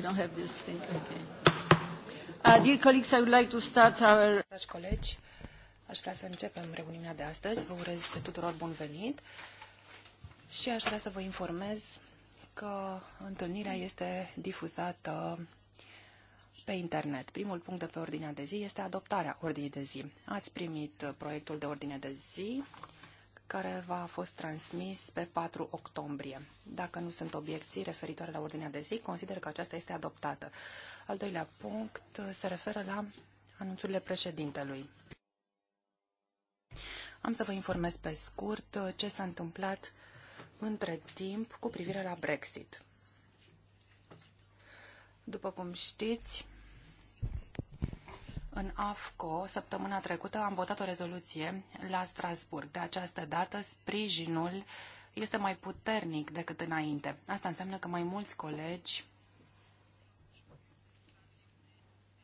Dragi colegi, aș vrea să începem reuniunea de astăzi. Vă urez tuturor bun venit și aș vrea să vă informez că întâlnirea este difuzată pe internet. Primul punct de pe ordinea de zi este adoptarea ordinii de zi. Ați primit proiectul de ordine de zi care v-a fost transmis pe 4 octombrie. Dacă nu sunt obiecții referitoare la ordinea de zi, consider că aceasta este adoptată. Al doilea punct se referă la anunțurile președintelui. Am să vă informez pe scurt ce s-a întâmplat între timp cu privire la Brexit. După cum știți, în AFCO, săptămâna trecută, am votat o rezoluție la Strasburg. De această dată, sprijinul este mai puternic decât înainte. Asta înseamnă că mai mulți colegi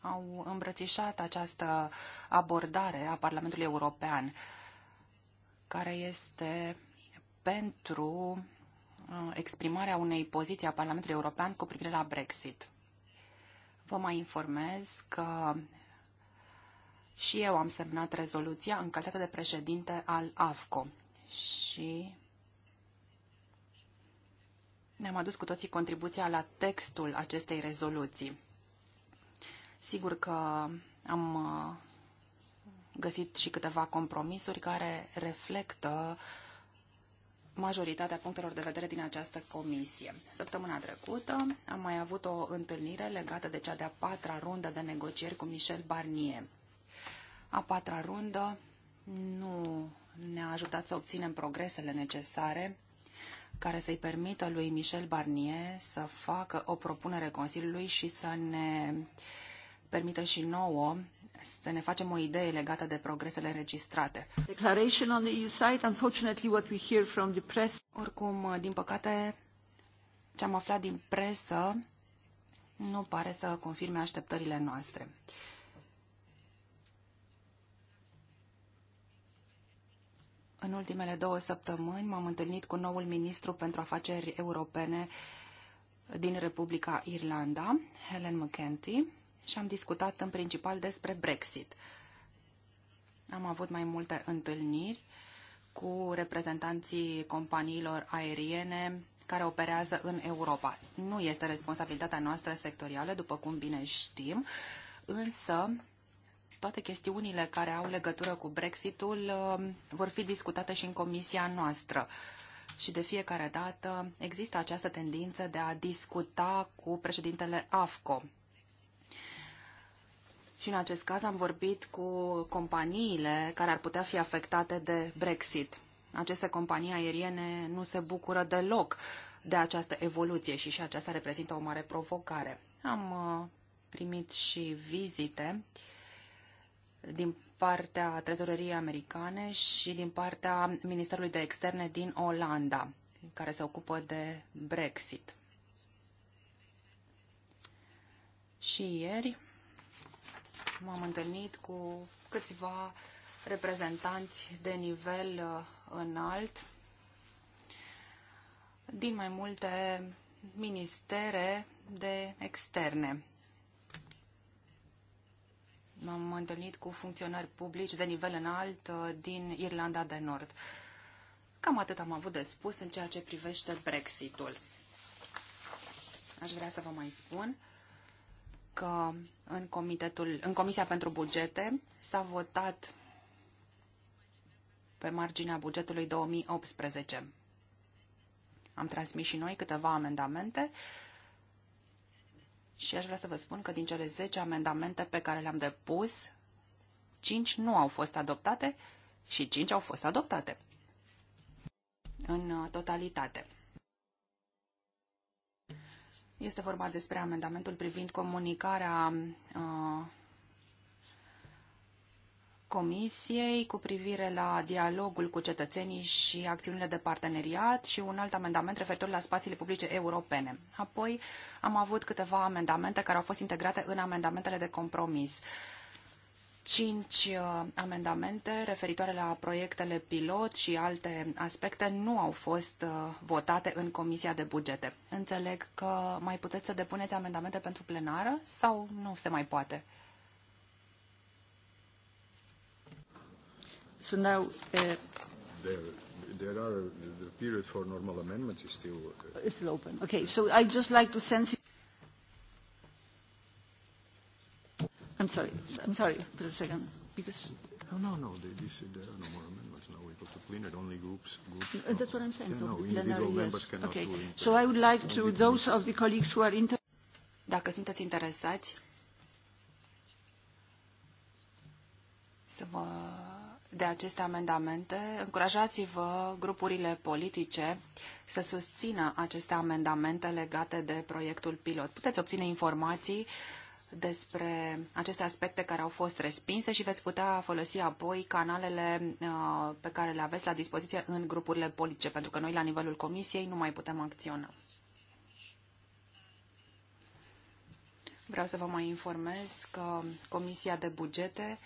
au îmbrățișat această abordare a Parlamentului European, care este pentru uh, exprimarea unei poziții a Parlamentului European cu privire la Brexit. Vă mai informez că și eu am semnat rezoluția în calitate de președinte al AFCO. Și ne-am adus cu toții contribuția la textul acestei rezoluții. Sigur că am uh, găsit și câteva compromisuri care reflectă majoritatea punctelor de vedere din această comisie. Săptămâna trecută am mai avut o întâlnire legată de cea de-a patra rundă de negocieri cu Michel Barnier. A patra rundă nu ne-a ajutat să obținem progresele necesare care să-i permită lui Michel Barnier să facă o propunere Consiliului și să ne permită și nouă să ne facem o idee legată de progresele înregistrate. Declaration on the EU side, unfortunately what we hear from the press. Oricum, din păcate, ce am aflat din presă nu pare să confirme așteptările noastre. În ultimele două săptămâni m-am întâlnit cu noul ministru pentru afaceri europene din Republica Irlanda, Helen McEntee, și am discutat în principal despre Brexit. Am avut mai multe întâlniri cu reprezentanții companiilor aeriene care operează în Europa. Nu este responsabilitatea noastră sectorială, după cum bine știm, însă toate chestiunile care au legătură cu Brexitul um, vor fi discutate și în comisia noastră. Și de fiecare dată există această tendință de a discuta cu președintele AFCO. Și în acest caz am vorbit cu companiile care ar putea fi afectate de Brexit. Aceste companii aeriene nu se bucură deloc de această evoluție și și aceasta reprezintă o mare provocare. Am uh, primit și vizite uh, din partea Trezoreriei Americane și din partea Ministerului de Externe din Olanda, care se ocupă de Brexit. Și ieri m-am întâlnit cu câțiva reprezentanți de nivel uh, înalt din mai multe ministere de externe. M-am întâlnit cu funcționari publici de nivel înalt uh, din Irlanda de Nord. Cam atât am avut de spus în ceea ce privește Brexitul. Aș vrea să vă mai spun că în, comitetul, în Comisia pentru Bugete s-a votat pe marginea bugetului 2018. Am transmis și noi câteva amendamente și aș vrea să vă spun că din cele 10 amendamente pe care le-am depus, 5 nu au fost adoptate și 5 au fost adoptate în uh, totalitate. Este vorba despre amendamentul privind comunicarea uh, Comisiei cu privire la dialogul cu cetățenii și acțiunile de parteneriat și un alt amendament referitor la spațiile publice europene. Apoi am avut câteva amendamente care au fost integrate în amendamentele de compromis. Cinci uh, amendamente referitoare la proiectele pilot și alte aspecte nu au fost uh, votate în Comisia de Bugete. Înțeleg că mai puteți să depuneți amendamente pentru plenară sau nu se mai poate? So now... Uh, there, there are, the period for normal amendments is still... Uh, is still open. Okay, so I'd just like to send... I'm sorry, I'm sorry, for a second, because... No, no, no, they, this, there are no more amendments now. We go to plenary, only groups... groups uh, that's what I'm saying, yeah, no, plenary, yes. Okay, so I would like to, those of the colleagues who are interested... Dacă sunteți interesați, să vă de aceste amendamente, încurajați-vă grupurile politice să susțină aceste amendamente legate de proiectul pilot. Puteți obține informații despre aceste aspecte care au fost respinse și veți putea folosi apoi canalele uh, pe care le aveți la dispoziție în grupurile politice, pentru că noi la nivelul comisiei nu mai putem acționa. Vreau să vă mai informez că Comisia de Bugete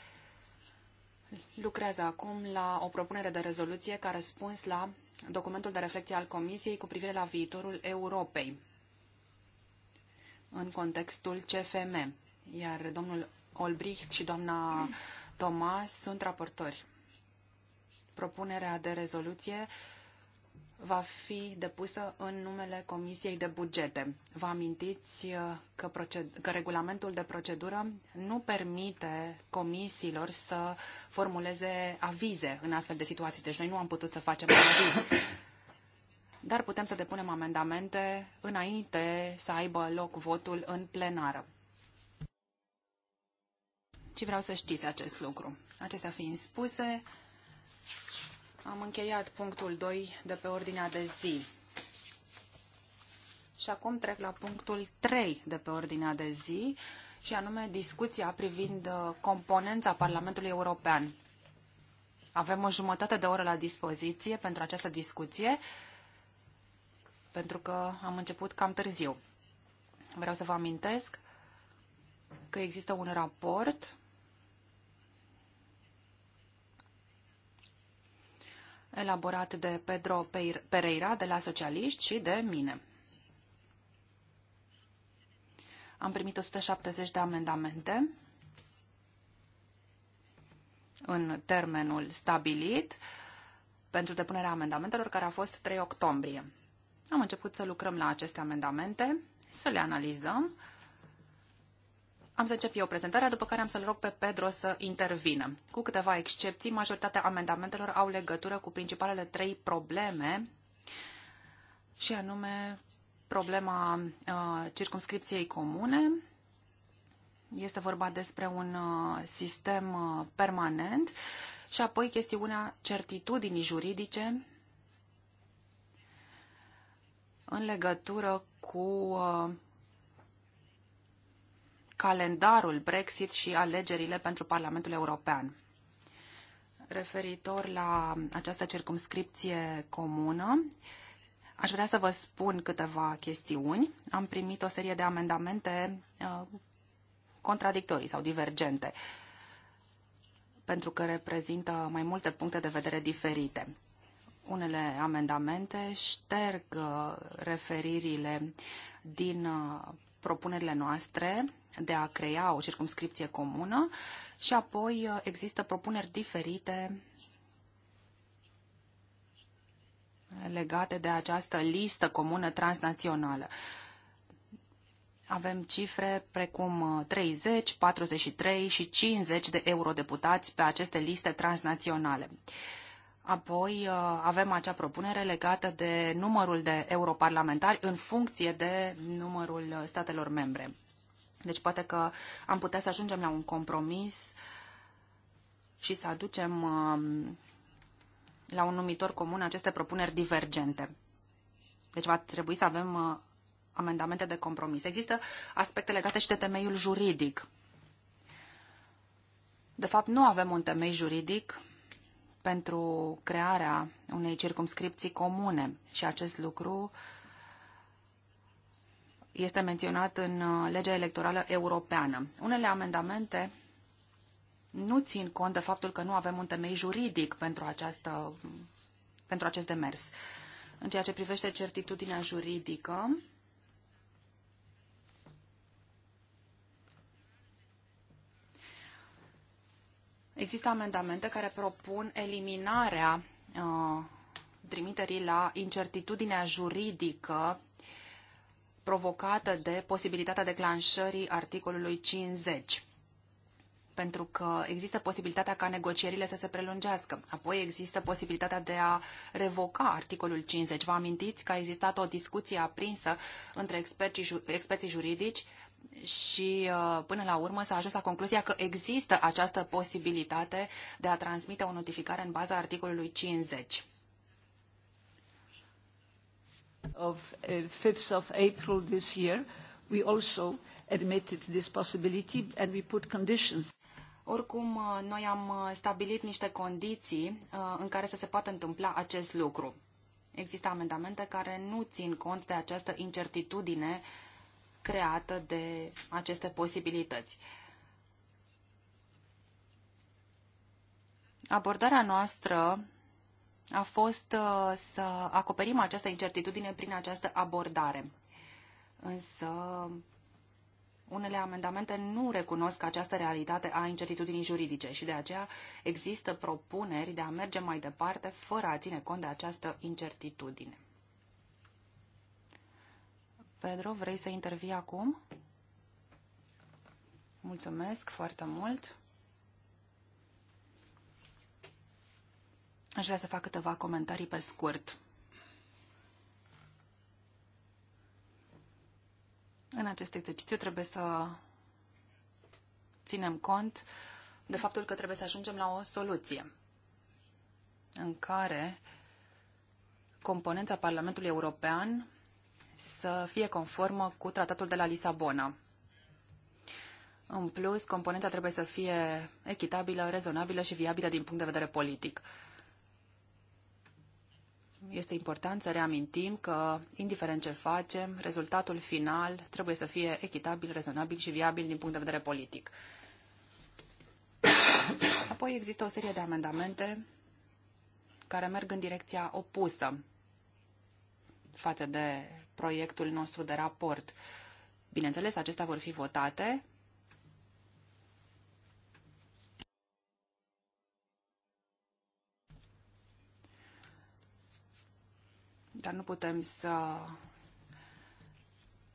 lucrează acum la o propunere de rezoluție ca răspuns la documentul de reflecție al Comisiei cu privire la viitorul Europei în contextul CFM, iar domnul Olbricht și doamna Thomas sunt raportori. Propunerea de rezoluție uh, va fi depusă în numele Comisiei de Bugete. Vă amintiți uh, că, că regulamentul de procedură nu permite comisiilor să formuleze avize în astfel de situații, deci noi nu am putut să facem aviz. Dar putem să depunem amendamente înainte să aibă loc votul în plenară. Și vreau să știți acest lucru. Acestea fiind spuse, am încheiat punctul 2 de pe ordinea de zi. Și acum trec la punctul 3 de pe ordinea de zi, și anume discuția privind uh, componența Parlamentului European. Avem o jumătate de oră la dispoziție pentru această discuție, pentru că am început cam târziu. Vreau să vă amintesc că există un raport elaborat de Pedro Pereira de la Socialiști și de mine. Am primit 170 de amendamente în termenul stabilit pentru depunerea amendamentelor, care a fost 3 octombrie. Am început să lucrăm la aceste amendamente, să le analizăm am să încep eu prezentarea, după care am să-l rog pe Pedro să intervină. Cu câteva excepții, majoritatea amendamentelor au legătură cu principalele trei probleme, și anume problema uh, circumscripției comune. Este vorba despre un uh, sistem uh, permanent și apoi chestiunea certitudinii juridice în legătură cu uh, calendarul Brexit și alegerile pentru Parlamentul European. Referitor la această circumscripție comună, aș vrea să vă spun câteva chestiuni. Am primit o serie de amendamente uh, contradictorii sau divergente, pentru că reprezintă mai multe puncte de vedere diferite. Unele amendamente șterg uh, referirile din uh, propunerile noastre de a crea o circumscripție comună și apoi uh, există propuneri diferite legate de această listă comună transnațională. Avem cifre precum 30, uh, 43 și 50 de eurodeputați pe aceste liste transnaționale. Apoi uh, avem acea propunere legată de numărul de europarlamentari în funcție de numărul statelor membre. Deci poate că am putea să ajungem la un compromis și să aducem um, la un numitor comun aceste propuneri divergente. Deci va trebui să avem uh, amendamente de compromis. Există aspecte legate și de temeiul juridic. De fapt, nu avem un temei juridic pentru crearea unei circumscripții comune și acest lucru uh, este menționat în uh, legea electorală europeană. Unele amendamente nu țin cont de faptul că nu avem un temei juridic pentru, această, pentru acest demers. În ceea ce privește certitudinea juridică, există amendamente care propun eliminarea uh, trimiterii la incertitudinea juridică provocată de posibilitatea declanșării articolului 50 pentru că există posibilitatea ca negocierile să se prelungească. Apoi există posibilitatea de a revoca articolul 50. Vă amintiți că a existat o discuție aprinsă între experții, experții juridici și uh, până la urmă s-a ajuns la concluzia că există această posibilitate de a transmite o notificare în baza articolului 50. Of uh, 5th of April this year, we also admitted this possibility and we put conditions. Oricum, uh, noi am uh, stabilit niște condiții uh, în care să se poată întâmpla acest lucru. Există amendamente care nu țin cont de această incertitudine creată de aceste posibilități. Abordarea noastră a fost uh, să acoperim această incertitudine prin această abordare. Însă unele amendamente nu recunosc această realitate a incertitudinii juridice și de aceea există propuneri de a merge mai departe fără a ține cont de această incertitudine. Pedro, vrei să intervii acum? Mulțumesc foarte mult. Aș vrea să fac câteva comentarii pe scurt. În acest exercițiu trebuie să ținem cont de faptul că trebuie să ajungem la o soluție în care componența Parlamentului European să fie conformă cu tratatul de la Lisabona. În plus, componența trebuie să fie echitabilă, rezonabilă și viabilă din punct de vedere politic este important să reamintim că, indiferent ce facem, rezultatul final trebuie să fie echitabil, rezonabil și viabil din punct de vedere politic. Apoi există o serie de amendamente care merg în direcția opusă față de proiectul nostru de raport. Bineînțeles, acestea vor fi votate dar nu putem să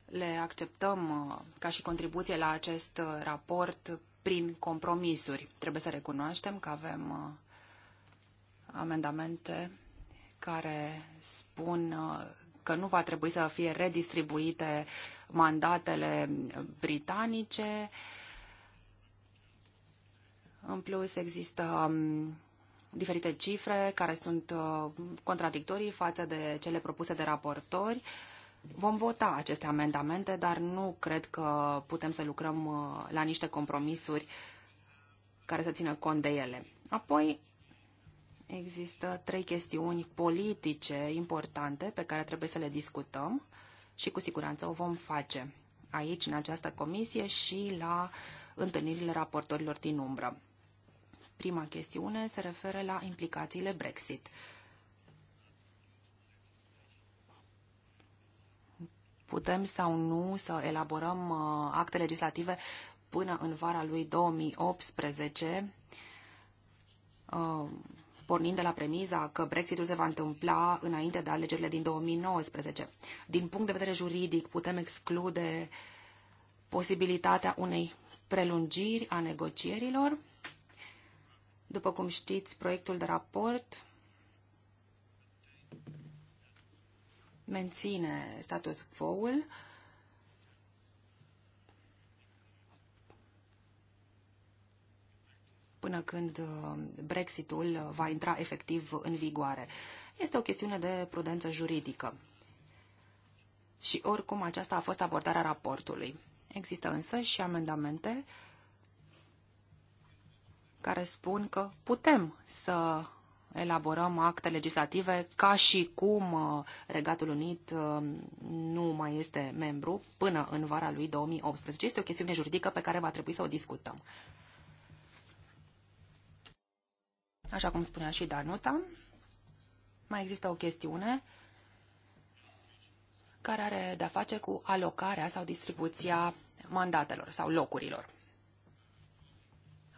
le acceptăm uh, ca și contribuție la acest uh, raport prin compromisuri. Trebuie să recunoaștem că avem uh, amendamente care spun că nu va trebui să fie redistribuite mandatele britanice. În plus, există um, diferite cifre care sunt uh, contradictorii față de cele propuse de raportori. Vom vota aceste amendamente, dar nu cred că putem să lucrăm uh, la niște compromisuri care să țină cont de ele. Apoi, există trei chestiuni politice importante pe care trebuie să le discutăm și cu siguranță o vom face aici, în această comisie și la întâlnirile raportorilor din umbră. Prima chestiune se referă la implicațiile Brexit. Putem sau nu să elaborăm uh, acte legislative până în vara lui 2018 uh, pornind de la premiza că Brexitul se va întâmpla înainte de alegerile din 2019. Din punct de vedere juridic, putem exclude posibilitatea unei prelungiri a negocierilor după cum știți, proiectul de raport menține status quo-ul până când uh, Brexitul uh, va intra efectiv în vigoare. Este o chestiune de prudență juridică. Și oricum aceasta a fost abordarea raportului. Există însă și amendamente uh, care spun că putem să elaborăm acte legislative ca și cum uh, Regatul Unit uh, nu mai este membru până în vara lui 2018. Este o chestiune juridică pe care va trebui să o discutăm. Așa cum spunea și Danuta, mai există o chestiune care are de-a face cu alocarea sau distribuția mandatelor sau locurilor.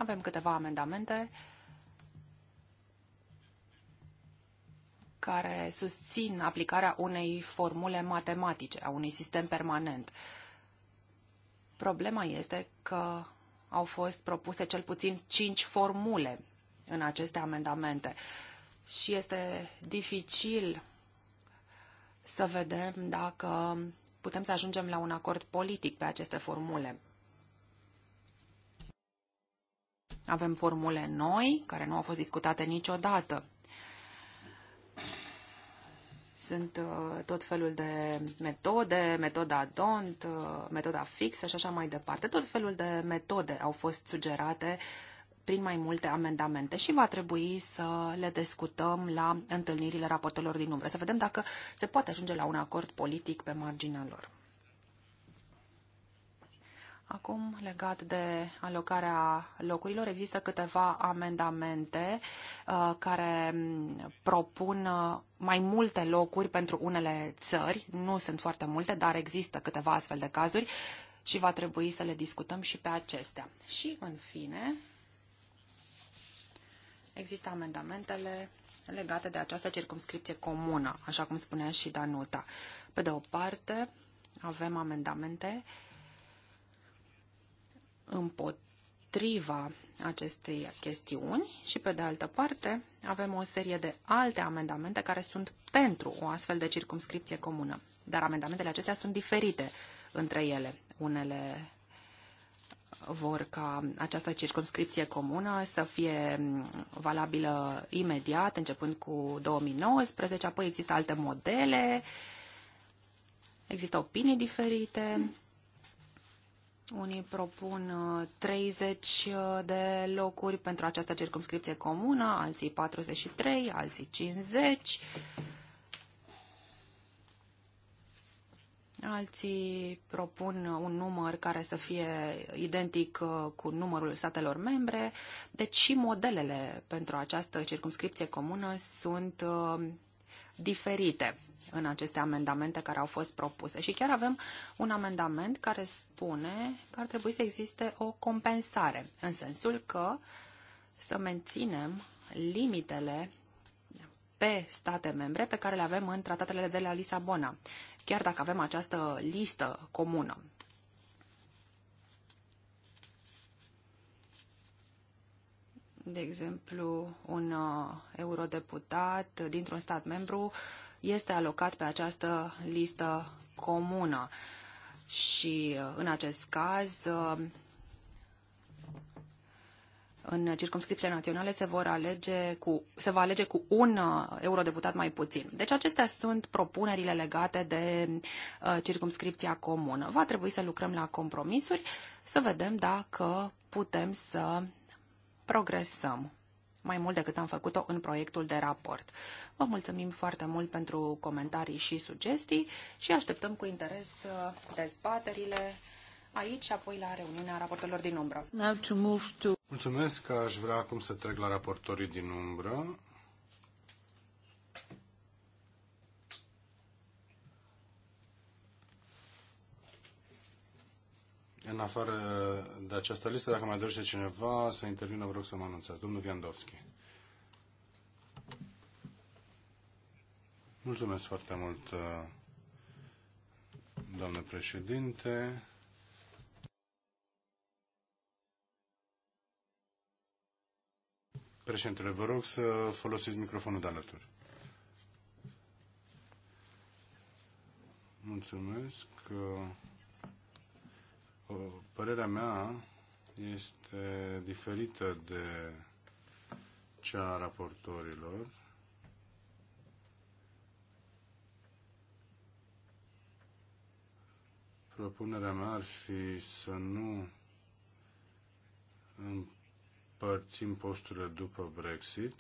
Avem câteva amendamente care susțin aplicarea unei formule matematice, a unui sistem permanent. Problema este că au fost propuse cel puțin cinci formule în aceste amendamente și este dificil să vedem dacă putem să ajungem la un acord politic pe aceste formule. Avem formule noi, care nu au fost discutate niciodată. Sunt uh, tot felul de metode, metoda DONT, uh, metoda fixă și așa mai departe. Tot felul de metode au fost sugerate prin mai multe amendamente și va trebui să le discutăm la întâlnirile raportelor din umbră, să vedem dacă se poate ajunge la un acord politic pe marginea lor. Acum, legat de alocarea locurilor, există câteva amendamente uh, care mm, propun uh, mai multe locuri pentru unele țări. Nu sunt foarte multe, dar există câteva astfel de cazuri și va trebui să le discutăm și pe acestea. Și, în fine, există amendamentele legate de această circumscripție comună, așa cum spunea și Danuta. Pe de o parte, avem amendamente uh, împotriva acestei chestiuni și, pe de altă parte, avem o serie de alte amendamente care sunt pentru o astfel de circumscripție comună. Dar amendamentele acestea sunt diferite între ele. Unele vor ca această circumscripție comună să fie valabilă imediat, începând cu 2019, apoi există alte modele, există opinii diferite unii propun 30 uh, uh, de locuri pentru această circumscripție comună, alții 43, alții 50, alții propun un număr care să fie identic uh, cu numărul statelor membre, deci și modelele pentru această circumscripție comună sunt diferite în aceste amendamente care au fost propuse. Și chiar avem un amendament care spune că ar trebui să existe o compensare, în sensul că să menținem limitele pe state membre pe care le avem în tratatele de la Lisabona, chiar dacă avem această listă comună. de exemplu, un uh, eurodeputat dintr-un stat membru este alocat pe această listă comună. Și uh, în acest caz, uh, în circumscripția naționale se, vor alege cu, se va alege cu un uh, eurodeputat mai puțin. Deci acestea sunt propunerile legate de circumscripția comună. Va trebui să lucrăm la compromisuri, să vedem dacă putem să progresăm mai mult decât am făcut-o în proiectul de raport. Vă mulțumim foarte mult pentru comentarii și sugestii și așteptăm cu interes uh, dezbaterile aici și apoi la reuniunea raportorilor din umbră. Mulțumesc, că aș vrea acum să trec la raportorii din umbră. În afară de această listă, dacă mai dorește cineva să intervină, vă rog să mă anunțați. Domnul Viandovski. Mulțumesc foarte mult, uh, doamne președinte. Președintele, vă rog să folosiți microfonul de alături. Mulțumesc. Uh, părerea mea este diferită de cea a raportorilor. Propunerea mea ar fi să nu împărțim posturile după Brexit.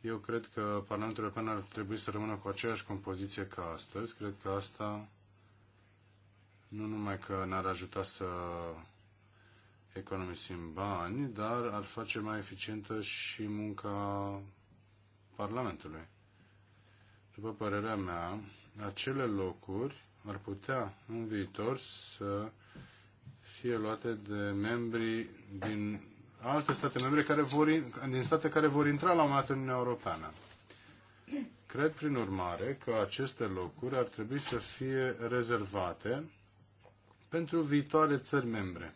Eu cred că Parlamentul European ar trebui să rămână cu aceeași compoziție ca astăzi. Cred că asta nu numai că n-ar ajuta să economisim bani, dar ar face mai eficientă și munca Parlamentului. După părerea mea, acele locuri ar putea în viitor să fie luate de membri din alte state membre care vor, din state care vor intra la un moment în Uniunea Europeană. Cred, prin urmare, că aceste locuri ar trebui să fie rezervate pentru viitoare țări membre.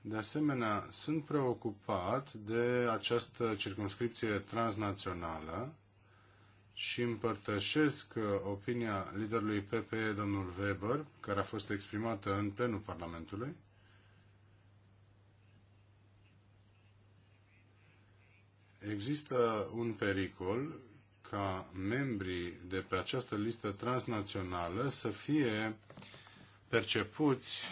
De asemenea, sunt preocupat de această circumscripție transnațională și împărtășesc opinia liderului PPE, domnul Weber, care a fost exprimată în plenul Parlamentului, există un pericol ca membrii de pe această listă transnațională să fie uh, percepuți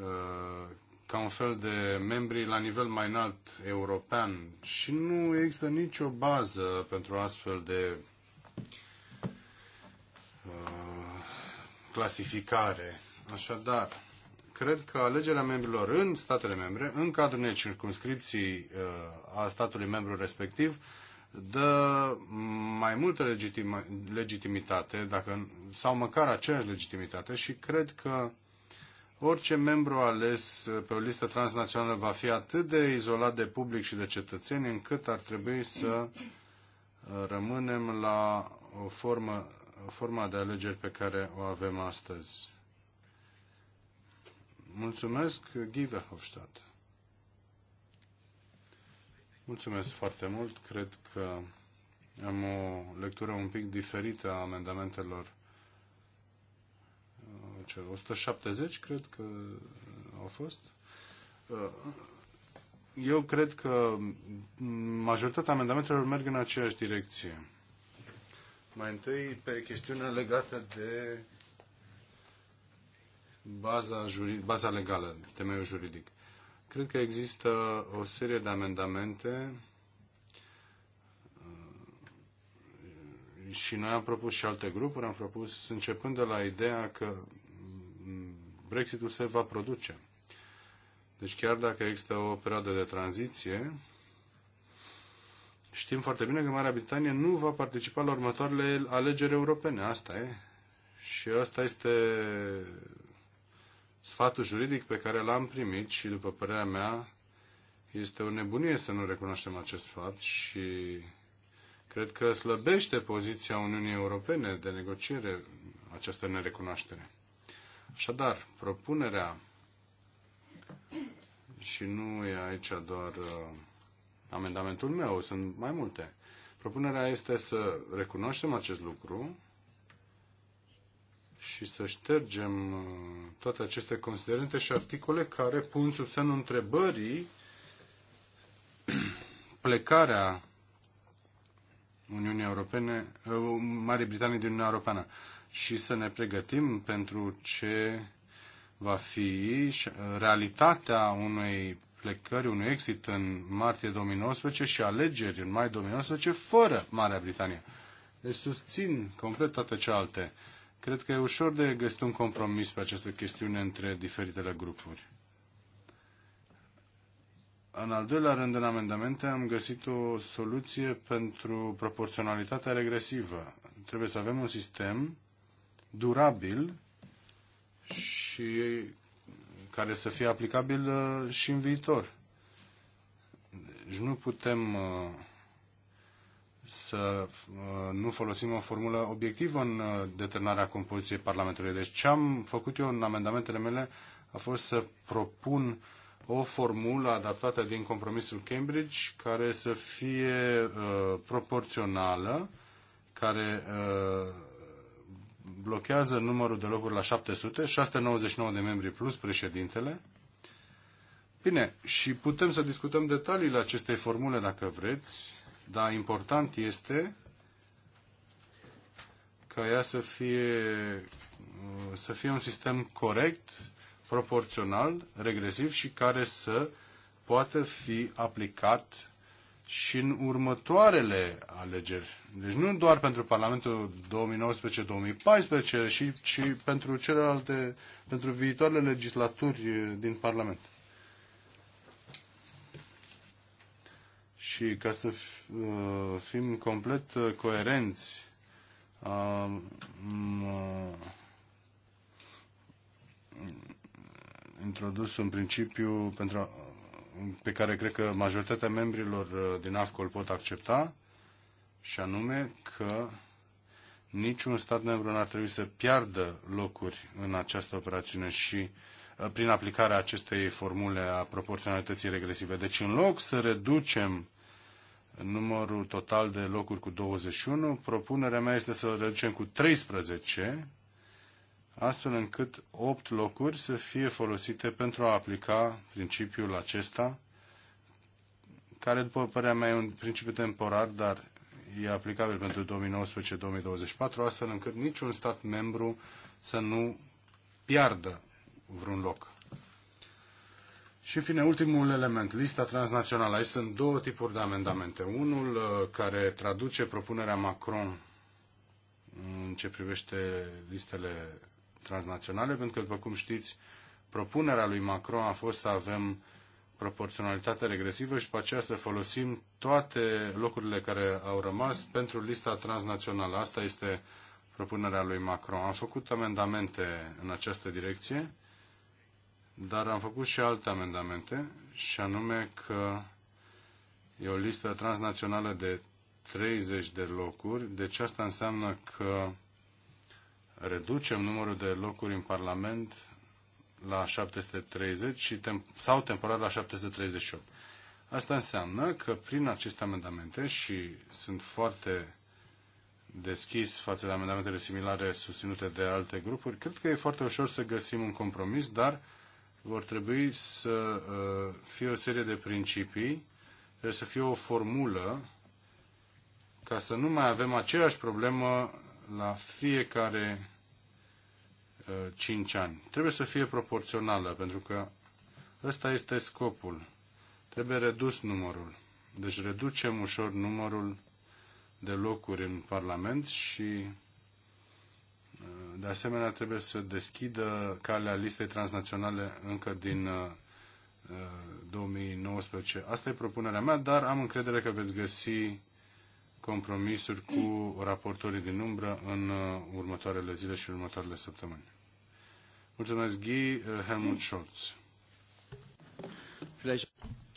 uh, ca un fel de membri la nivel mai înalt european și nu există nicio bază pentru astfel de uh, clasificare. Așadar, cred că alegerea membrilor în statele membre, în cadrul unei circunscripții uh, a statului membru respectiv, dă mai multă legitima, legitimitate, dacă, sau măcar aceeași legitimitate și cred că orice membru ales pe o listă transnațională va fi atât de izolat de public și de cetățeni încât ar trebui să uh, rămânem la o formă, forma de alegeri pe care o avem astăzi. Mulțumesc, Giverhofstadt. Mulțumesc foarte mult. Cred că am o lectură un pic diferită a amendamentelor. 170, uh, cred că au fost. Uh, eu cred că majoritatea amendamentelor merg în aceeași direcție. Mai întâi pe chestiunea legată de baza, juri, baza legală, temeiul juridic. Cred că există o serie de amendamente și noi am propus și alte grupuri, am propus începând de la ideea că Brexitul se va produce. Deci chiar dacă există o perioadă de tranziție, știm foarte bine că Marea Britanie nu va participa la următoarele alegeri europene. Asta e. Și asta este sfatul juridic pe care l-am primit și, după părerea mea, este o nebunie să nu recunoaștem acest fapt și cred că slăbește poziția Uniunii Europene de negociere această nerecunoaștere. Așadar, propunerea și nu e aici doar uh, amendamentul meu, sunt mai multe. Propunerea este să recunoaștem acest lucru, și să ștergem uh, toate aceste considerente și articole care pun sub semnul întrebării plecarea Uniunii Europene, uh, Marii Britanii din Uniunea Europeană și să ne pregătim pentru ce va fi uh, realitatea unei plecări, unui exit în martie 2019 și alegeri în mai 2019 fără Marea Britanie. Deci susțin complet toate cealaltă Cred că e ușor de găsit un compromis pe această chestiune între diferitele grupuri. În al doilea rând, în amendamente, am găsit o soluție pentru proporționalitatea regresivă. Trebuie să avem un sistem durabil și care să fie aplicabil uh, și în viitor. Deci nu putem uh, să uh, nu folosim o formulă obiectivă în uh, determinarea compoziției Parlamentului. Deci ce am făcut eu în amendamentele mele a fost să propun o formulă adaptată din compromisul Cambridge care să fie uh, proporțională, care uh, blochează numărul de locuri la 700, 699 de membri plus președintele. Bine, și putem să discutăm detaliile acestei formule dacă vreți dar important este ca ea să fie, să fie un sistem corect, proporțional, regresiv și care să poată fi aplicat și în următoarele alegeri. Deci nu doar pentru Parlamentul 2019-2014, ci, ci pentru celelalte, pentru viitoarele legislaturi din Parlament. Și ca să uh, fim complet uh, coerenți, am mm, uh, introdus un principiu pentru, pe care cred că majoritatea membrilor din AFCO îl pot accepta, și anume că niciun stat membru n-ar trebui să piardă locuri în această operațiune și prin aplicarea acestei formule a proporționalității regresive. Deci în loc să reducem numărul total de locuri cu 21. Propunerea mea este să reducem cu 13, astfel încât 8 locuri să fie folosite pentru a aplica principiul acesta, care, după părerea mea, e un principiu temporar, dar e aplicabil pentru 2019-2024, astfel încât niciun stat membru să nu piardă vreun loc. Și, în fine, ultimul element, lista transnațională. Aici sunt două tipuri de amendamente. Unul uh, care traduce propunerea Macron în ce privește listele transnaționale, pentru că, după cum știți, propunerea lui Macron a fost să avem proporționalitate regresivă și pe aceea să folosim toate locurile care au rămas pentru lista transnațională. Asta este propunerea lui Macron. Am făcut amendamente în această direcție dar am făcut și alte amendamente, și anume că e o listă transnațională de 30 de locuri, deci asta înseamnă că reducem numărul de locuri în Parlament la 730 și tem- sau temporar la 738. Asta înseamnă că prin aceste amendamente și sunt foarte deschis față de amendamentele similare susținute de alte grupuri, cred că e foarte ușor să găsim un compromis, dar vor trebui să uh, fie o serie de principii, trebuie să fie o formulă ca să nu mai avem aceeași problemă la fiecare 5 uh, ani. Trebuie să fie proporțională, pentru că ăsta este scopul. Trebuie redus numărul. Deci reducem ușor numărul de locuri în Parlament și de asemenea, trebuie să deschidă calea listei transnaționale încă din 2019. Uh, Asta e propunerea mea, dar am încredere că veți găsi compromisuri cu raportorii din umbră în uh, următoarele zile și următoarele săptămâni. Mulțumesc, Guy uh, Helmut Scholz.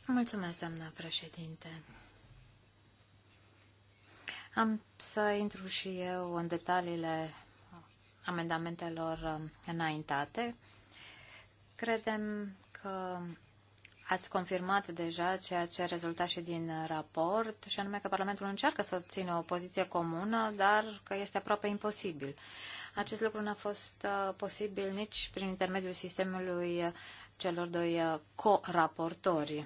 Mulțumesc, doamna președinte. Am să intru și eu în detaliile amendamentelor um, înaintate. Credem că ați confirmat deja ceea ce rezultat și din raport, și anume că Parlamentul încearcă să obțină o poziție comună, dar că este aproape imposibil. Acest lucru n-a fost uh, posibil nici prin intermediul sistemului uh, celor doi uh, co-raportori,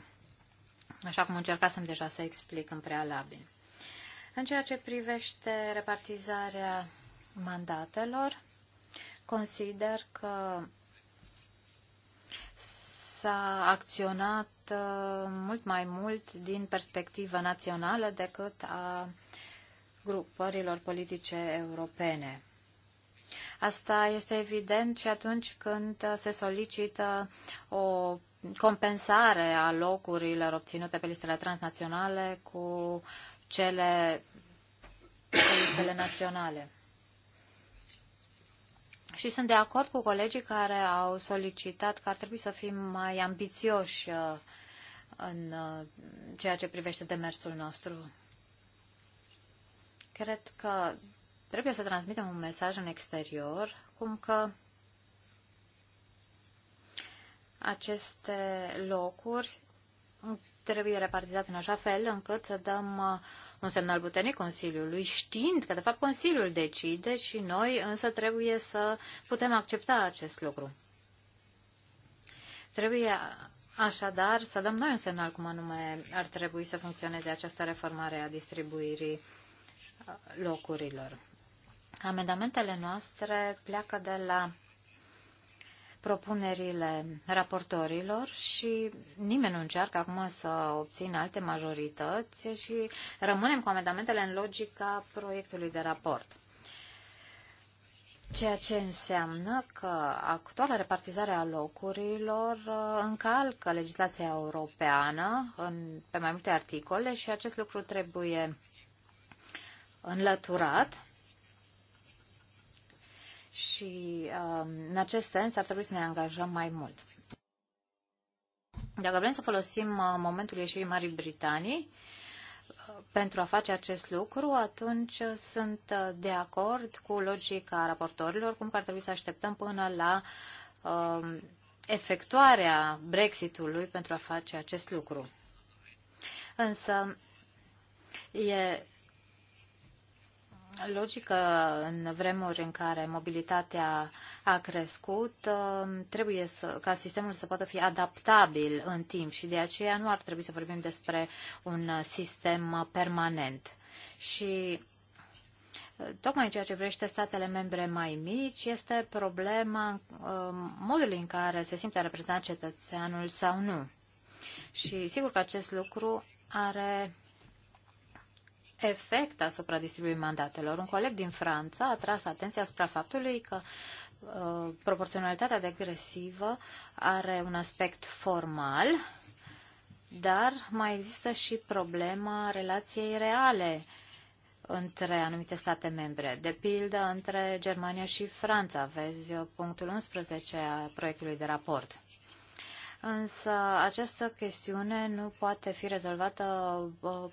așa cum încercasem deja să explic în prealabil. În ceea ce privește repartizarea mandatelor, Consider că s-a acționat uh, mult mai mult din perspectivă națională decât a grupărilor politice europene. Asta este evident și atunci când se solicită o compensare a locurilor obținute pe listele transnaționale cu cele pe listele naționale. Și sunt de acord cu colegii care au solicitat că ar trebui să fim mai ambițioși uh, în uh, ceea ce privește demersul nostru. Cred că trebuie să transmitem un mesaj în exterior, cum că aceste locuri trebuie repartizat în așa fel încât să dăm uh, un semnal puternic Consiliului, știind că, de fapt, Consiliul decide și noi însă trebuie să putem accepta acest lucru. Trebuie uh, așadar să dăm noi un semnal cum anume ar trebui să funcționeze această reformare a distribuirii uh, locurilor. Amendamentele noastre pleacă de la propunerile raportorilor și nimeni nu încearcă acum să obțină alte majorități și rămânem cu amendamentele în logica proiectului de raport. Ceea ce înseamnă că actuala repartizare a locurilor uh, încalcă legislația europeană în, pe mai multe articole și acest lucru trebuie înlăturat și um, în acest sens ar trebui să ne angajăm mai mult. Dacă vrem să folosim uh, momentul ieșirii Marii Britanii uh, pentru a face acest lucru, atunci uh, sunt de acord cu logica raportorilor, cum că ar trebui să așteptăm până la um, efectuarea Brexitului pentru a face acest lucru. Însă e logică în vremuri în care mobilitatea a crescut, um, trebuie să, ca sistemul să poată fi adaptabil în timp și de aceea nu ar trebui să vorbim despre un sistem permanent. Și uh, tocmai în ceea ce privește statele membre mai mici este problema um, modului în care se simte reprezentat cetățeanul sau nu. Și sigur că acest lucru are efect asupra distribuirii mandatelor. Un coleg din Franța a tras atenția asupra faptului că uh, proporționalitatea degresivă are un aspect formal, dar mai există și problema relației reale între anumite state membre. De pildă, între Germania și Franța, vezi uh, punctul 11 a proiectului de raport. Însă această chestiune nu poate fi rezolvată uh,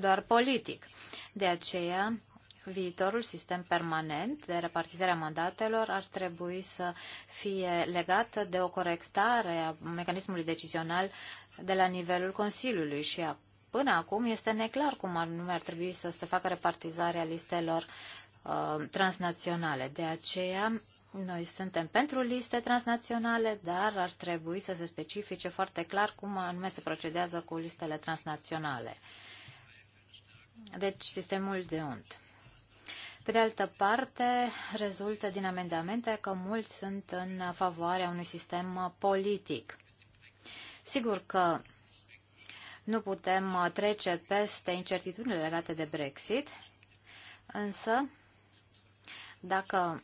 doar politic. De aceea, viitorul sistem permanent de repartizare a mandatelor ar trebui să fie legat de o corectare a mecanismului decizional de la nivelul Consiliului și a Până acum este neclar cum ar nu ar trebui să se facă repartizarea listelor uh, transnaționale. De aceea, noi suntem pentru liste transnaționale, dar ar trebui să se specifice foarte clar cum anume se procedează cu listele transnaționale. Deci, sistemul de unt. Pe de altă parte, rezultă din amendamente că mulți sunt în favoarea unui sistem politic. Sigur că nu putem trece peste incertitudinile legate de Brexit, însă dacă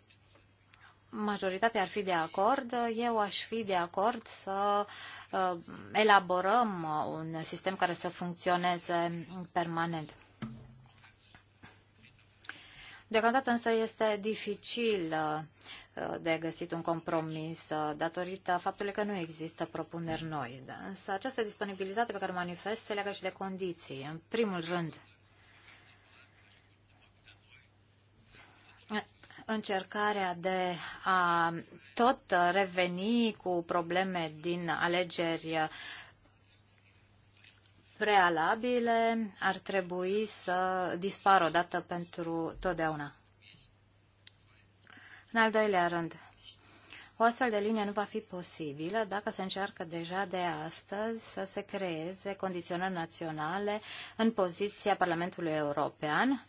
majoritatea ar fi de acord, eu aș fi de acord să uh, elaborăm un sistem care să funcționeze permanent. Deocamdată însă este dificil uh, uh, de găsit un compromis uh, datorită faptului că nu există propuneri noi. Da, însă această disponibilitate pe care o manifest se leagă și de condiții. În primul rând, încercarea de a tot reveni cu probleme din alegeri prealabile ar trebui să dispară odată pentru totdeauna. În al doilea rând, o astfel de linie nu va fi posibilă dacă se încearcă deja de astăzi să se creeze condiționări naționale în poziția Parlamentului European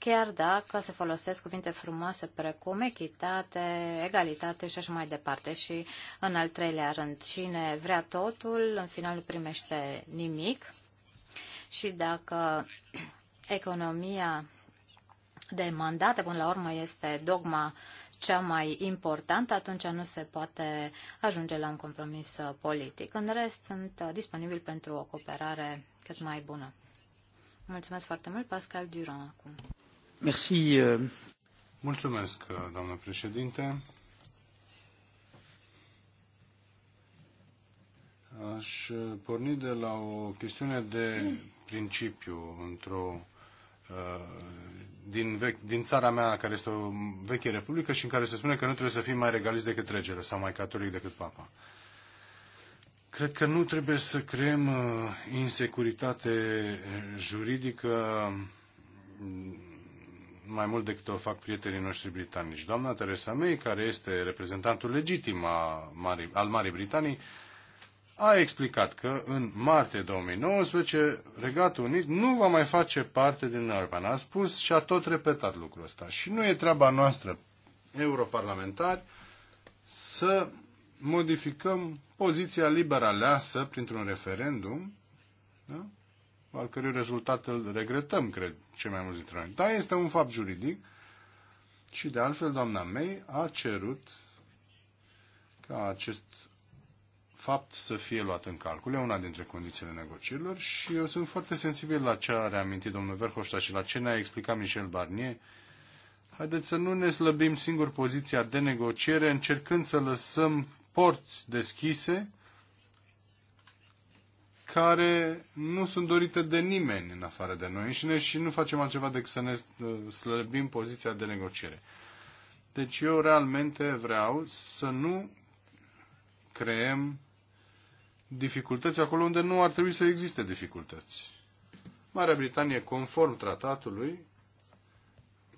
chiar dacă se folosesc cuvinte frumoase precum echitate, egalitate și așa mai departe. Și în al treilea rând, cine vrea totul, în final nu primește nimic. Și dacă economia de mandate, până la urmă, este dogma cea mai importantă, atunci nu se poate ajunge la un compromis uh, politic. În rest, sunt uh, disponibil pentru o cooperare cât mai bună. Mulțumesc foarte mult, Pascal Durand, acum. Merci. Euh. Mulțumesc, uh, doamnă președinte. Aș uh, porni de la o chestiune de principiu într-o uh, din, vechi, din țara mea, care este o veche republică și în care se spune că nu trebuie să fim mai regaliți decât regele sau mai catolic decât papa. Cred că nu trebuie să creăm insecuritate juridică mai mult decât o fac prietenii noștri britanici. Doamna Teresa May, care este reprezentantul legitim a Marii, al Marii Britanii, a explicat că în martie 2019 Regatul Unit nu va mai face parte din Europa. A spus și a tot repetat lucrul ăsta. Și nu e treaba noastră, europarlamentari, să modificăm poziția liberă aleasă printr-un referendum da? al cărui rezultat îl regretăm, cred, cei mai mulți dintre noi. Dar este un fapt juridic și, de altfel, doamna May a cerut ca acest fapt să fie luat în calcul. E una dintre condițiile negocierilor și eu sunt foarte sensibil la ce a reamintit domnul Verhofstadt și la ce ne-a explicat Michel Barnier. Haideți să nu ne slăbim singur poziția de negociere încercând să lăsăm porți deschise care nu sunt dorite de nimeni în afară de noi înșine și nu facem altceva decât să ne uh, slăbim poziția de negociere. Deci eu realmente vreau să nu creăm dificultăți acolo unde nu ar trebui să existe dificultăți. Marea Britanie, conform tratatului,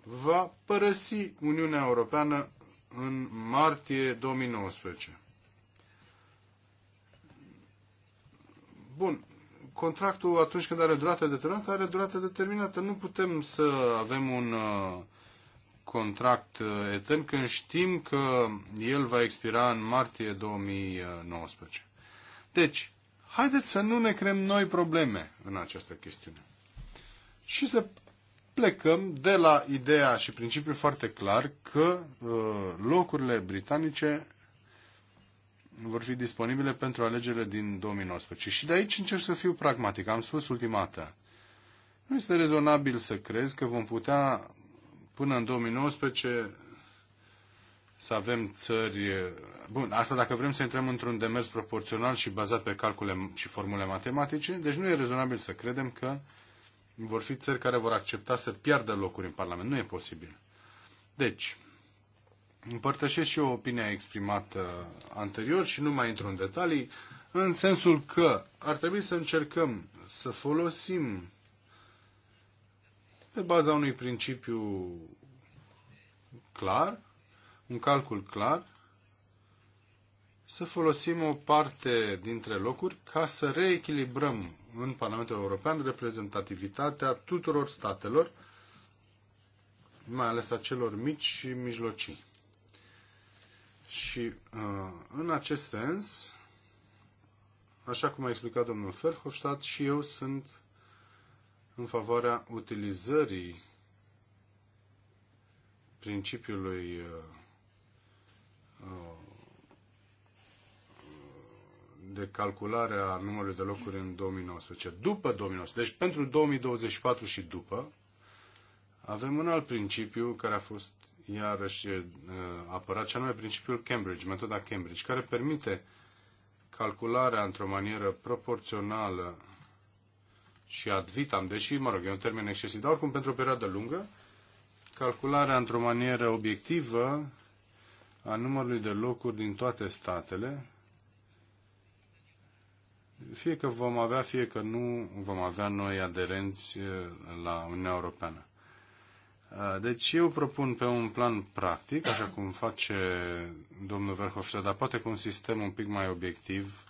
va părăsi Uniunea Europeană în martie 2019. Bun, contractul atunci când are durată determinată, are durată determinată. Nu putem să avem un uh, contract uh, etern când știm că el va expira în martie 2019. Deci, haideți să nu ne creăm noi probleme în această chestiune. Și să plecăm de la ideea și principiul foarte clar că uh, locurile britanice vor fi disponibile pentru alegerile din 2019. Și de aici încerc să fiu pragmatic. Am spus ultimată. Nu este rezonabil să crezi că vom putea până în 2019 să avem țări... Bun, asta dacă vrem să intrăm într-un demers proporțional și bazat pe calcule și formule matematice, deci nu e rezonabil să credem că vor fi țări care vor accepta să piardă locuri în Parlament. Nu e posibil. Deci, Împărtășesc și eu opinia exprimată anterior și nu mai intru în detalii, în sensul că ar trebui să încercăm să folosim pe baza unui principiu clar, un calcul clar, să folosim o parte dintre locuri ca să reechilibrăm în Parlamentul European reprezentativitatea tuturor statelor, mai ales a celor mici și mijlocii. Și uh, în acest sens, așa cum a explicat domnul Ferhofstadt, și eu sunt în favoarea utilizării principiului uh, uh, de calculare a numărului de locuri în 2019. După 2019, deci pentru 2024 și după, avem un alt principiu care a fost iarăși apărat, și anume principiul Cambridge, metoda Cambridge, care permite calcularea într-o manieră proporțională și ad vitam, deși, mă rog, e un termen excesiv, dar oricum pentru o perioadă lungă, calcularea într-o manieră obiectivă a numărului de locuri din toate statele, fie că vom avea, fie că nu vom avea noi aderenți la Uniunea Europeană. Uh, deci eu propun pe un plan practic, așa cum face domnul Verhofstadt, dar poate cu un sistem un pic mai obiectiv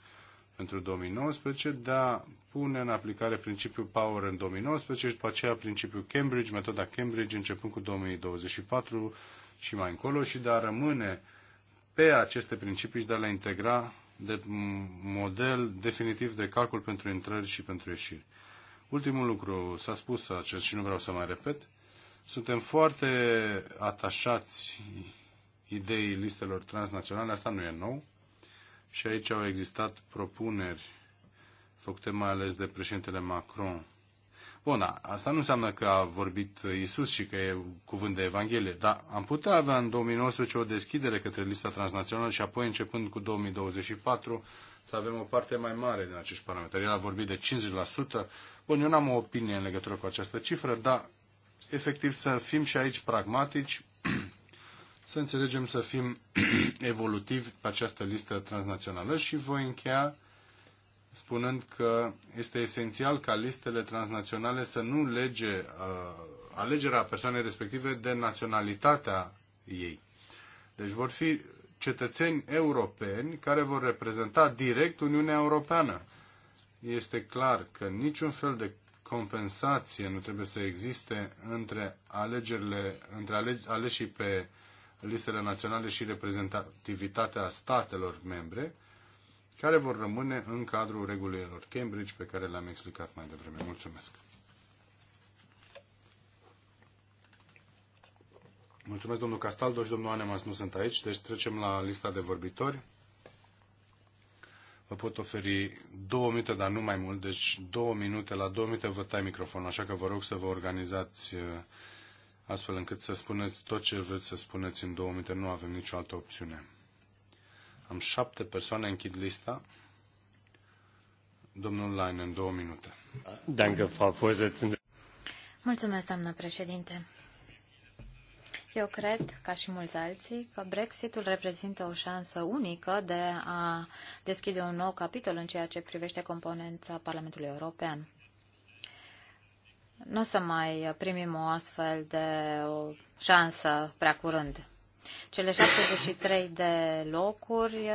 pentru 2019, de a pune în aplicare principiul Power în 2019 și după aceea principiul Cambridge, metoda Cambridge începând cu 2024 și mai încolo și de a rămâne pe aceste principii și de a le integra de model definitiv de calcul pentru intrări și pentru ieșiri. Ultimul lucru s-a spus acest și nu vreau să mai repet, suntem foarte atașați ideii listelor transnaționale, asta nu e nou. Și aici au existat propuneri făcute mai ales de președintele Macron. Bun, da, asta nu înseamnă că a vorbit Isus și că e cuvânt de Evanghelie, dar am putea avea în 2019 o deschidere către lista transnațională și apoi, începând cu 2024, să avem o parte mai mare din acești parametri. El a vorbit de 50%. Bun, eu n-am o opinie în legătură cu această cifră, dar efectiv să fim și aici pragmatici, să înțelegem să fim evolutivi pe această listă transnațională și voi încheia spunând că este esențial ca listele transnaționale să nu lege uh, alegerea persoanei respective de naționalitatea ei. Deci vor fi cetățeni europeni care vor reprezenta direct Uniunea Europeană. Este clar că niciun fel de compensație nu trebuie să existe între alegerile, între ale, aleșii pe listele naționale și reprezentativitatea statelor membre, care vor rămâne în cadrul regulilor Cambridge pe care le-am explicat mai devreme. Mulțumesc! Mulțumesc, domnul Castaldo și domnul Anemas nu sunt aici, deci trecem la lista de vorbitori. Vă pot oferi două minute, dar nu mai mult, deci două minute, la două minute vă tai microfonul, așa că vă rog să vă organizați uh, astfel încât să spuneți tot ce vreți să spuneți în două minute, nu avem nicio altă opțiune. Am șapte persoane, închid lista. Domnul în două minute. Danke, Frau Vorsitzende. Mulțumesc, doamnă președinte. Eu cred, ca și mulți alții, că Brexitul reprezintă o șansă unică de a deschide un nou capitol în ceea ce privește componența Parlamentului European. Nu o să mai primim o astfel de o șansă prea curând. Cele 73 de locuri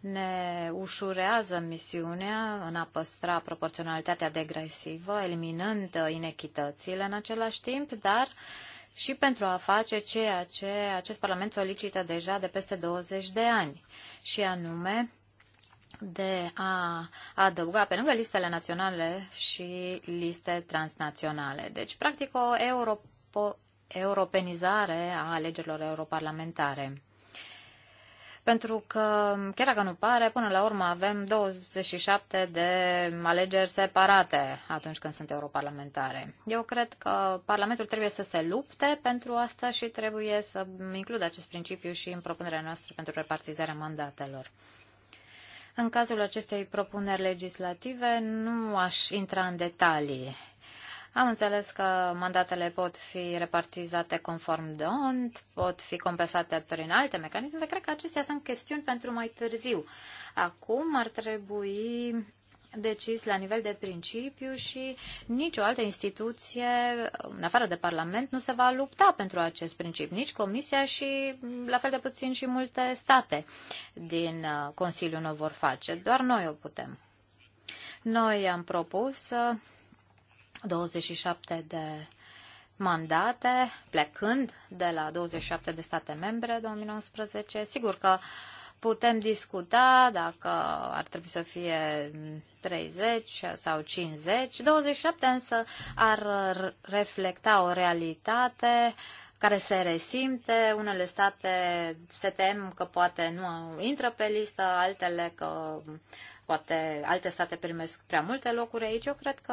ne ușurează misiunea în a păstra proporționalitatea degresivă, eliminând inechitățile în același timp, dar uh, și pentru a face ceea ce acest Parlament solicită deja de peste 20 de ani, și anume de a adăuga pe lângă listele naționale și liste transnaționale. Deci, practic, o europo- europenizare a alegerilor europarlamentare pentru că, chiar dacă nu pare, până la urmă avem 27 de alegeri separate atunci când sunt europarlamentare. Eu cred că Parlamentul trebuie să se lupte pentru asta și trebuie să includă acest principiu și în propunerea noastră pentru repartizarea mandatelor. În cazul acestei propuneri legislative nu aș intra în detalii am înțeles că mandatele pot fi repartizate conform DONT, pot fi compensate prin alte mecanisme. Cred că acestea sunt chestiuni pentru mai târziu. Acum ar trebui decis la nivel de principiu și nicio altă instituție, în afară de Parlament, nu se va lupta pentru acest principiu, nici Comisia și la fel de puțin și multe state din uh, Consiliu nu vor face. Doar noi o putem. Noi am propus 27 de mandate, plecând de la 27 de state membre 2019. Sigur că putem discuta dacă ar trebui să fie 30 sau 50. 27 însă ar reflecta o realitate care se resimte. Unele state se tem că poate nu intră pe listă, altele că poate alte state primesc prea multe locuri aici. Eu cred că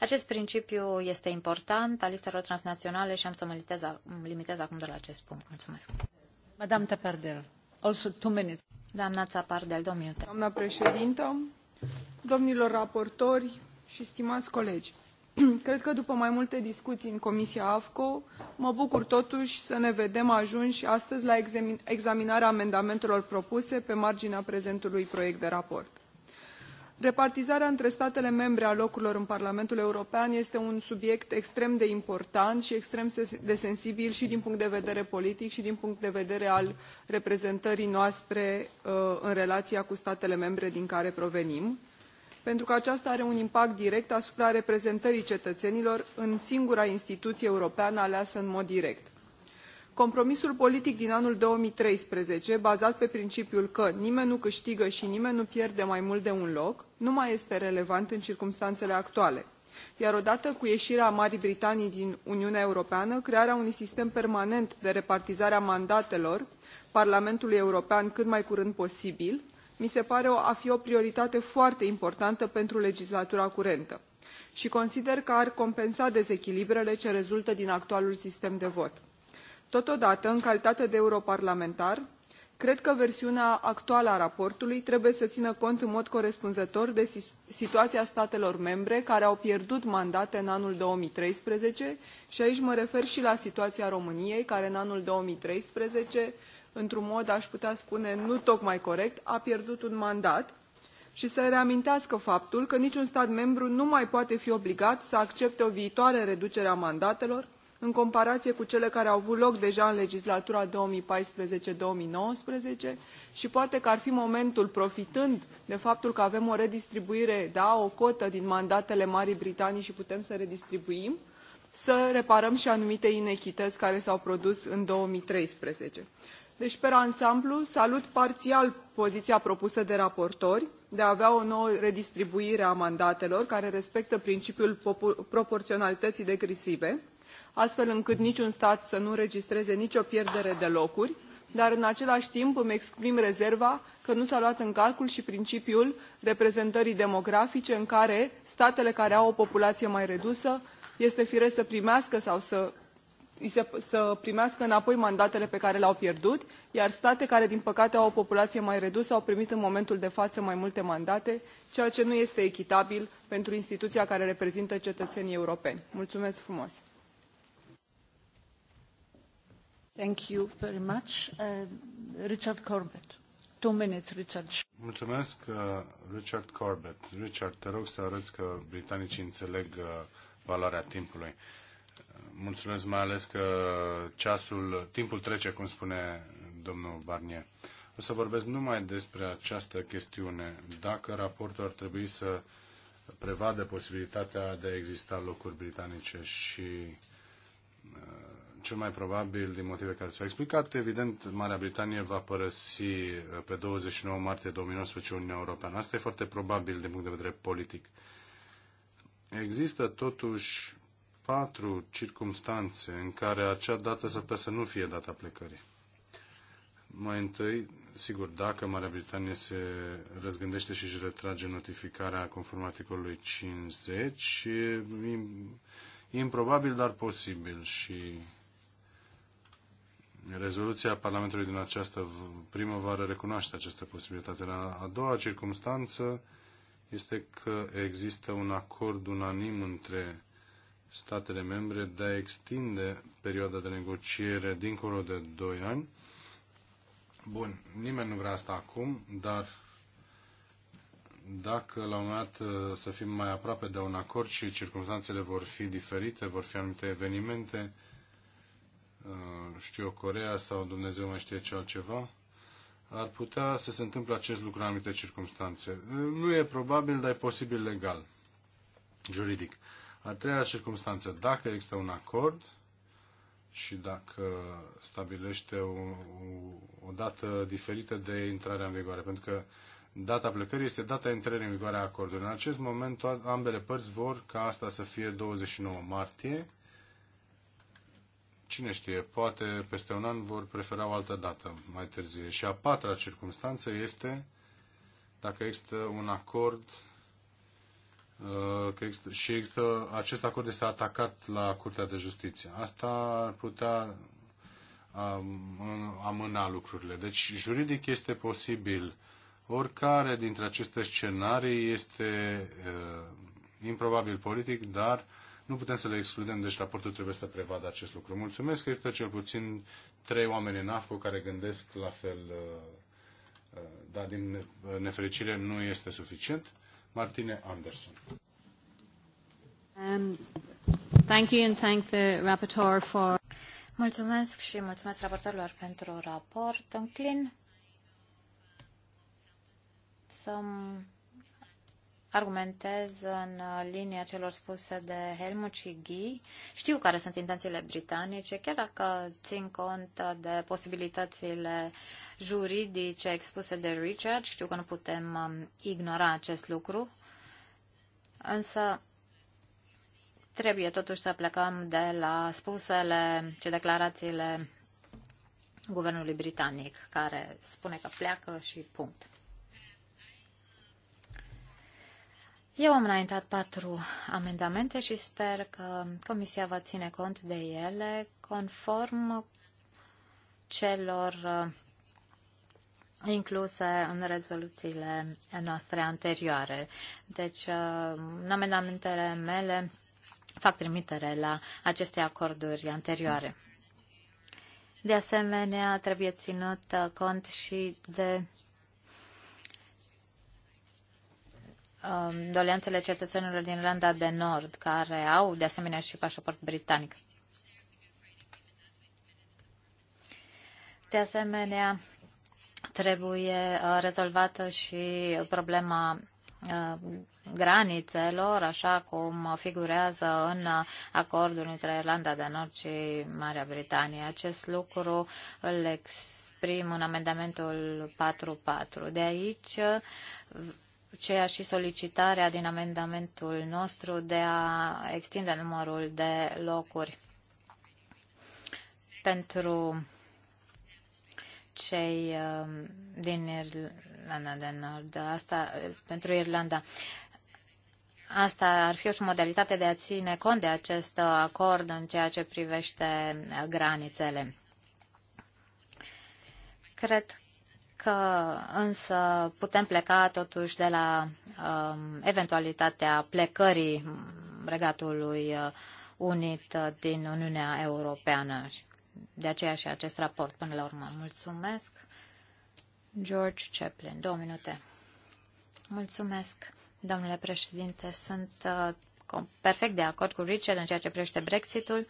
acest principiu este important al listelor transnaționale și am să mă limitez, mă limitez acum de la acest punct. Mulțumesc. Madame Tapardel, also two minutes. Doamna Tapardel, două minute. Doamna președintă, domnilor raportori și stimați colegi, cred că după mai multe discuții în comisia afco mă bucur totuși să ne vedem ajunși astăzi la examinarea amendamentelor propuse pe marginea prezentului proiect de raport repartizarea între statele membre a locurilor în parlamentul european este un subiect extrem de important și extrem de sensibil și din punct de vedere politic și din punct de vedere al reprezentării noastre uh, în relația cu statele membre din care provenim pentru că aceasta are un impact direct asupra reprezentării cetățenilor în singura instituție europeană aleasă în mod direct compromisul politic din anul două mii treisprezece bazat pe principiul că nimeni nu câștigă și nimeni nu pierde mai mult de un loc nu mai este relevant în circumstanțele actuale iar odată cu ieșirea marii britanii din uniunea europeană crearea unui sistem permanent de repartizare a mandatelor parlamentului european cât mai curând posibil mi se pare a fi o prioritate foarte importantă pentru legislatura curentă și consider că ar compensa dezechilibrele ce rezultă din actualul sistem de vot totodată în calitate de europarlamentar cred că versiunea actuală a raportului trebuie să țină cont în mod corespunzător de situația statelor membre care au pierdut mandate în anul două mii treisprezece și aici mă refer și la situația româniei care în anul două mii treisprezece într un mod aș putea spune nu tocmai corect a pierdut un mandat și să reamintească faptul că niciun stat membru nu mai poate fi obligat să accepte o viitoare reducere a mandatelor în comparație cu cele care au avut loc deja în legislatura două mii paisprezece două mii nouăsprezece și poate că ar fi momentul profitând de faptul că avem o redistribuire da o cotă din mandatele marii britanii și putem să redistribuim să reparăm și anumite inechități care s au produs în două mii treisprezece deci per ansamblu salut parțial poziția propusă de raportori de a avea o nouă redistribuire a mandatelor care respectă principiul proporționalității degresive astfel încât niciun stat să nu înregistreze nicio pierdere de locuri dar în același timp îmi exprim rezerva că nu s a luat în calcul și principiul reprezentării demografice în care statele care au o populație mai redusă este firesc să primească sau să să primească înapoi mandatele pe care le au pierdut iar state care din păcate au o populație mai redusă au primit în momentul de față mai multe mandate ceea ce nu este echitabil pentru instituția care reprezintă cetățenii europeni. mulțumesc frumos! Thank uh, Richard Corbett. Two Richard. Mulțumesc, uh, Richard Corbett. Richard, te rog să arăți că britanicii înțeleg uh, valoarea timpului. Mulțumesc mai ales că ceasul, timpul trece, cum spune domnul Barnier. O să vorbesc numai despre această chestiune. Dacă raportul ar trebui să prevadă posibilitatea de a exista locuri britanice și cel mai probabil din motive care s-au explicat. Evident, Marea Britanie va părăsi uh, pe 29 martie 2019 Uniunea Europeană. Asta e foarte probabil din punct de vedere politic. Există totuși patru circumstanțe în care acea dată s-ar putea să nu fie data plecării. Mai întâi, sigur, dacă Marea Britanie se răzgândește și își retrage notificarea conform articolului 50, e improbabil, dar posibil și Rezoluția Parlamentului din această primăvară recunoaște această posibilitate. A doua circunstanță este că există un acord unanim între statele membre de a extinde perioada de negociere dincolo de 2 ani. Bun, nimeni nu vrea asta acum, dar dacă la un moment dat uh, să fim mai aproape de un acord și circunstanțele vor fi diferite, vor fi anumite evenimente, Uh, știu Corea sau Dumnezeu mai știe ce altceva, ar putea să se întâmple acest lucru în anumite circunstanțe. Uh, nu e probabil, dar e posibil legal, juridic. A treia circunstanță, dacă există un acord și dacă stabilește o, o, o dată diferită de intrarea în vigoare, pentru că data plecării este data intrării în vigoare a acordului. În acest moment, ambele părți vor ca asta să fie 29 martie, Cine știe, poate peste un an vor prefera o altă dată mai târziu. Și a patra circunstanță este dacă există un acord uh, că există, și există, acest acord este atacat la Curtea de Justiție. Asta ar putea um, amâna lucrurile. Deci, juridic este posibil. Oricare dintre aceste scenarii este uh, improbabil politic, dar nu putem să le excludem, deci raportul trebuie să prevadă acest lucru. Mulțumesc că există cel puțin trei oameni în AFCO care gândesc la fel, uh, uh, dar din uh, nefericire nu este suficient. Martine Anderson. Um, thank you and thank the rapporteur for... Mulțumesc și mulțumesc raportorilor pentru raport. Înclin să-mi argumentez în uh, linia celor spuse de Helmut și Guy. Știu care sunt intențiile britanice, chiar dacă țin cont uh, de posibilitățile juridice expuse de Richard, știu că nu putem um, ignora acest lucru, însă trebuie totuși să plecăm de la spusele și declarațiile guvernului britanic, care spune că pleacă și punct. Eu am înaintat patru amendamente și sper că Comisia va ține cont de ele conform celor uh, incluse în rezoluțiile noastre anterioare. Deci, uh, în amendamentele mele fac trimitere la aceste acorduri anterioare. De asemenea, trebuie ținut uh, cont și de Um, doleanțele cetățenilor din Irlanda de Nord, care au de asemenea și pașaport britanic. De asemenea, trebuie uh, rezolvată și problema uh, granițelor, așa cum figurează în uh, acordul între Irlanda de Nord și Marea Britanie. Acest lucru îl exprim în amendamentul 4.4. De aici ceea și solicitarea din amendamentul nostru de a extinde numărul de locuri pentru cei uh, din Irlanda de Nord, asta pentru Irlanda. Asta ar fi o modalitate de a ține cont de acest acord în ceea ce privește granițele. Cred însă putem pleca totuși de la um, eventualitatea plecării Regatului uh, Unit din Uniunea Europeană. De aceea și acest raport până la urmă. Mulțumesc. George Chaplin, două minute. Mulțumesc, domnule președinte. Sunt uh, perfect de acord cu Richard în ceea ce privește Brexitul,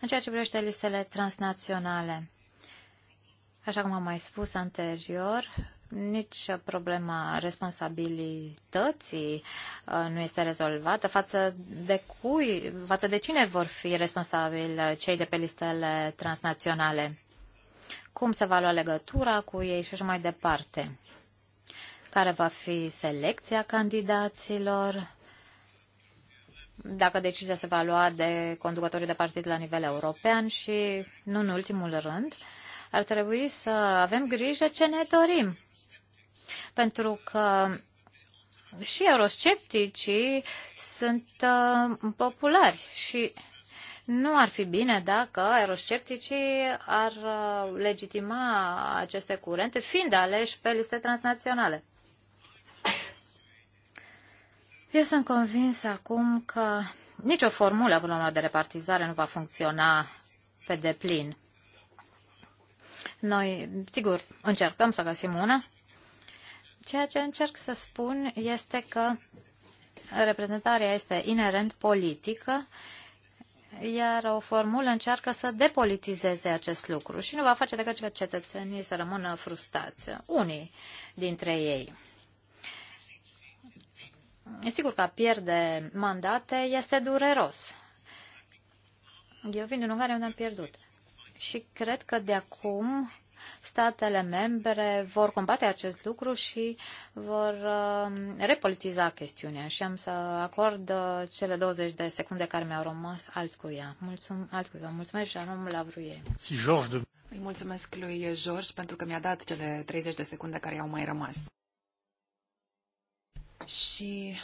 în ceea ce privește listele transnaționale. Așa cum am mai spus anterior, nici problema responsabilității uh, nu este rezolvată. Față de cui, față de cine vor fi responsabili cei de pe listele transnaționale? Cum se va lua legătura cu ei și așa mai departe? Care va fi selecția candidaților? Dacă decizia se va lua de conducătorii de partid la nivel european și, nu în ultimul rând, uh, ar trebui să avem grijă ce ne dorim. Pentru că și euroscepticii sunt uh, populari și nu ar fi bine dacă euroscepticii ar uh, legitima aceste curente, fiind aleși pe liste transnaționale. Eu sunt convins acum că nicio formulă, până la de repartizare nu va funcționa pe deplin. Noi, sigur, încercăm să găsim una. Ceea ce încerc să spun este că reprezentarea este inerent politică, iar o formulă încearcă să depolitizeze acest lucru și nu va face decât ca cetățenii să rămână frustrați, unii dintre ei. E sigur că a pierde mandate este dureros. Eu vin din Ungaria unde am pierdut. Și cred că de acum statele membre vor combate acest lucru și vor uh, repolitiza chestiunea și am să acord uh, cele 20 de secunde care mi-au rămas altcuia. Mulțum, altcuia. Mulțumesc, la vruie. Si George de... Îi mulțumesc lui George pentru că mi-a dat cele 30 de secunde care i-au mai rămas. Și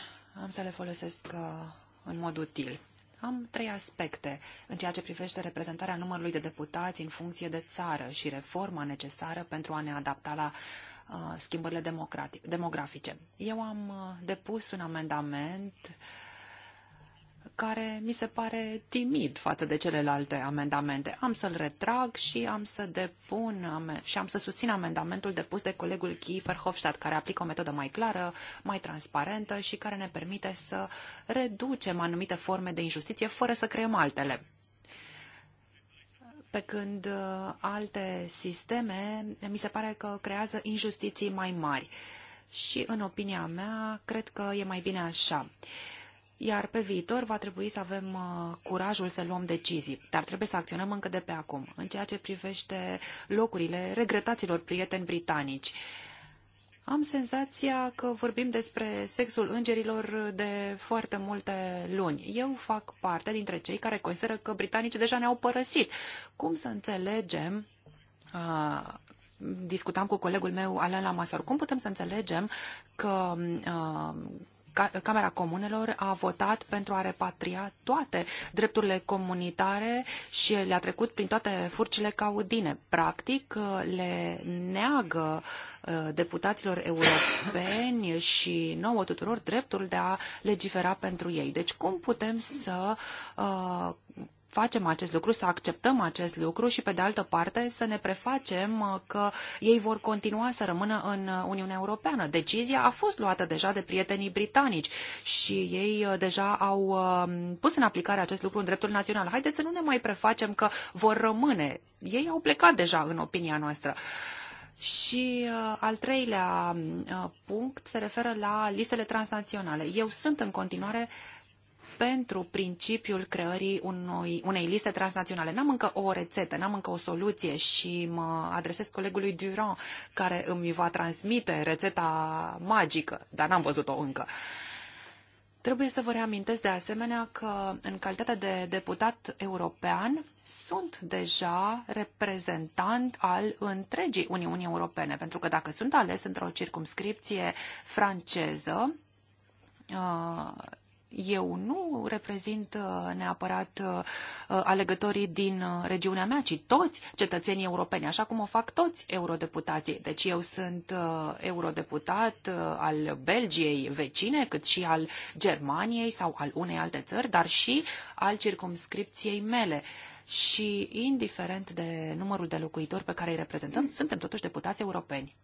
am să le folosesc uh, în mod util. Am trei aspecte în ceea ce privește reprezentarea numărului de deputați în funcție de țară și reforma necesară pentru a ne adapta la uh, schimbările demografice. Eu am uh, depus un amendament uh, care mi se pare timid față de celelalte amendamente. Am să-l retrag și am să depun și am să susțin amendamentul depus de colegul Kiefer Hofstadt, care aplică o metodă mai clară, mai transparentă și care ne permite să reducem anumite forme de injustiție fără să creăm altele pe când uh, alte sisteme mi se pare că creează injustiții mai mari. Și, în opinia mea, cred că e mai bine așa. Uh, iar pe viitor va trebui să avem uh, curajul să luăm decizii, dar trebuie să acționăm încă de pe acum, în ceea ce privește locurile regretaților prieteni britanici. Am senzația că vorbim despre sexul îngerilor de foarte multe luni. Eu fac parte dintre cei care consideră că britanicii deja ne-au părăsit. Cum să înțelegem uh, discutam cu colegul meu, Alan Lamassor, cum putem să înțelegem că uh, Camera Comunelor a votat pentru a repatria toate drepturile comunitare și le-a trecut prin toate furcile caudine. Practic, le neagă uh, deputaților europeni și nouă tuturor dreptul de a legifera pentru ei. Deci cum putem să uh, facem acest lucru, să acceptăm acest lucru și, pe de altă parte, să ne prefacem uh, că ei vor continua să rămână în uh, Uniunea Europeană. Decizia a fost luată deja de prietenii britanici și ei uh, deja au um, pus în aplicare acest lucru în dreptul național. Haideți să nu ne mai prefacem că vor rămâne. Ei au plecat deja, în opinia noastră. Și uh, al treilea uh, punct se referă la listele transnaționale. Eu sunt în continuare uh, pentru principiul creării unui, unei liste transnaționale. N-am încă o rețetă, n-am încă o soluție și mă adresez colegului Durand care îmi va transmite rețeta magică, dar n-am văzut-o încă. Trebuie să vă reamintesc de asemenea că în calitate de deputat european sunt deja reprezentant al întregii Uniunii Europene, pentru că dacă sunt ales într-o circumscripție franceză, uh, eu nu reprezint uh, neapărat uh, uh, alegătorii din regiunea mea, ci toți cetățenii europeni, așa cum o fac toți eurodeputații. Deci eu sunt eurodeputat al Belgiei vecine, cât și al Germaniei sau al unei alte țări, dar și al circumscripției mele și indiferent de numărul de locuitori pe care îi reprezentăm, suntem totuși deputați europeni.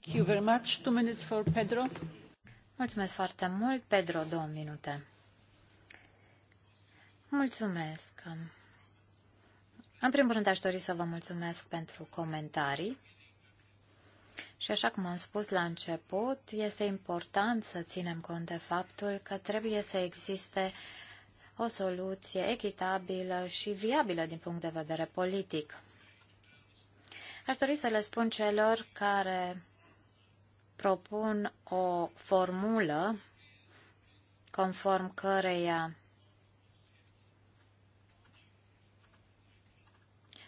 Thank you very much. Two minutes for Pedro. Mulțumesc foarte mult, Pedro, două minute. Mulțumesc! În primul rând aș dori să vă mulțumesc pentru comentarii. Și așa cum am spus la început, este important să ținem cont de faptul că trebuie să existe o soluție echitabilă și viabilă din punct de vedere politic. Aș dori să le spun celor care propun o formulă conform căreia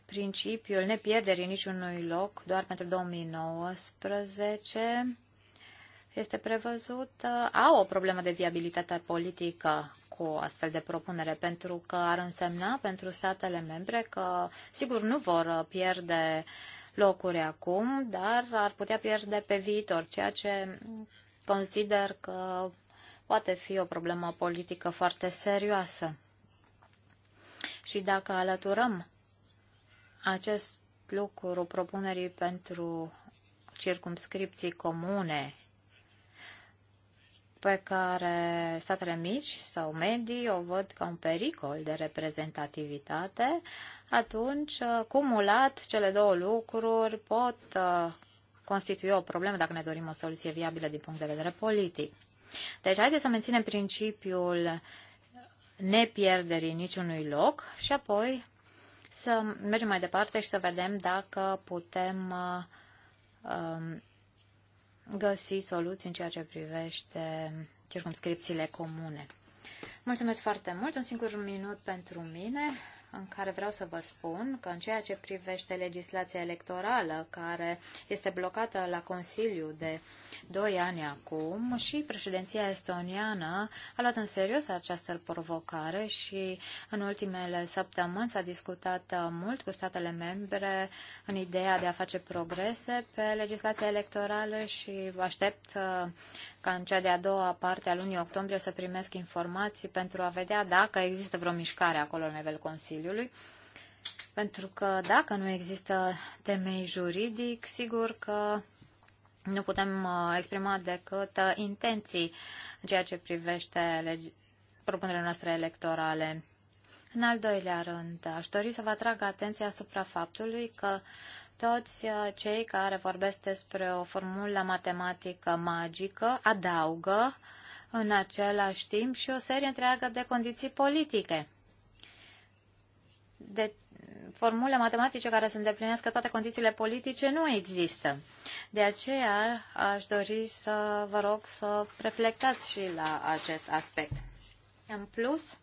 principiul nepierderii niciunui loc doar pentru 2019 este prevăzut, uh, au o problemă de viabilitate politică cu o astfel de propunere, pentru că ar însemna pentru statele membre că, sigur, nu vor pierde locuri acum, dar ar putea pierde pe viitor, ceea ce consider că poate fi o problemă politică foarte serioasă. Și dacă alăturăm acest lucru propunerii pentru circumscripții comune pe care statele mici sau medii o văd ca un pericol de reprezentativitate, atunci, uh, cumulat, cele două lucruri pot uh, constitui o problemă dacă ne dorim o soluție viabilă din punct de vedere politic. Deci, haideți să menținem principiul nepierderii niciunui loc și apoi să mergem mai departe și să vedem dacă putem um, găsi soluții în ceea ce privește circumscripțiile comune. Mulțumesc foarte mult, un singur minut pentru mine în care vreau să vă spun că în ceea ce privește legislația electorală, care este blocată la Consiliu de 2 ani acum, și președinția estoniană a luat în serios această provocare și în ultimele săptămâni s-a discutat mult cu statele membre în ideea de a face progrese pe legislația electorală și aștept ca în cea de-a doua parte a lunii octombrie să primesc informații pentru a vedea dacă există vreo mișcare acolo la nivel Consiliului. Pentru că dacă nu există temei juridic, sigur că nu putem uh, exprima decât uh, intenții în ceea ce privește propunerea propunerile noastre electorale. În al doilea rând, aș dori să vă atrag atenția asupra faptului că toți uh, cei care vorbesc despre o formulă matematică magică adaugă în același timp și o serie întreagă de condiții politice. De formule matematice care să îndeplinească toate condițiile politice nu există. De aceea aș dori să vă rog să reflectați și la acest aspect. În plus,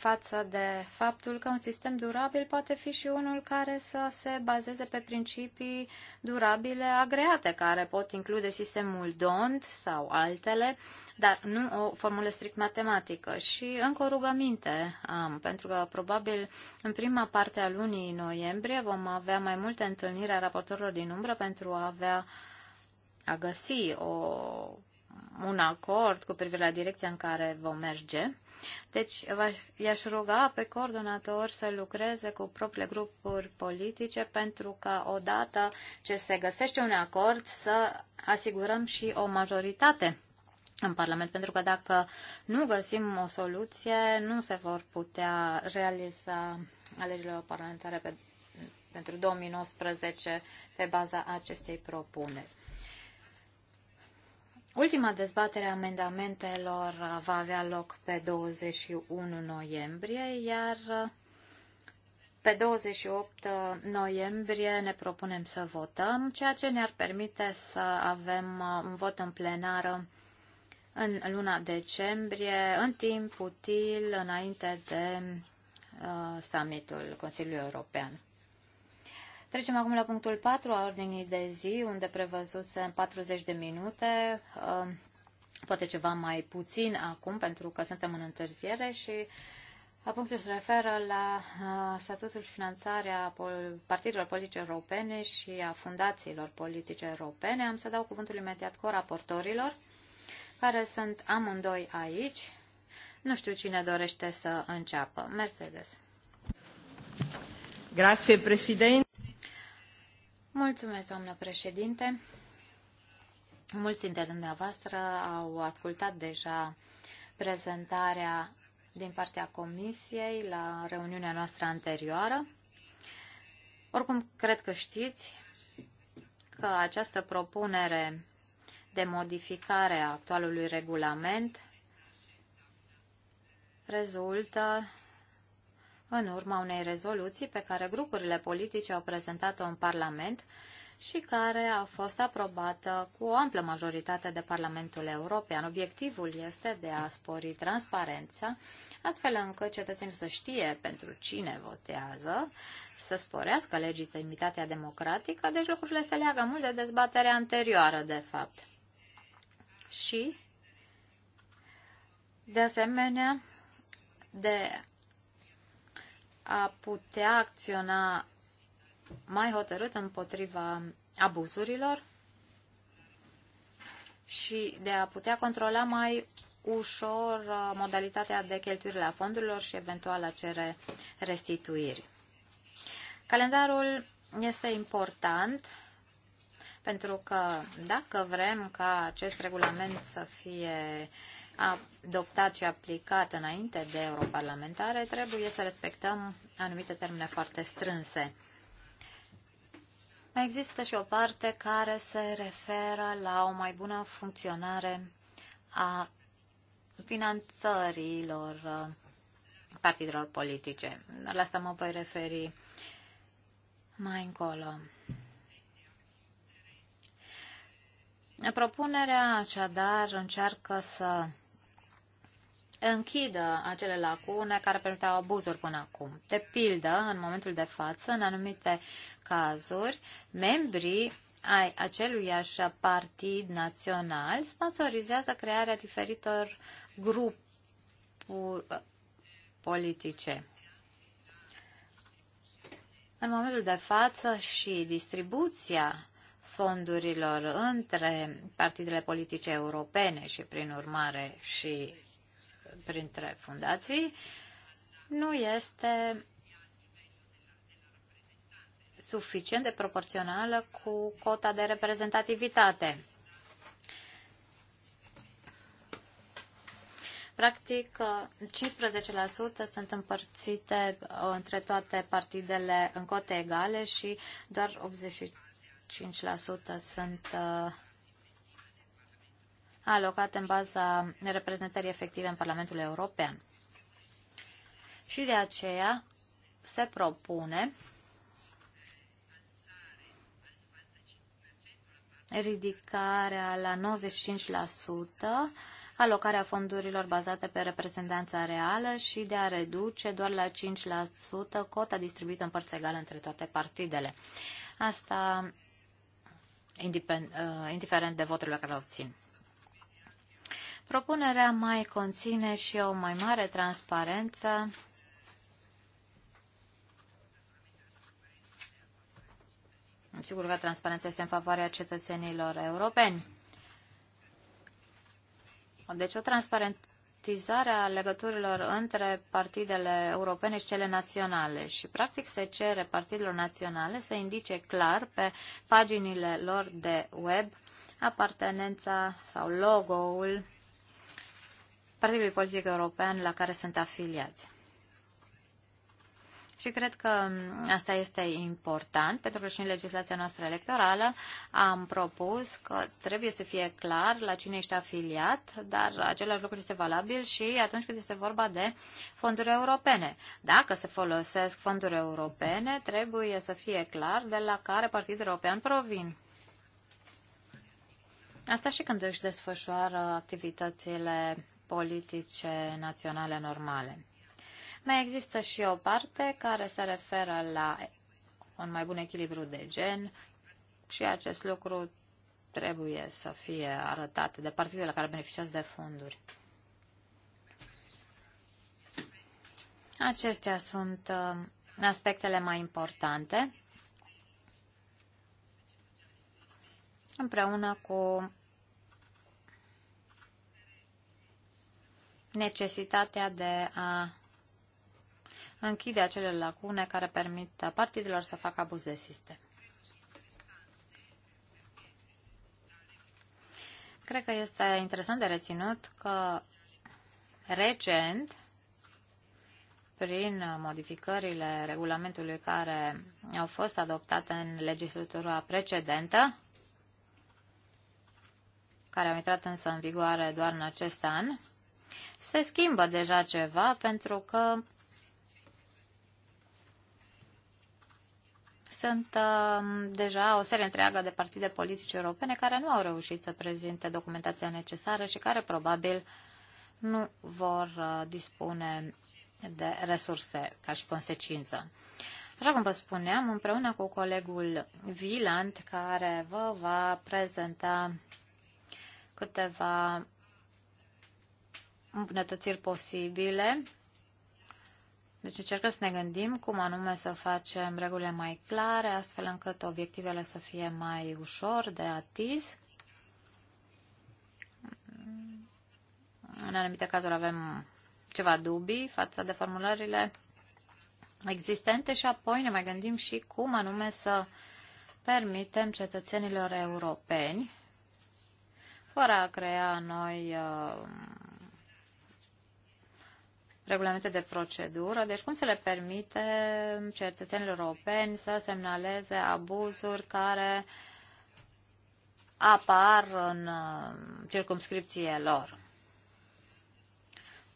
față de faptul că un sistem durabil poate fi și unul care să se bazeze pe principii durabile agreate, care pot include sistemul DONT sau altele, dar nu o formulă strict matematică. Și încă o rugăminte am, pentru că probabil în prima parte a lunii noiembrie vom avea mai multe întâlniri a raportorilor din umbră pentru a avea a găsi o acord cu privire la direcția în care vom merge. Deci i-aș ruga pe coordonator să lucreze cu propriile grupuri politice pentru că odată ce se găsește un acord să asigurăm și o majoritate în Parlament, pentru că dacă nu găsim o soluție, nu se vor putea realiza alegerile parlamentare pe, pentru 2019 pe baza acestei propuneri. Ultima dezbatere a amendamentelor va avea loc pe 21 noiembrie, iar uh, pe 28 uh, noiembrie ne propunem să votăm, ceea ce ne-ar permite să avem uh, un vot în plenară în luna decembrie, în timp util, înainte de summitul Consiliului European. Trecem acum la punctul 4 a ordinii de zi, unde prevăzuse 40 de minute, uh, poate ceva mai puțin acum, pentru că suntem în întârziere și punctul se referă la uh, statutul a partidelor politice europene și a fundațiilor politice europene. Am să dau cuvântul imediat cu raportorilor, care sunt amândoi aici. Nu știu cine dorește să înceapă. Mercedes. Grazie, președinte. Mulțumesc, doamnă președinte. Mulți dintre dumneavoastră au ascultat deja prezentarea din partea Comisiei la reuniunea noastră anterioară. Oricum, cred că știți că această propunere de modificare a actualului regulament rezultă în urma unei rezoluții pe care grupurile politice au prezentat-o în Parlament și care a fost aprobată cu o amplă majoritate de Parlamentul European. Obiectivul este de a spori transparența, astfel încât cetățenii să știe pentru cine votează, să sporească legitimitatea democratică, deci lucrurile se leagă mult de dezbaterea anterioară, de fapt. Și, de asemenea, de a putea acționa mai hotărât împotriva abuzurilor și de a putea controla mai ușor uh, modalitatea de cheltuire a fondurilor și eventual a cere restituiri. Calendarul este important pentru că dacă vrem ca acest regulament să fie uh, adoptat și aplicat înainte de europarlamentare, trebuie să respectăm anumite termene foarte strânse. Mai există și o parte care se referă la o mai bună funcționare a finanțărilor uh, partidelor politice. La asta mă voi referi mai încolo. Propunerea, așadar, încearcă să închidă acele lacune care permiteau abuzuri până acum. De pildă, în momentul de față, în anumite cazuri, membrii ai aceluiași partid național sponsorizează crearea diferitor grupuri uh, politice. În momentul de față și distribuția fondurilor între partidele politice europene și, prin urmare, și printre fundații nu este suficient de proporțională cu cota de reprezentativitate. Practic, 15% sunt împărțite uh, între toate partidele în cote egale și doar 85% sunt uh, alocate în baza reprezentării efective în Parlamentul European. Și de aceea se propune ridicarea la 95% alocarea fondurilor bazate pe reprezentanța reală și de a reduce doar la 5% cota distribuită în părți egale între toate partidele. Asta uh, indiferent de voturile care le obțin. Propunerea mai conține și o mai mare transparență Sigur că transparența este în favoarea cetățenilor europeni. Deci o transparentizare a legăturilor între partidele europene și cele naționale și practic se cere partidelor naționale să indice clar pe paginile lor de web apartenența sau logo-ul Partidului Politic European la care sunt afiliați. Și cred că asta este important, pentru că și în legislația noastră electorală am propus că trebuie să fie clar la cine ești afiliat, dar același lucru este valabil și atunci când este vorba de fonduri europene. Dacă se folosesc fonduri europene, trebuie să fie clar de la care partid european provin. Asta și când își desfășoară activitățile politice naționale normale. Mai există și o parte care se referă la un mai bun echilibru de gen și acest lucru trebuie să fie arătat de partidele care beneficiază de fonduri. Acestea sunt uh, aspectele mai importante împreună cu necesitatea de a închide acele lacune care permit partidelor să facă abuz de sistem. Cred că este interesant de reținut că recent, prin modificările regulamentului care au fost adoptate în legislatura precedentă, care au intrat însă în vigoare doar în acest an, se schimbă deja ceva pentru că sunt uh, deja o serie întreagă de partide politice europene care nu au reușit să prezinte documentația necesară și care probabil nu vor uh, dispune de resurse ca și consecință. Așa cum vă spuneam, împreună cu colegul Viland, care vă va prezenta câteva îmbunătățiri posibile. Deci încercăm să ne gândim cum anume să facem regulile mai clare, astfel încât obiectivele să fie mai ușor de atins. În anumite cazuri avem ceva dubii față de formulările existente și apoi ne mai gândim și cum anume să permitem cetățenilor europeni, fără a crea noi uh, regulamente de procedură, deci cum se le permite cetățenilor europeni să semnaleze abuzuri care apar în uh, circumscripție lor.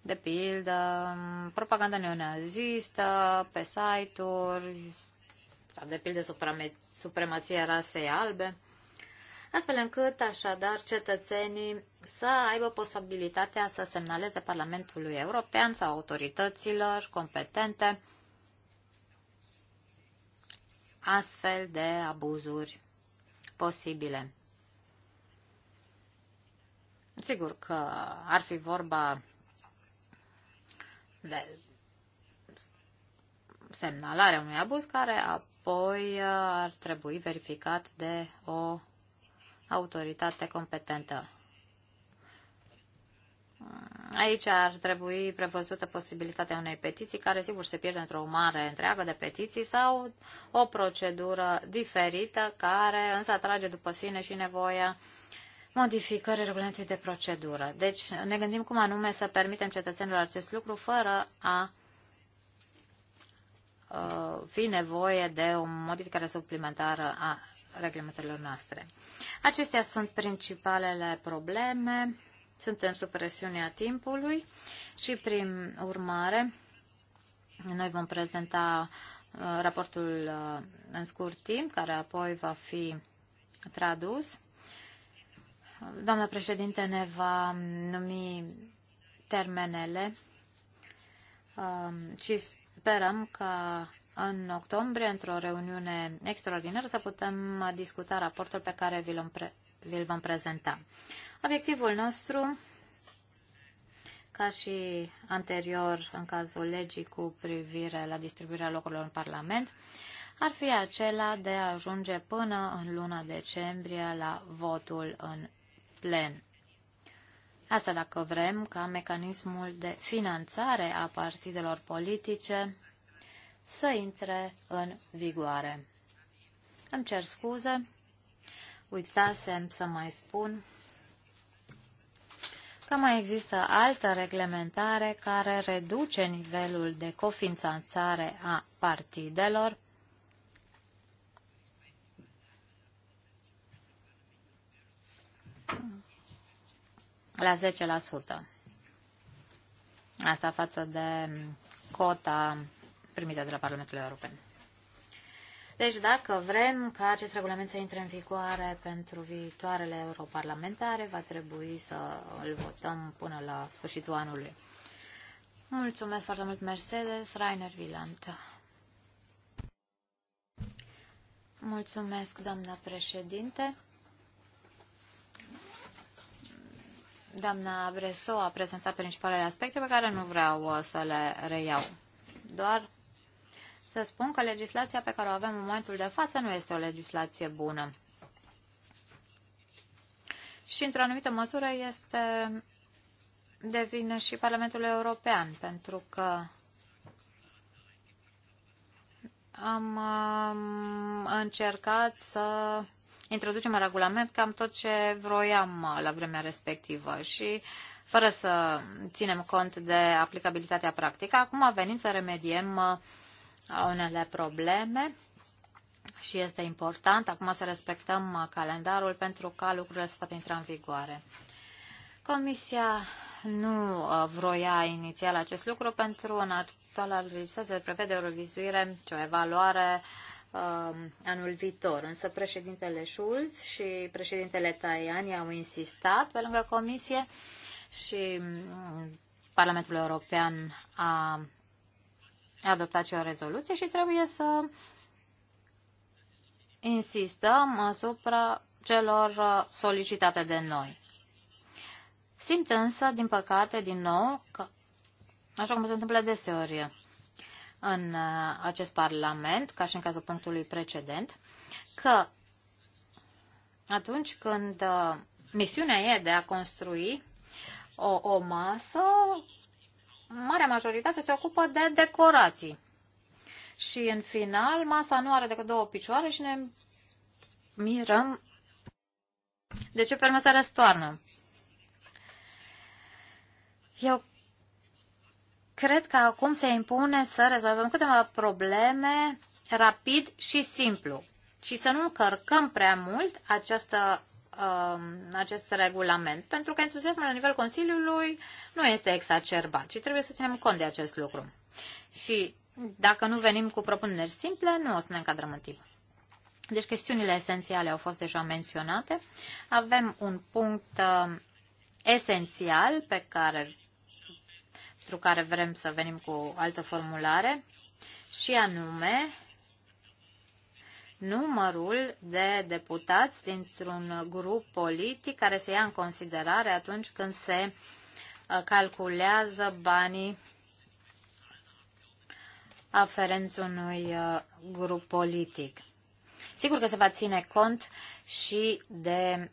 De pildă, propaganda neonazistă pe site-uri, de pildă supremație rasei albe astfel încât așadar cetățenii să aibă posibilitatea să semnaleze Parlamentului European sau autorităților competente astfel de abuzuri posibile. Sigur că ar fi vorba de semnalarea unui abuz care apoi uh, ar trebui verificat de o autoritate competentă. Aici ar trebui prevăzută posibilitatea unei petiții, care sigur se pierde într-o mare întreagă de petiții, sau o procedură diferită, care însă atrage după sine și nevoia modificării regulamentului de procedură. Deci ne gândim cum anume să permitem cetățenilor acest lucru fără a uh, fi nevoie de o modificare suplimentară a reglementărilor noastre. Acestea sunt principalele probleme. Suntem sub presiunea timpului și, prin urmare, noi vom prezenta uh, raportul uh, în scurt timp, care apoi va fi tradus. Doamna președinte ne va numi termenele uh, și sperăm ca în octombrie, într-o reuniune extraordinară, să putem discuta raportul pe care vi-l, pre- vi vom prezenta. Obiectivul nostru, ca și anterior în cazul legii cu privire la distribuirea locurilor în Parlament, ar fi acela de a ajunge până în luna decembrie la votul în plen. Asta dacă vrem ca mecanismul de finanțare a partidelor politice să intre în vigoare. Îmi cer scuze, uitasem să mai spun că mai există altă reglementare care reduce nivelul de cofințanțare a partidelor la 10%. Asta față de cota primite de la Parlamentul European. Deci dacă vrem ca acest regulament să intre în vigoare pentru viitoarele europarlamentare, va trebui să îl votăm până la sfârșitul anului. Mulțumesc foarte mult, Mercedes, Rainer Villand. Mulțumesc, doamna președinte. Doamna Bresou a prezentat principalele aspecte pe care nu vreau uh, să le reiau. Doar să spun că legislația pe care o avem în momentul de față nu este o legislație bună. Și, într-o anumită măsură, este de vină și Parlamentul European, pentru că am încercat să introducem în regulament cam tot ce vroiam la vremea respectivă și fără să ținem cont de aplicabilitatea practică. Acum venim să remediem uh, a unele probleme și este important acum să respectăm uh, calendarul pentru ca lucrurile să poată intra în vigoare. Comisia nu uh, vroia inițial acest lucru pentru în actuala legislație prevede o revizuire și o evaluare uh, anul viitor. Însă președintele Schulz și președintele Tajani au insistat pe lângă comisie și mm, Parlamentul European a adoptat și o rezoluție și trebuie să insistăm asupra celor solicitate de noi. Simt însă, din păcate, din nou, că, așa cum se întâmplă deseori în acest Parlament, ca și în cazul punctului precedent, că atunci când misiunea e de a construi o, o masă marea majoritate se ocupă de decorații. Și în final, masa nu are decât două picioare și ne mirăm de ce permă se răstoarnă. Eu cred că acum se impune să rezolvăm câteva probleme rapid și simplu și să nu încărcăm prea mult această Um, acest regulament, pentru că entuziasmul la nivel Consiliului nu este exacerbat și trebuie să ținem cont de acest lucru. Și dacă nu venim cu propuneri simple, nu o să ne încadrăm în timp. Deci chestiunile esențiale au fost deja menționate. Avem un punct uh, esențial pe care, pentru care vrem să venim cu altă formulare și anume numărul de deputați dintr-un grup politic care se ia în considerare atunci când se uh, calculează banii aferenți unui uh, grup politic. Sigur că se va ține cont și de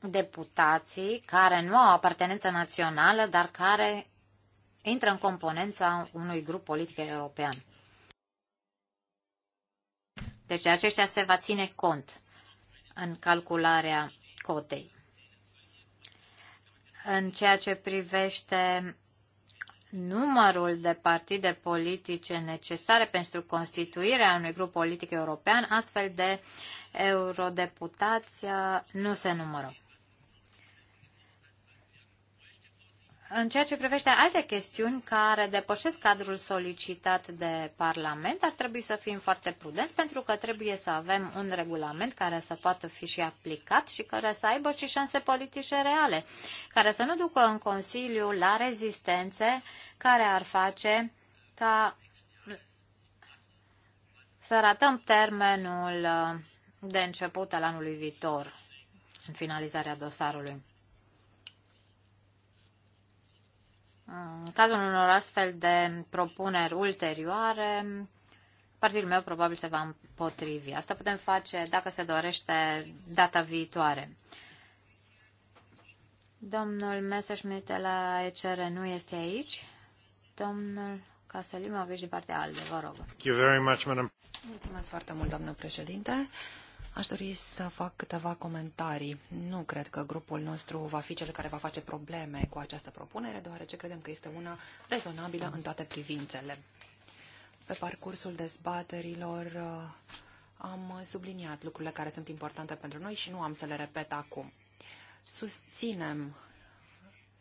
deputații care nu au apartenență națională, dar care intră în componența unui grup politic european. Deci aceștia se va ține cont în calcularea cotei. În ceea ce privește numărul de partide politice necesare pentru constituirea unui grup politic european, astfel de eurodeputați uh, nu se numără. În ceea ce privește alte chestiuni care depășesc cadrul solicitat de Parlament, ar trebui să fim foarte prudenți pentru că trebuie să avem un regulament care să poată fi și aplicat și care să aibă și șanse politice reale, care să nu ducă în Consiliu la rezistențe care ar face ca să ratăm termenul uh, de început al anului viitor în finalizarea dosarului. În cazul unor astfel de propuneri ulterioare, partidul meu probabil se va împotrivi. Asta putem face dacă se dorește data viitoare. Domnul Messerschmitt de la ECR nu este aici. Domnul Casolimovic din partea ALDE, vă rog. Mulțumesc foarte mult, doamnă președinte. Aș dori să fac câteva comentarii. Nu cred că grupul nostru va fi cel care va face probleme cu această propunere, deoarece credem că este una rezonabilă în toate privințele. Pe parcursul dezbaterilor uh, am subliniat lucrurile care sunt importante pentru noi și nu am să le repet acum. Susținem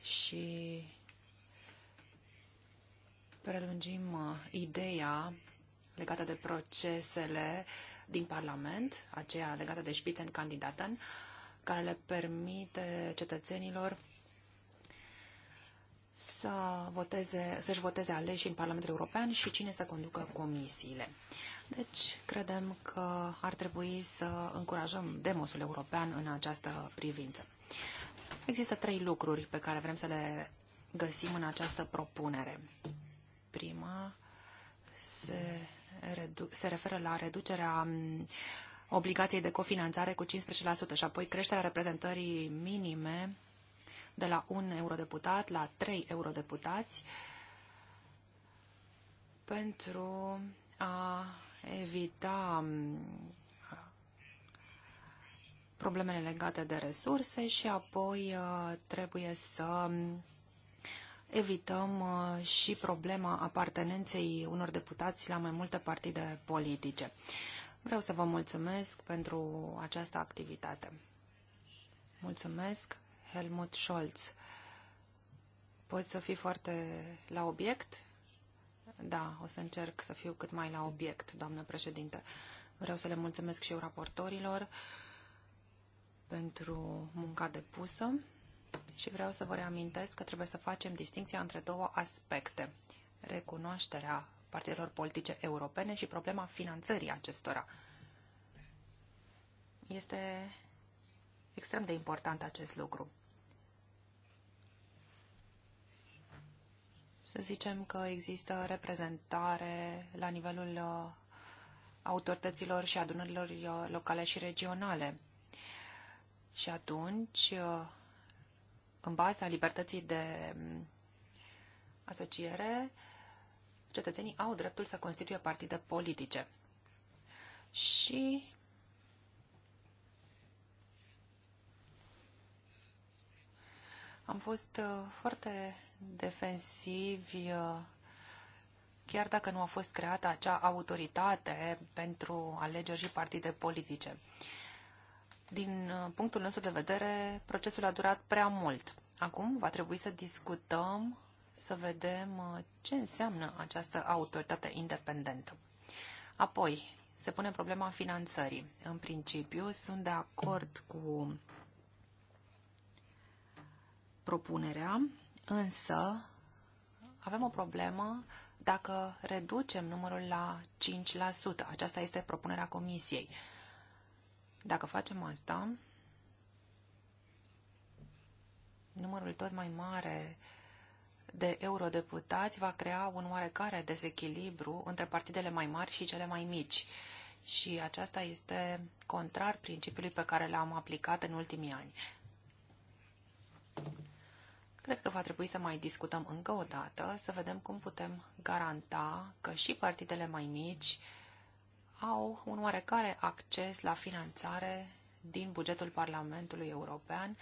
și prelungim uh, ideea legată de procesele uh, din Parlament, aceea legată de Spitzenkandidaten, care le permite cetățenilor să voteze, să-și voteze aleși în Parlamentul European și cine să conducă comisiile. Deci, credem că ar trebui să încurajăm demosul european în această privință. Există trei lucruri pe care vrem să le găsim în această propunere. Prima se se referă la reducerea mm, obligației de cofinanțare cu 15% și apoi creșterea reprezentării minime de la un eurodeputat la trei eurodeputați pentru a evita mm, problemele legate de resurse și apoi uh, trebuie să mm, evităm uh, și problema apartenenței unor deputați la mai multe partide politice. Vreau să vă mulțumesc pentru această activitate. Mulțumesc, Helmut Scholz. Poți să fii foarte la obiect? Da, o să încerc să fiu cât mai la obiect, doamnă președinte. Vreau să le mulțumesc și eu raportorilor pentru munca depusă și vreau să vă reamintesc că trebuie să facem distinția între două aspecte. Recunoașterea partidelor politice europene și problema finanțării acestora. Este extrem de important acest lucru. Să zicem că există reprezentare la nivelul uh, autorităților și adunărilor uh, locale și regionale. Și atunci uh, în baza libertății de mm, asociere, cetățenii au dreptul să constituie partide politice. Și am fost uh, foarte defensivi uh, chiar dacă nu a fost creată acea autoritate pentru alegeri și partide politice. Uh, din uh, punctul nostru de vedere, procesul a durat prea mult. Acum va trebui să discutăm, să vedem uh, ce înseamnă această autoritate independentă. Apoi, se pune problema finanțării. În principiu, sunt de acord cu propunerea, însă avem o problemă dacă reducem numărul la 5%. Aceasta este propunerea Comisiei. Dacă facem asta, numărul tot mai mare de eurodeputați va crea un oarecare dezechilibru între partidele mai mari și cele mai mici. Și aceasta este contrar principiului pe care l-am aplicat în ultimii ani. Cred că va trebui să mai discutăm încă o dată, să vedem cum putem garanta că și partidele mai mici au un oarecare acces la finanțare din bugetul Parlamentului European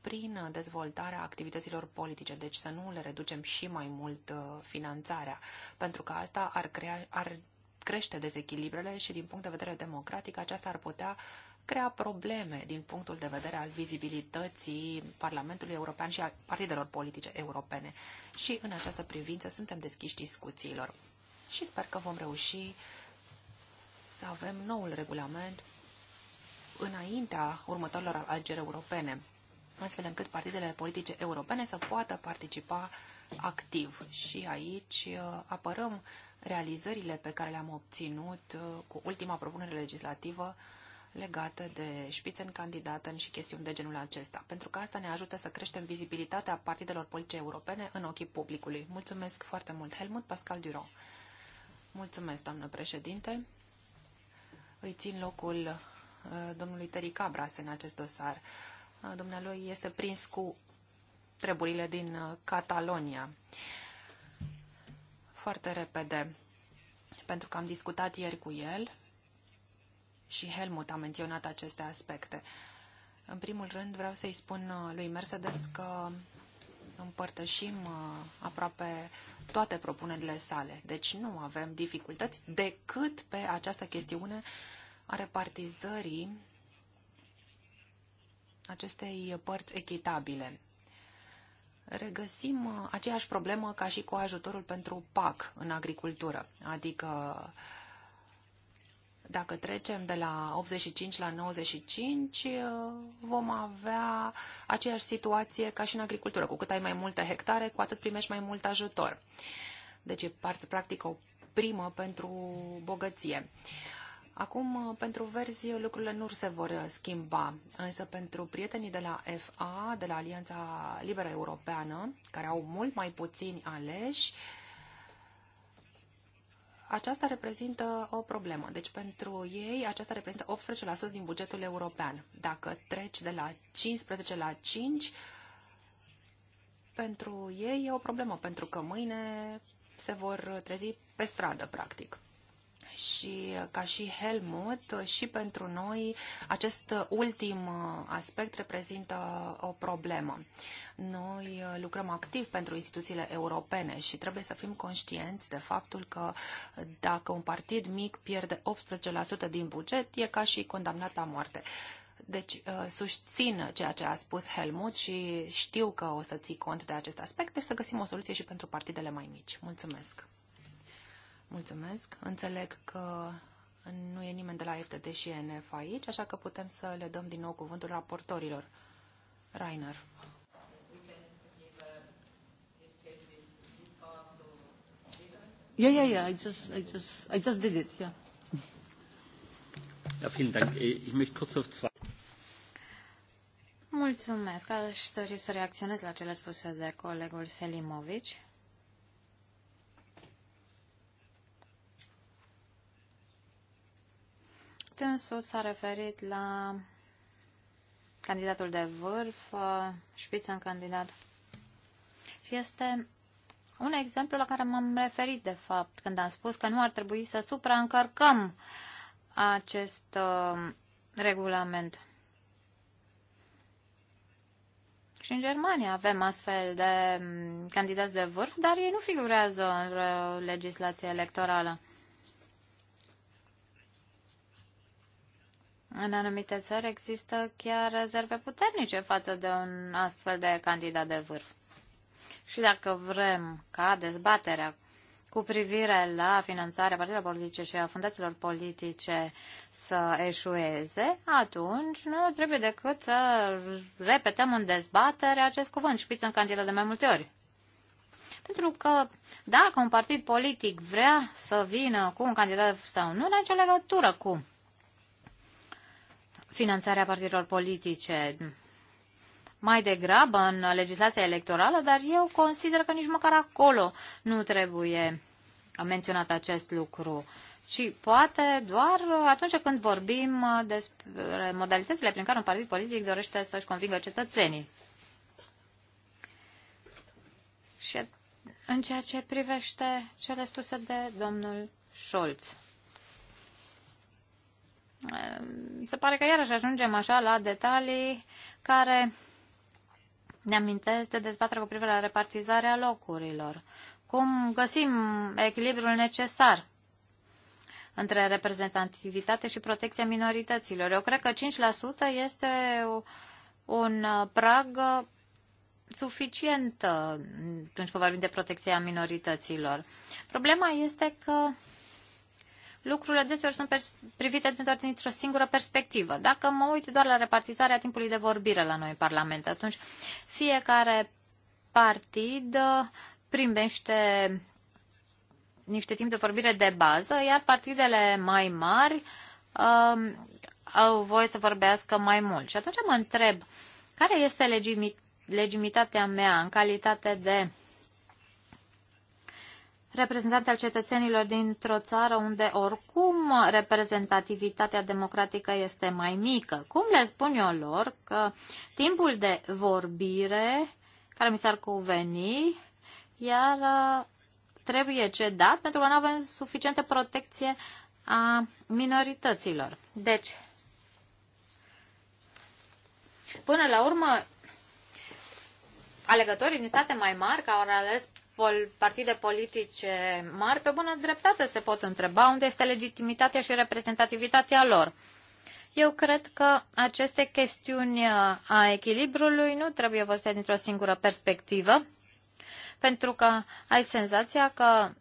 prin dezvoltarea activităților politice, deci să nu le reducem și mai mult uh, finanțarea, pentru că asta ar, crea, ar crește dezechilibrele și din punct de vedere democratic aceasta ar putea crea probleme din punctul de vedere al vizibilității Parlamentului European și a partidelor politice europene. Și în această privință suntem deschiși discuțiilor. Și sper că vom reuși să avem noul regulament înaintea următorilor alegeri europene, astfel încât partidele politice europene să poată participa activ. Și aici uh, apărăm realizările pe care le-am obținut uh, cu ultima propunere legislativă legată de candidată și chestiuni de genul acesta, pentru că asta ne ajută să creștem vizibilitatea partidelor politice europene în ochii publicului. Mulțumesc foarte mult, Helmut Pascal Duro. Mulțumesc, doamnă președinte îi țin locul uh, domnului Teri Cabras în acest dosar. Uh, dumnealui este prins cu treburile din uh, Catalonia. Foarte repede, pentru că am discutat ieri cu el și Helmut a menționat aceste aspecte. În primul rând vreau să-i spun lui Mercedes că împărtășim uh, aproape toate propunerile sale. Deci nu avem dificultăți decât pe această chestiune a repartizării acestei părți echitabile. Regăsim uh, aceeași problemă ca și cu ajutorul pentru PAC în agricultură, adică uh, dacă trecem de la 85 la 95, uh, vom avea aceeași situație ca și în agricultură. Cu cât ai mai multe hectare, cu atât primești mai mult ajutor. Deci e practic o primă pentru bogăție. Acum, uh, pentru verzi, lucrurile nu se vor schimba, însă pentru prietenii de la FA, de la Alianța Liberă Europeană, care au mult mai puțini aleși, uh, aceasta reprezintă o problemă. Deci pentru ei aceasta reprezintă 18% din bugetul european. Dacă treci de la 15 la 5, pentru ei e o problemă, pentru că mâine se vor trezi pe stradă, practic și ca și Helmut, și pentru noi acest ultim aspect reprezintă o problemă. Noi lucrăm activ pentru instituțiile europene și trebuie să fim conștienți de faptul că dacă un partid mic pierde 18% din buget, e ca și condamnat la moarte. Deci uh, susțin ceea ce a spus Helmut și știu că o să ții cont de acest aspect, deci să găsim o soluție și pentru partidele mai mici. Mulțumesc! Mulțumesc. Înțeleg că nu e nimeni de la FTT și ENF aici, așa că putem să le dăm din nou cuvântul raportorilor. Rainer. Yeah, yeah, yeah. I just, I just, I just did it. Yeah. Ja, vielen Dank. Eh, ich möchte kurz auf zwei. Mulțumesc. Aș dori să reacționez la cele spuse de colegul Selimovici. Dânsul s-a referit la candidatul de vârf, în candidat. Și este un exemplu la care m-am referit, de fapt, când am spus că nu ar trebui să supraîncărcăm acest uh, regulament. Și în Germania avem astfel de mm, candidați de vârf, dar ei nu figurează în legislația electorală. În anumite țări există chiar rezerve puternice față de un astfel de candidat de vârf. Și dacă vrem ca dezbaterea cu privire la finanțarea partidelor politice și a fundațiilor politice să eșueze, atunci nu trebuie decât să repetăm în dezbatere acest cuvânt, șpiță în candidat de mai multe ori. Pentru că dacă un partid politic vrea să vină cu un candidat sau nu, nu are nicio legătură cu finanțarea partidelor politice mai degrabă în legislația electorală, dar eu consider că nici măcar acolo nu trebuie menționat acest lucru. Și poate doar atunci când vorbim despre modalitățile prin care un partid politic dorește să-și convingă cetățenii. Și în ceea ce privește cele spuse de domnul Scholz. Ehm, se pare că iarăși ajungem așa la detalii care ne amintesc de dezbatere cu privire la repartizarea locurilor. Cum găsim echilibrul necesar între reprezentativitate și protecția minorităților. Eu cred că 5% este un prag suficient atunci când vorbim de protecția minorităților. Problema este că lucrurile deseori sunt privite doar dintr-o singură perspectivă. Dacă mă uit doar la repartizarea timpului de vorbire la noi în Parlament, atunci fiecare partid uh, primește niște timp de vorbire de bază, iar partidele mai mari um, au voie să vorbească mai mult. Și atunci mă întreb, care este legimitatea mea în calitate de reprezentant al cetățenilor dintr-o țară unde oricum reprezentativitatea democratică este mai mică. Cum le spun eu lor că timpul de vorbire care mi s-ar cuveni, iar uh, trebuie cedat pentru că nu avem suficientă protecție a minorităților. Deci, până la urmă, alegătorii din state mai mari care au ales partide politice mari, pe bună dreptate se pot întreba unde este legitimitatea și reprezentativitatea lor. Eu cred că aceste chestiuni uh, a echilibrului nu trebuie văzute dintr-o singură perspectivă, pentru că ai senzația că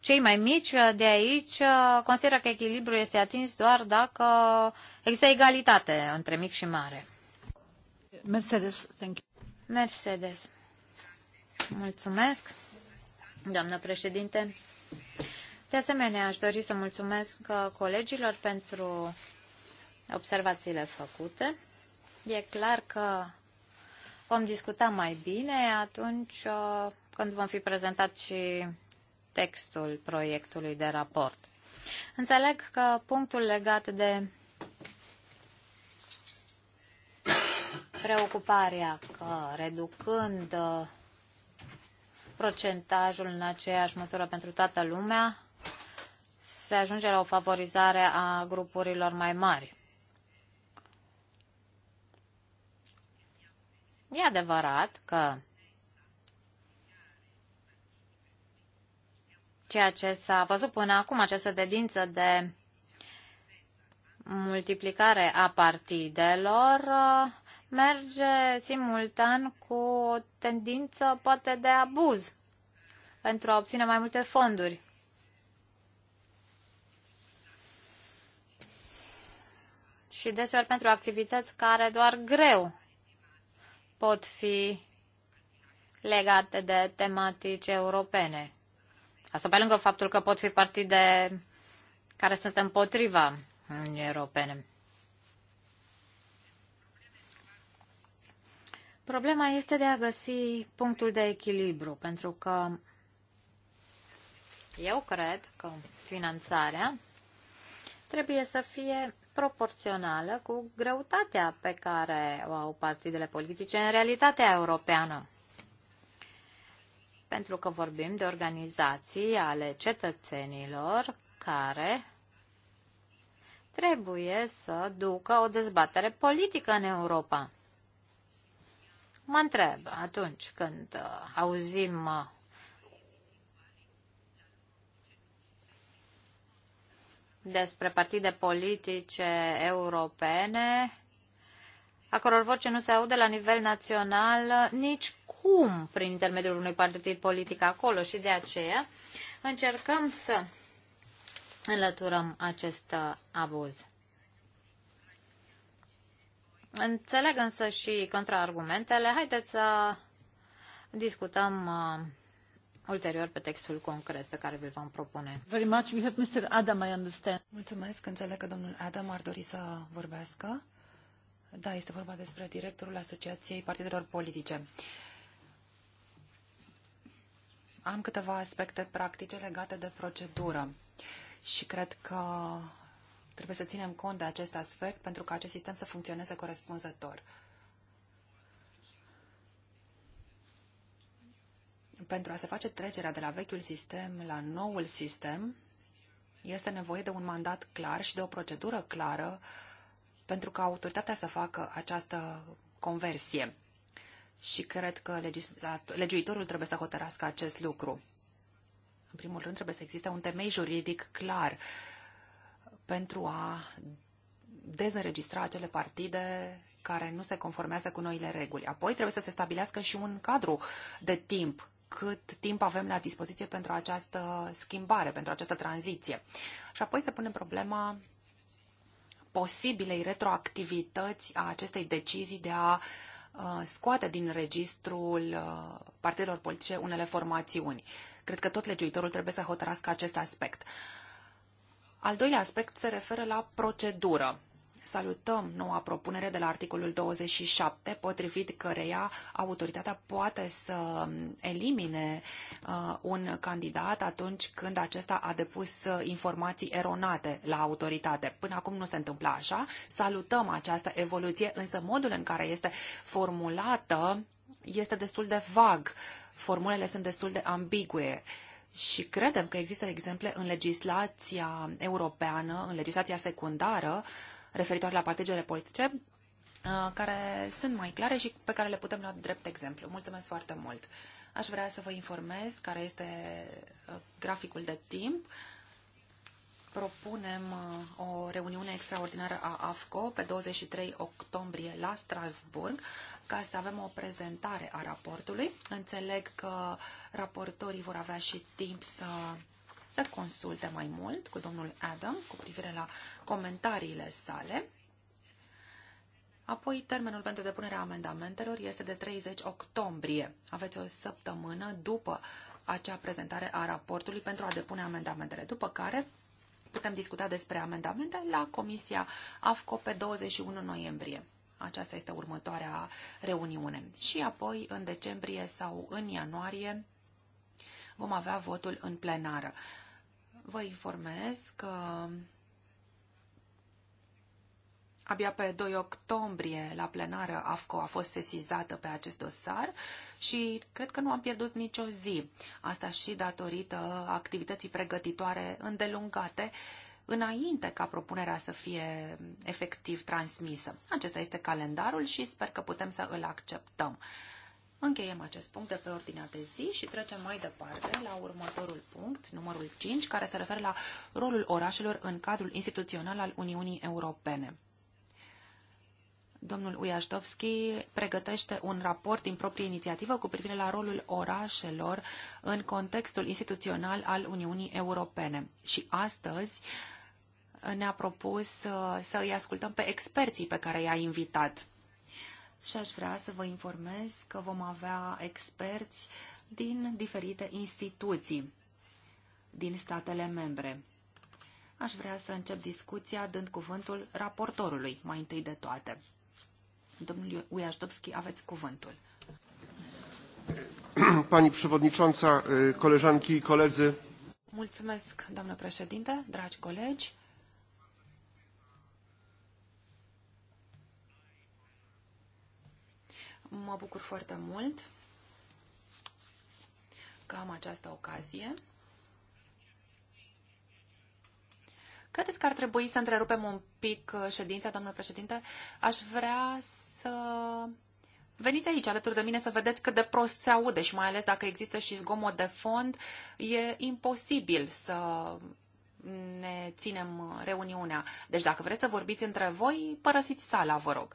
cei mai mici uh, de aici uh, consideră că echilibrul este atins doar dacă există egalitate între mic și mare. Mercedes, thank you. Mercedes. Mulțumesc, doamnă președinte. De asemenea, aș dori să mulțumesc uh, colegilor pentru observațiile făcute. E clar că vom discuta mai bine atunci uh, când vom fi prezentat și textul proiectului de raport. Înțeleg că punctul legat de preocuparea că reducând uh, procentajul în aceeași măsură pentru toată lumea, se ajunge la o favorizare a grupurilor mai mari. E adevărat că ceea ce s-a văzut până acum, această dedință de multiplicare a partidelor, merge simultan cu o tendință poate de abuz pentru a obține mai multe fonduri. Și deseori pentru activități care doar greu pot fi legate de tematici europene. Asta pe lângă faptul că pot fi partide care sunt împotriva Uniunii Europene. Problema este de a găsi punctul de echilibru, pentru că eu cred că finanțarea trebuie să fie proporțională cu greutatea pe care o au partidele politice în realitatea europeană. Pentru că vorbim de organizații ale cetățenilor care trebuie să ducă o dezbatere politică în Europa. Mă întreb atunci când uh, auzim uh, despre partide politice europene, a căror voce nu se aude la nivel național uh, nici cum prin intermediul unui partid politic acolo și de aceea încercăm să înlăturăm acest abuz. Înțeleg însă și contraargumentele. Haideți să discutăm uh, ulterior pe textul concret pe care vi-l vom propune. Very much. We have Mr. Adam, I understand. Mulțumesc. Înțeleg că domnul Adam ar dori să vorbească. Da, este vorba despre directorul Asociației Partidelor Politice. Am câteva aspecte practice legate de procedură și cred că Trebuie să ținem cont de acest aspect pentru ca acest sistem să funcționeze corespunzător. Pentru a se face trecerea de la vechiul sistem la noul sistem, este nevoie de un mandat clar și de o procedură clară pentru ca autoritatea să facă această conversie. Și cred că legiuitorul trebuie să hotărască acest lucru. În primul rând, trebuie să existe un temei juridic clar pentru a dezregistra acele partide care nu se conformează cu noile reguli. Apoi trebuie să se stabilească și un cadru de timp cât timp avem la dispoziție pentru această schimbare, pentru această tranziție. Și apoi se pune problema posibilei retroactivități a acestei decizii de a uh, scoate din registrul uh, partidelor politice unele formațiuni. Cred că tot legiuitorul trebuie să hotărască acest aspect. Al doilea aspect se referă la procedură. Salutăm noua propunere de la articolul 27, potrivit căreia autoritatea poate să elimine uh, un candidat atunci când acesta a depus informații eronate la autoritate. Până acum nu se întâmpla așa. Salutăm această evoluție, însă modul în care este formulată este destul de vag. Formulele sunt destul de ambigue. Uh, și credem că există exemple în legislația europeană, în legislația secundară, referitor la partidele politice, uh, care sunt mai clare și pe care le putem lua drept exemplu. Mulțumesc foarte mult! Aș vrea să vă informez care este uh, graficul de timp propunem uh, o reuniune extraordinară a AFCO pe 23 octombrie la Strasburg ca să avem o prezentare a raportului. Înțeleg că raportorii vor avea și timp să să consulte mai mult cu domnul Adam cu privire la comentariile sale. Apoi, termenul pentru depunerea amendamentelor este de 30 octombrie. Aveți o săptămână după acea prezentare a raportului pentru a depune amendamentele, după care putem discuta despre amendamente la Comisia AFCO pe 21 noiembrie. Aceasta este următoarea reuniune. Și apoi, în decembrie sau în ianuarie, vom avea votul în plenară. Vă informez că Abia pe 2 octombrie, la plenară, AFCO a fost sesizată pe acest dosar și cred că nu am pierdut nicio zi. Asta și datorită activității pregătitoare îndelungate înainte ca propunerea să fie efectiv transmisă. Acesta este calendarul și sper că putem să îl acceptăm. Încheiem acest punct de pe ordinea de zi și trecem mai departe la următorul punct, numărul 5, care se referă la rolul orașelor în cadrul instituțional al Uniunii Europene. Domnul Ujaștovski pregătește un raport din proprie inițiativă cu privire la rolul orașelor în contextul instituțional al Uniunii Europene. Și astăzi ne-a propus uh, să îi ascultăm pe experții pe care i-a invitat. Și aș vrea să vă informez că vom avea experți din diferite instituții din statele membre. Aș vrea să încep discuția dând cuvântul raportorului, mai întâi de toate. Domnul Ujazdowski, aveți cuvântul. Pani przewodnicząca, koleżanki i koledzy. Mulțumesc, doamnă președinte, dragi colegi. Mă bucur foarte mult că am această ocazie. Credeți că ar trebui să întrerupem un pic uh, ședința, doamnă președinte? Aș vrea să veniți aici alături de mine să vedeți cât de prost se aude și mai ales dacă există și zgomot de fond, e imposibil să ne ținem reuniunea. Deci dacă vreți să vorbiți între voi, părăsiți sala, vă rog.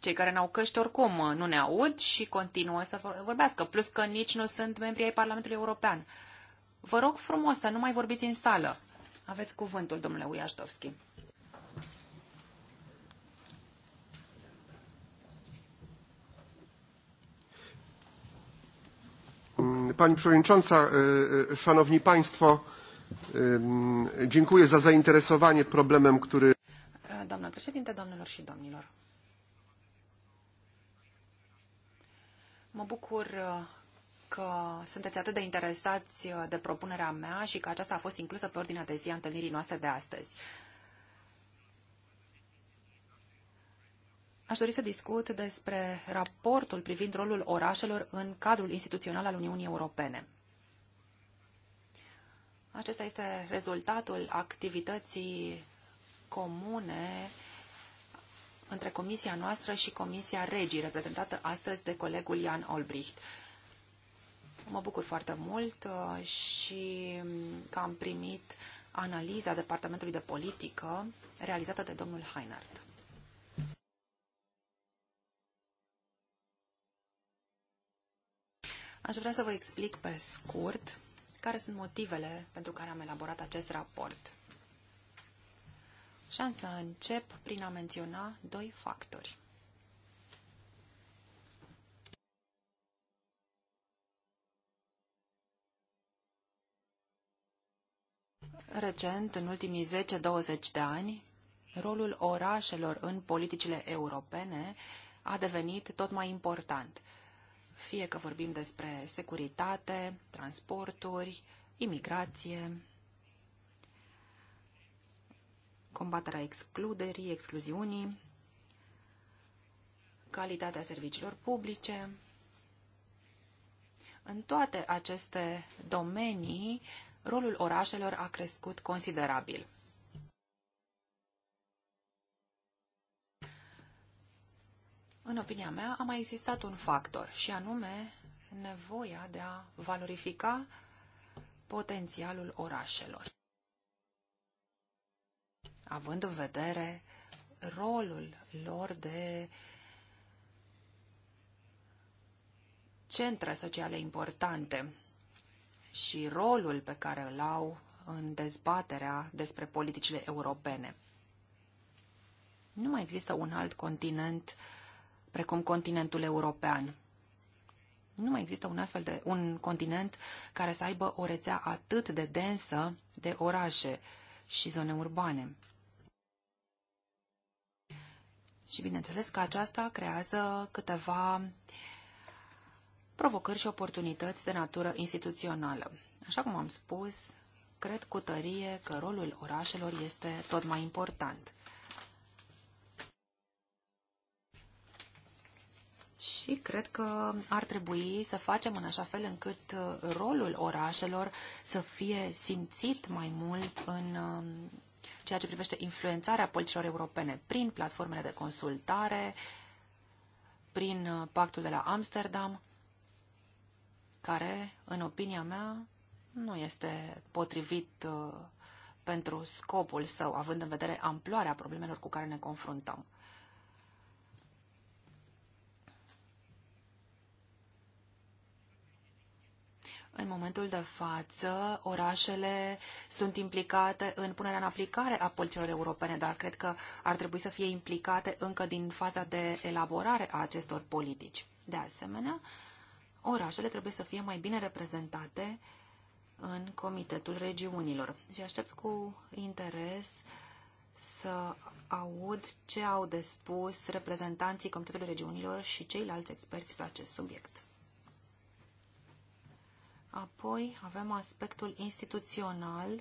Cei care n-au căști oricum nu ne aud și continuă să vorbească, plus că nici nu sunt membri ai Parlamentului European. Vă rog frumos să nu mai vorbiți în sală. Aveți cuvântul, domnule Uiaștovski. Pani Przewodnicząca, Szanowni Państwo, dziękuję za zainteresowanie problemem, który... Doamnă președinte, doamnelor și domnilor. Mă bucur că sunteți atât de interesați de propunerea mea și că aceasta a fost inclusă pe ordinea de zi a întâlnirii noastre de astăzi. Aș dori să discut despre raportul privind rolul orașelor în cadrul instituțional al Uniunii Europene. Acesta este rezultatul activității comune între comisia noastră și comisia regii, reprezentată astăzi de colegul Ian Olbricht. Mă bucur foarte mult uh, și um, că am primit analiza Departamentului de Politică realizată de domnul Heinert. Aș vrea să vă explic pe scurt care sunt motivele pentru care am elaborat acest raport. Și am să încep prin a menționa doi factori. Recent, în ultimii 10-20 de ani, rolul orașelor în politicile europene a devenit tot mai important – fie că vorbim despre securitate, transporturi, imigrație, combaterea excluderii, excluziunii, calitatea serviciilor publice. În toate aceste domenii, rolul orașelor a crescut considerabil. În opinia mea, a mai existat un factor și anume nevoia de a valorifica potențialul orașelor. Având în vedere rolul lor de centre sociale importante și rolul pe care îl au în dezbaterea despre politicile europene. Nu mai există un alt continent uh, precum continentul european. Nu mai există un astfel de un continent care să aibă o rețea atât de densă de orașe și zone urbane. Și bineînțeles că aceasta creează câteva provocări și oportunități de natură instituțională. Așa cum am spus, cred cu tărie că rolul orașelor este tot mai important. și cred că ar trebui să facem în așa fel încât uh, rolul orașelor să fie simțit mai mult în um, ceea ce privește influențarea politicilor europene prin platformele de consultare, prin uh, pactul de la Amsterdam, care, în opinia mea, nu este potrivit uh, pentru scopul său, având în vedere amploarea problemelor cu care ne confruntăm. În momentul de față, orașele sunt implicate în punerea în aplicare a politicilor europene, dar cred că ar trebui să fie implicate încă din faza de elaborare a acestor politici. De asemenea, orașele trebuie să fie mai bine reprezentate în Comitetul Regiunilor. Și aștept cu interes să aud ce au de spus reprezentanții Comitetului Regiunilor și ceilalți experți pe acest subiect. Apoi avem aspectul instituțional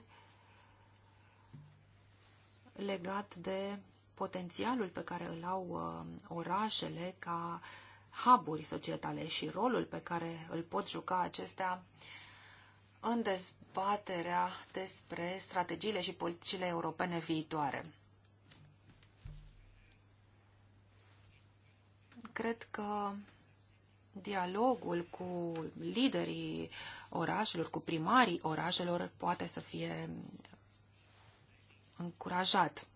legat de potențialul pe care îl au uh, orașele ca huburi societale și rolul pe care îl pot juca acestea în dezbaterea despre strategiile și politicile europene viitoare. Cred că dialogul cu liderii orașelor, cu primarii orașelor, poate să fie încurajat.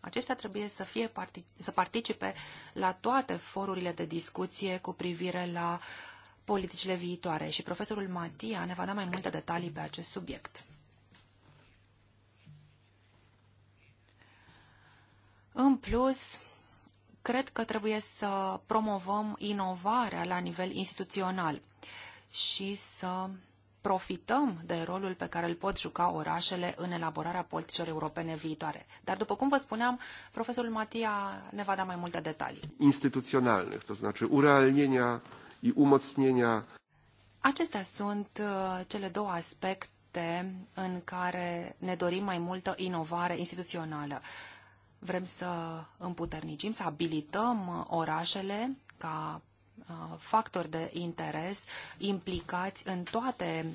Aceștia trebuie să, fie, să participe la toate forurile de discuție cu privire la politicile viitoare și profesorul Matia ne va da mai multe detalii pe acest subiect. În plus, cred că trebuie să promovăm inovarea la nivel instituțional și să profităm de rolul pe care îl pot juca orașele în elaborarea politicilor europene viitoare. Dar, după cum vă spuneam, profesorul Matia ne va da mai multe detalii. Instituționalnych, to znaczy urealnienia i umocnienia. Acestea sunt uh, cele două aspecte în care ne dorim mai multă inovare instituțională Vrem să împuternicim, să abilităm orașele ca uh, factori de interes implicați în toate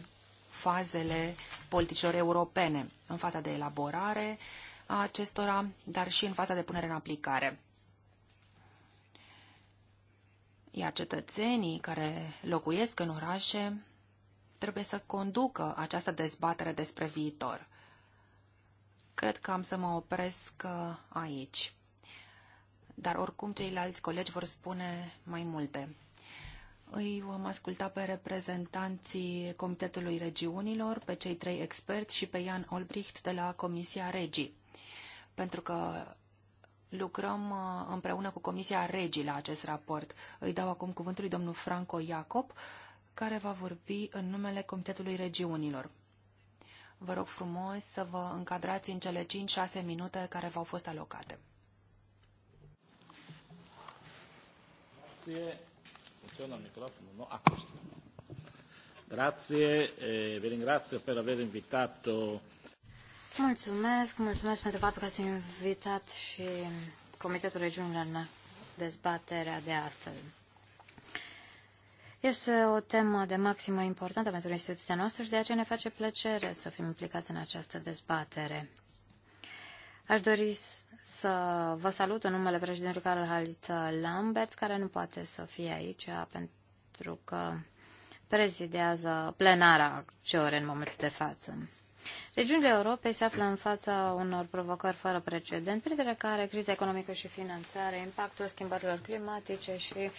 fazele politicilor europene, în faza de elaborare a acestora, dar și în faza de punere în aplicare. Iar cetățenii care locuiesc în orașe trebuie să conducă această dezbatere despre viitor. Cred că am să mă opresc uh, aici. Dar oricum ceilalți colegi vor spune mai multe. Îi vom asculta pe reprezentanții Comitetului Regiunilor, pe cei trei experți și pe Ian Olbricht de la Comisia Regii. Pentru că lucrăm uh, împreună cu Comisia Regii la acest raport. Îi dau acum cuvântul lui domnul Franco Iacob, care va vorbi în numele Comitetului Regiunilor. Vă rog frumos să vă încadrați în cele 5-6 minute care v-au fost alocate. Grazie, vi ringrazio per aver invitato. Mulțumesc, mulțumesc pentru faptul că ați invitat și Comitetul Regiunilor în dezbaterea de astăzi. Este o temă de maximă importantă pentru instituția noastră și de aceea ne face plăcere să fim implicați în această dezbatere. Aș dori să vă salut în numele președintelui Carl Halit Lambert, care nu poate să fie aici pentru că prezidează plenara ce ore în momentul de față. Regiunile Europei se află în fața unor provocări fără precedent, printre care criza economică și finanțare, impactul schimbărilor climatice și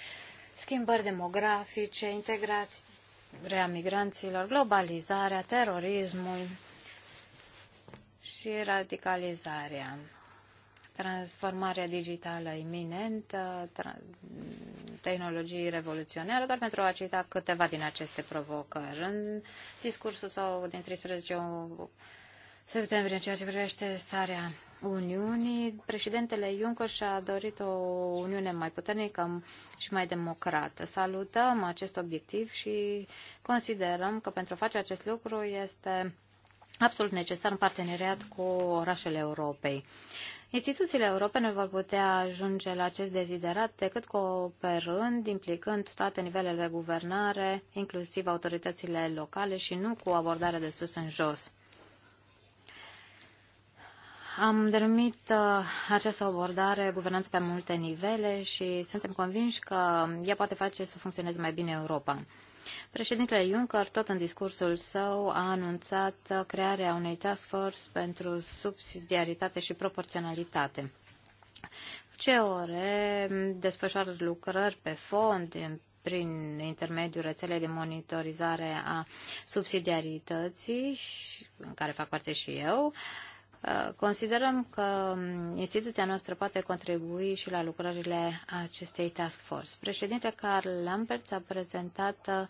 schimbări demografice, integrarea migranților, globalizarea, terorismul și radicalizarea, transformarea digitală iminentă, tehnologii revoluționare, doar pentru a cita câteva din aceste provocări. În discursul său din 13 septembrie, în ceea ce privește starea Uniunii, președintele Juncker și-a dorit o Uniune mai puternică și mai democrată. Salutăm acest obiectiv și considerăm că pentru a face acest lucru este absolut necesar un parteneriat cu orașele Europei. Instituțiile europene vor putea ajunge la acest deziderat decât cooperând, implicând toate nivelele de guvernare, inclusiv autoritățile locale și nu cu o abordare de sus în jos. Am denumit uh, această abordare guvernanță pe multe nivele și suntem convinși că ea poate face să funcționeze mai bine Europa. Președintele Juncker, tot în discursul său, a anunțat crearea unei task force pentru subsidiaritate și proporționalitate. ce ore desfășoară lucrări pe fond prin intermediul rețelei de monitorizare a subsidiarității, în care fac parte și eu, uh, Considerăm că um, instituția noastră poate contribui și la lucrările acestei task force. Președintele Karl Lambert a prezentat uh,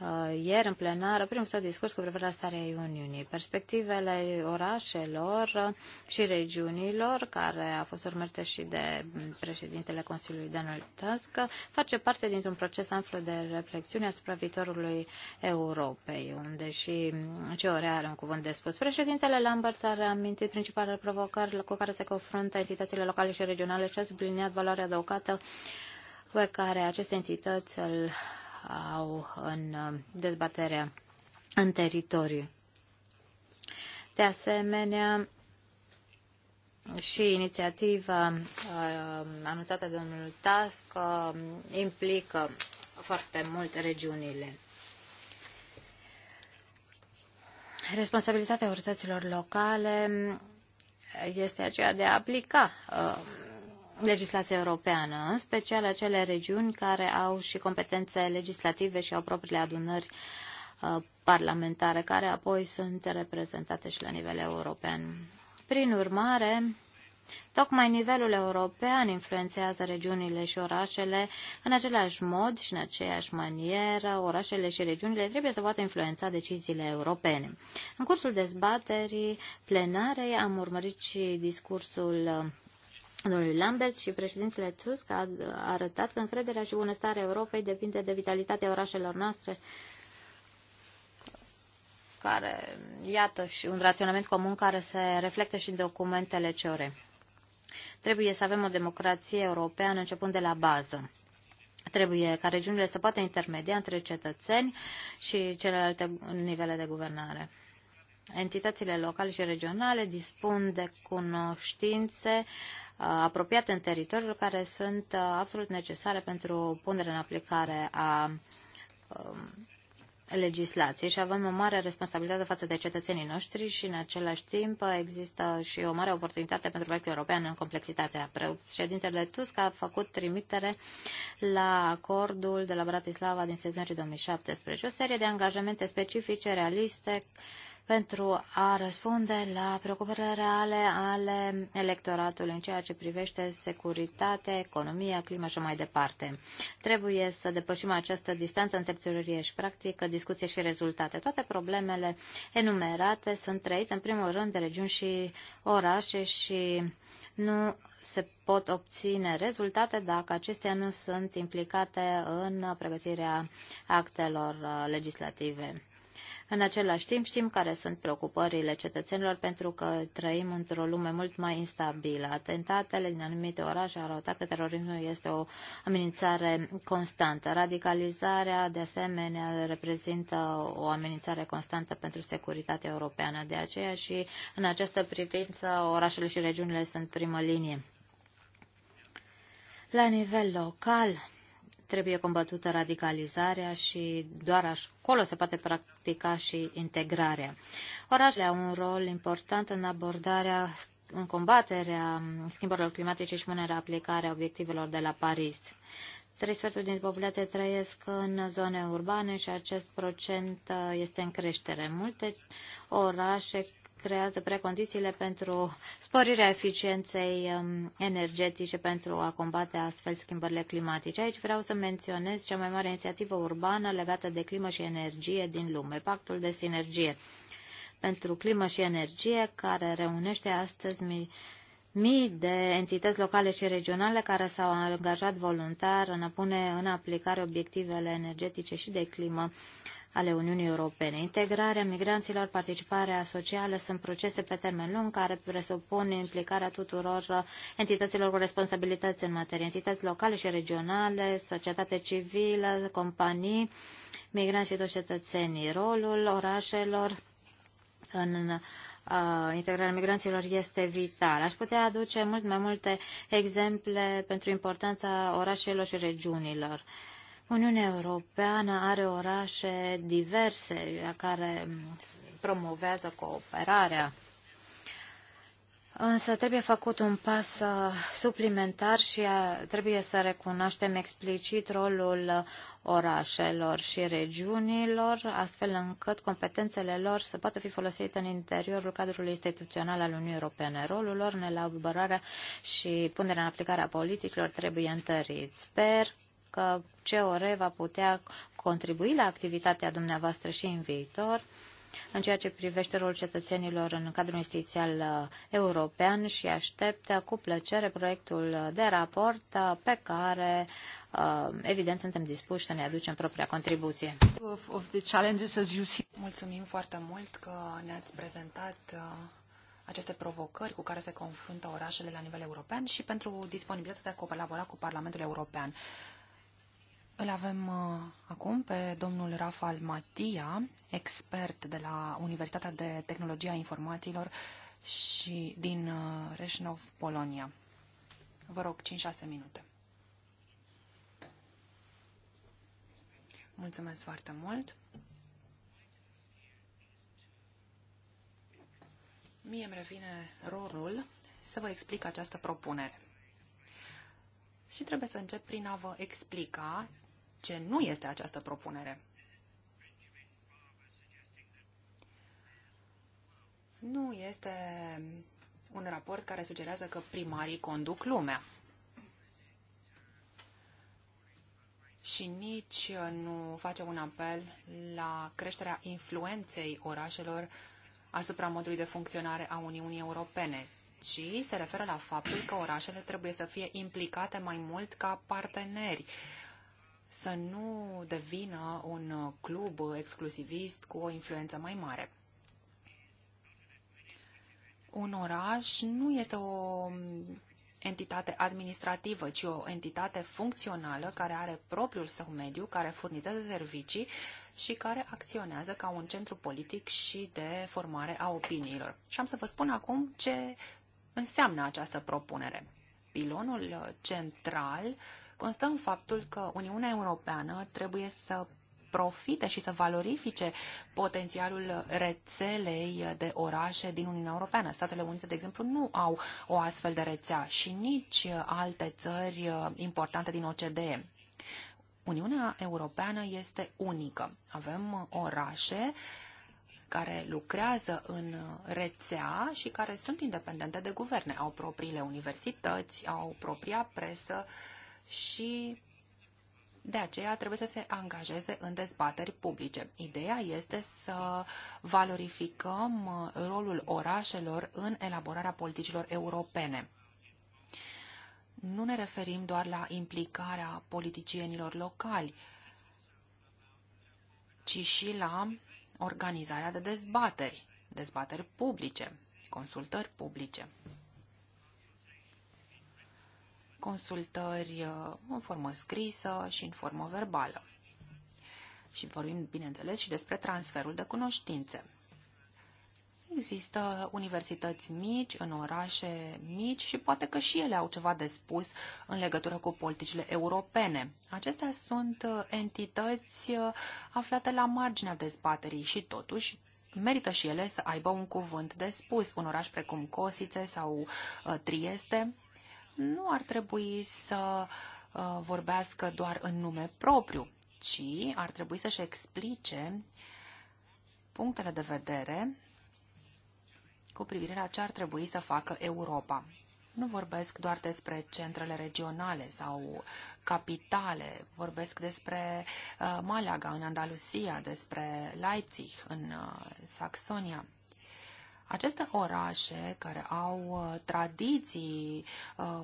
Uh, ieri în plenară primul său discurs cu privire la starea Uniunii. Perspectivele orașelor și regiunilor, care a fost urmărită și de președintele Consiliului Donald Tusk, face parte dintr-un proces amplu de reflexiune asupra viitorului Europei, unde și ore are un cuvânt de spus. Președintele Lambert a reamintit principalele provocări cu care se confruntă entitățile locale și regionale și a subliniat valoarea adăugată pe care aceste entități îl au în um, dezbaterea în teritoriu. De asemenea, și inițiativa um, anunțată de domnul Task um, implică foarte mult regiunile. Responsabilitatea autorităților locale este aceea de a aplica uh, legislația europeană, în special acele regiuni care au și competențe legislative și au propriile adunări uh, parlamentare, care apoi sunt reprezentate și la nivel european. Prin urmare, Tocmai nivelul european influențează regiunile și orașele în același mod și în aceeași manieră. Orașele și regiunile trebuie să poată influența deciziile europene. În cursul dezbaterii plenarei am urmărit și discursul domnului Lambert și președintele Tusk a arătat că încrederea și bunăstarea Europei depinde de vitalitatea orașelor noastre, care, iată, și un raționament comun care se reflectă și în documentele CR. Trebuie să avem o democrație europeană începând de la bază. Trebuie ca regiunile să poată intermedia între cetățeni și celelalte nivele de guvernare. Entitățile locale și regionale dispun de cunoștințe uh, apropiate în teritoriul care sunt uh, absolut necesare pentru punerea în aplicare a um, legislației și avem o mare responsabilitate față de cetățenii noștri și în același timp există și o mare oportunitate pentru proiectul european în complexitatea. Președintele Tusk a făcut trimitere la acordul de la Bratislava din septembrie 2017, o serie de angajamente specifice, realiste, pentru a răspunde la preocupările reale ale electoratului în ceea ce privește securitate, economia, clima și mai departe. Trebuie să depășim această distanță între teorie și practică, discuție și rezultate. Toate problemele enumerate sunt trăite în primul rând de regiuni și orașe și nu se pot obține rezultate dacă acestea nu sunt implicate în pregătirea actelor uh, legislative. În același timp știm care sunt preocupările cetățenilor pentru că trăim într-o lume mult mai instabilă. Atentatele din anumite orașe arată că terorismul este o amenințare constantă. Radicalizarea, de asemenea, reprezintă o amenințare constantă pentru securitatea europeană. De aceea și în această privință orașele și regiunile sunt primă linie. La nivel local, trebuie combătută radicalizarea și doar acolo se poate practica și integrarea. Orașele au un rol important în abordarea în combaterea schimbărilor climatice și punerea aplicare a obiectivelor de la Paris. Trei sferturi din populație trăiesc în zone urbane și acest procent uh, este în creștere. Multe orașe creează precondițiile pentru sporirea eficienței um, energetice pentru a combate astfel schimbările climatice. Aici vreau să menționez cea mai mare inițiativă urbană legată de climă și energie din lume, Pactul de Sinergie pentru Climă și Energie, care reunește astăzi mii mii de entități locale și regionale care s-au angajat voluntar în a pune în aplicare obiectivele energetice și de climă ale Uniunii Europene. Integrarea migranților, participarea socială sunt procese pe termen lung care presupun implicarea tuturor entităților cu responsabilități în materie, entități locale și regionale, societate civilă, companii, migranți și toți cetățenii. Rolul orașelor în uh, integrarea migranților este vital. Aș putea aduce mult mai multe exemple pentru importanța orașelor și regiunilor. Uh, Uniunea Europeană are orașe diverse care promovează cooperarea. Însă trebuie făcut un pas uh, suplimentar și uh, trebuie să recunoaștem explicit rolul orașelor și regiunilor, astfel încât competențele lor să poată fi folosite în interiorul cadrului instituțional al Uniunii Europene. Rolul lor în elaborarea și punerea în aplicare a politicilor trebuie întărit. Sper că COR va putea contribui la activitatea dumneavoastră și în viitor în ceea ce privește rolul cetățenilor în cadrul instituțional uh, european și aștept uh, cu plăcere proiectul de raport uh, pe care evident suntem dispuși să ne aducem propria contribuție. Mulțumim foarte mult că ne-ați prezentat aceste provocări cu care se confruntă orașele la nivel european și pentru disponibilitatea de a colabora cu Parlamentul European. Îl avem uh, acum pe domnul Rafael Matia, expert de la Universitatea de Tehnologie a Informațiilor și din uh, Reșnov, Polonia. Vă rog, 5-6 minute. Mulțumesc foarte mult. Mie îmi revine rolul să vă explic această propunere. Și trebuie să încep prin a vă explica ce nu este această propunere. Nu este un raport care sugerează că primarii conduc lumea. Și nici nu face un apel la creșterea influenței orașelor asupra modului de funcționare a Uniunii Europene, ci se referă la faptul că orașele trebuie să fie implicate mai mult ca parteneri să nu devină un uh, club exclusivist cu o influență mai mare. Un oraș nu este o entitate administrativă, ci o entitate funcțională care are propriul său mediu, care furnizează servicii și care acționează ca un centru politic și de formare a opiniilor. Și am să vă spun acum ce înseamnă această propunere. Pilonul uh, central uh, constă în faptul că Uniunea Europeană trebuie să profite și să valorifice potențialul rețelei de orașe din Uniunea Europeană. Statele Unite, de exemplu, nu au o astfel de rețea și nici alte țări importante din OCDE. Uniunea Europeană este unică. Avem orașe care lucrează în rețea și care sunt independente de guverne. Au propriile universități, au propria presă, uh, și de aceea trebuie să se angajeze în dezbateri publice. Ideea este să valorificăm rolul orașelor în elaborarea politicilor europene. Nu ne referim doar la implicarea politicienilor locali, ci și la organizarea de dezbateri, dezbateri publice, consultări publice consultări uh, în formă scrisă și în formă verbală. Și vorbim, bineînțeles, și despre transferul de cunoștințe. Există universități mici, în orașe mici și poate că și ele au ceva de spus în legătură cu politicile europene. Acestea sunt uh, entități uh, aflate la marginea dezbaterii și totuși merită și ele să aibă un cuvânt de spus. Un oraș precum Cosițe sau Trieste nu ar trebui să uh, vorbească doar în nume propriu, ci ar trebui să-și explice punctele de vedere cu privire la ce ar trebui să facă Europa. Nu vorbesc doar despre centrele regionale sau capitale, vorbesc despre uh, Malaga în Andalusia, despre Leipzig în uh, Saxonia. Aceste orașe care au uh, tradiții uh,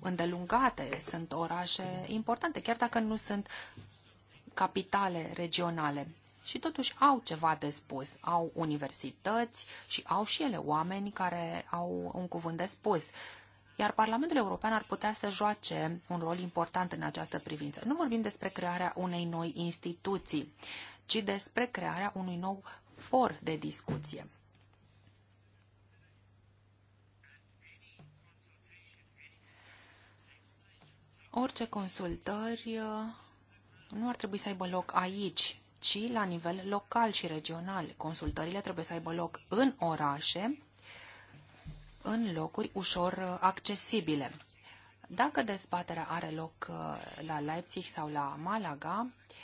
îndelungate sunt orașe importante, chiar dacă nu sunt capitale regionale și totuși au ceva de spus. Au universități și au și ele oameni care au un cuvânt de spus. Iar Parlamentul European ar putea să joace un rol important în această privință. Nu vorbim despre crearea unei noi instituții, ci despre crearea unui nou for de discuție. Orice consultări uh, nu ar trebui să aibă loc aici, ci la nivel local și regional. Consultările trebuie să aibă loc în orașe, în locuri ușor uh, accesibile. Dacă dezbaterea are loc uh, la Leipzig sau la Malaga, uh,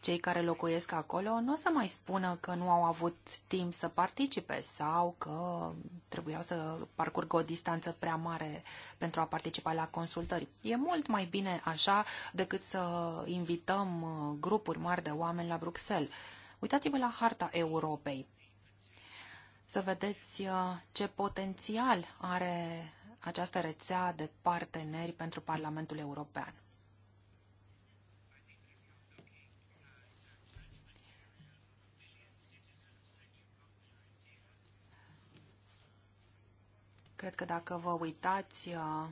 cei care locuiesc acolo nu o să mai spună că nu au avut timp să participe sau că trebuiau să parcurgă o distanță prea mare pentru a participa la consultări. E mult mai bine așa decât să invităm uh, grupuri mari de oameni la Bruxelles. Uitați-vă la harta Europei. Să vedeți uh, ce potențial are această rețea de parteneri pentru Parlamentul European. Cred că dacă vă uitați uh,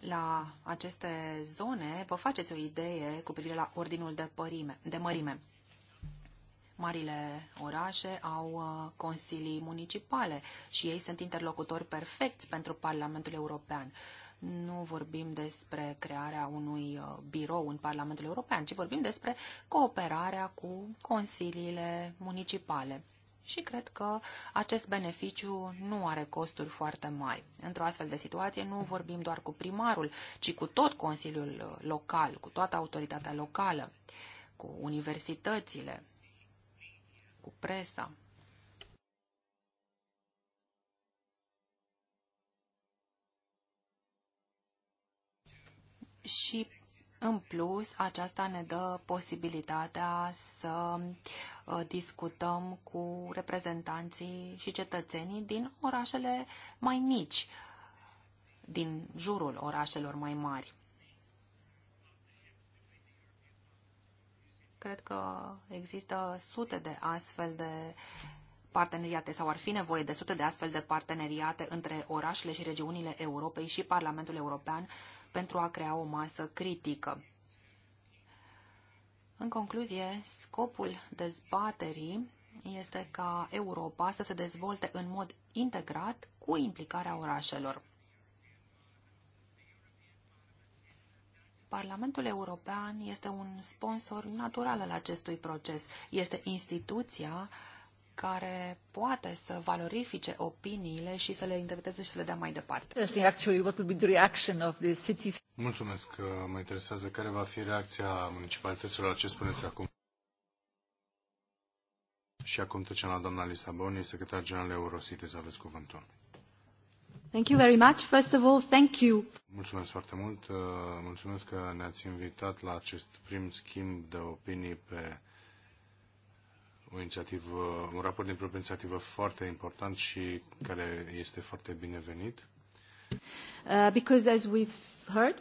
la aceste zone, vă faceți o idee cu privire la ordinul de, părime, de mărime. Marile orașe au uh, consilii municipale și ei sunt interlocutori perfecți pentru Parlamentul European. Nu vorbim despre crearea unui uh, birou în Parlamentul European, ci vorbim despre cooperarea cu consiliile municipale și cred că acest beneficiu nu are costuri foarte mari. Într-o astfel de situație nu vorbim doar cu primarul, ci cu tot Consiliul Local, cu toată autoritatea locală, cu universitățile, cu presa. Și în plus, aceasta ne dă posibilitatea să uh, discutăm cu reprezentanții și cetățenii din orașele mai mici, din jurul orașelor mai mari. Cred că există sute de astfel de parteneriate sau ar fi nevoie de sute de astfel de parteneriate între orașele și regiunile Europei și Parlamentul European pentru a crea o masă critică. În concluzie, scopul dezbaterii este ca Europa să se dezvolte în mod integrat cu implicarea orașelor. Parlamentul European este un sponsor natural al acestui proces. Este instituția uh, care poate să valorifice opiniile și să le interpreteze și să le dea mai departe. Mulțumesc că uh, mă interesează care va fi reacția municipalităților la ce spuneți acum. Și acum trecem la doamna Boni, secretar general să aveți cuvântul. Thank you very much. First of all, thank you. Mulțumesc foarte mult. Uh, mulțumesc că ne-ați invitat la acest prim schimb de opinii pe o inițiativă, un raport din propria inițiativă foarte important și care este foarte binevenit. Uh, because uh,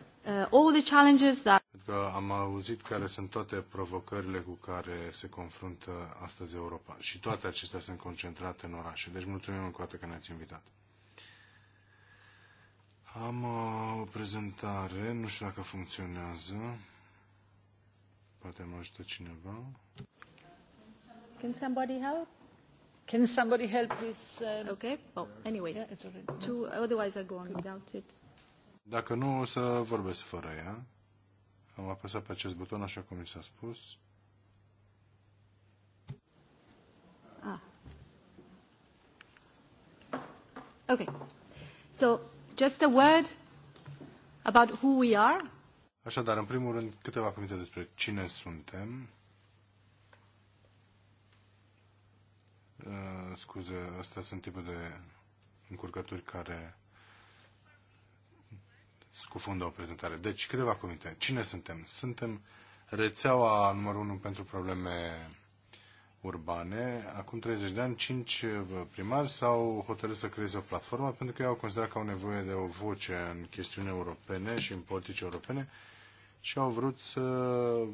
că am auzit care sunt toate provocările cu care se confruntă astăzi Europa și toate acestea sunt concentrate în orașe. Deci mulțumim încă o dată că ne-ați invitat. Am uh, o prezentare, nu știu dacă funcționează. Poate mă ajută cineva. Can somebody help? Can somebody help, this? Um... Okay. Oh, anyway. Yeah, it's okay. Two, otherwise I go on without it. Dacă nu, o să vorbesc fără ea. Am apăsat pe acest buton, așa cum mi s-a spus. Ah. Okay. So, just a word about who we are. Așadar, în primul rând, câteva cuvinte despre cine suntem. Uh, scuze, astea sunt tipul de încurcături care scufundă o prezentare. Deci, câteva cuvinte. Cine suntem? Suntem rețeaua numărul 1 pentru probleme urbane. Acum 30 de ani, 5 primari s-au hotărât să creeze o platformă pentru că ei au considerat că au nevoie de o voce în chestiuni europene și în politici europene și au vrut să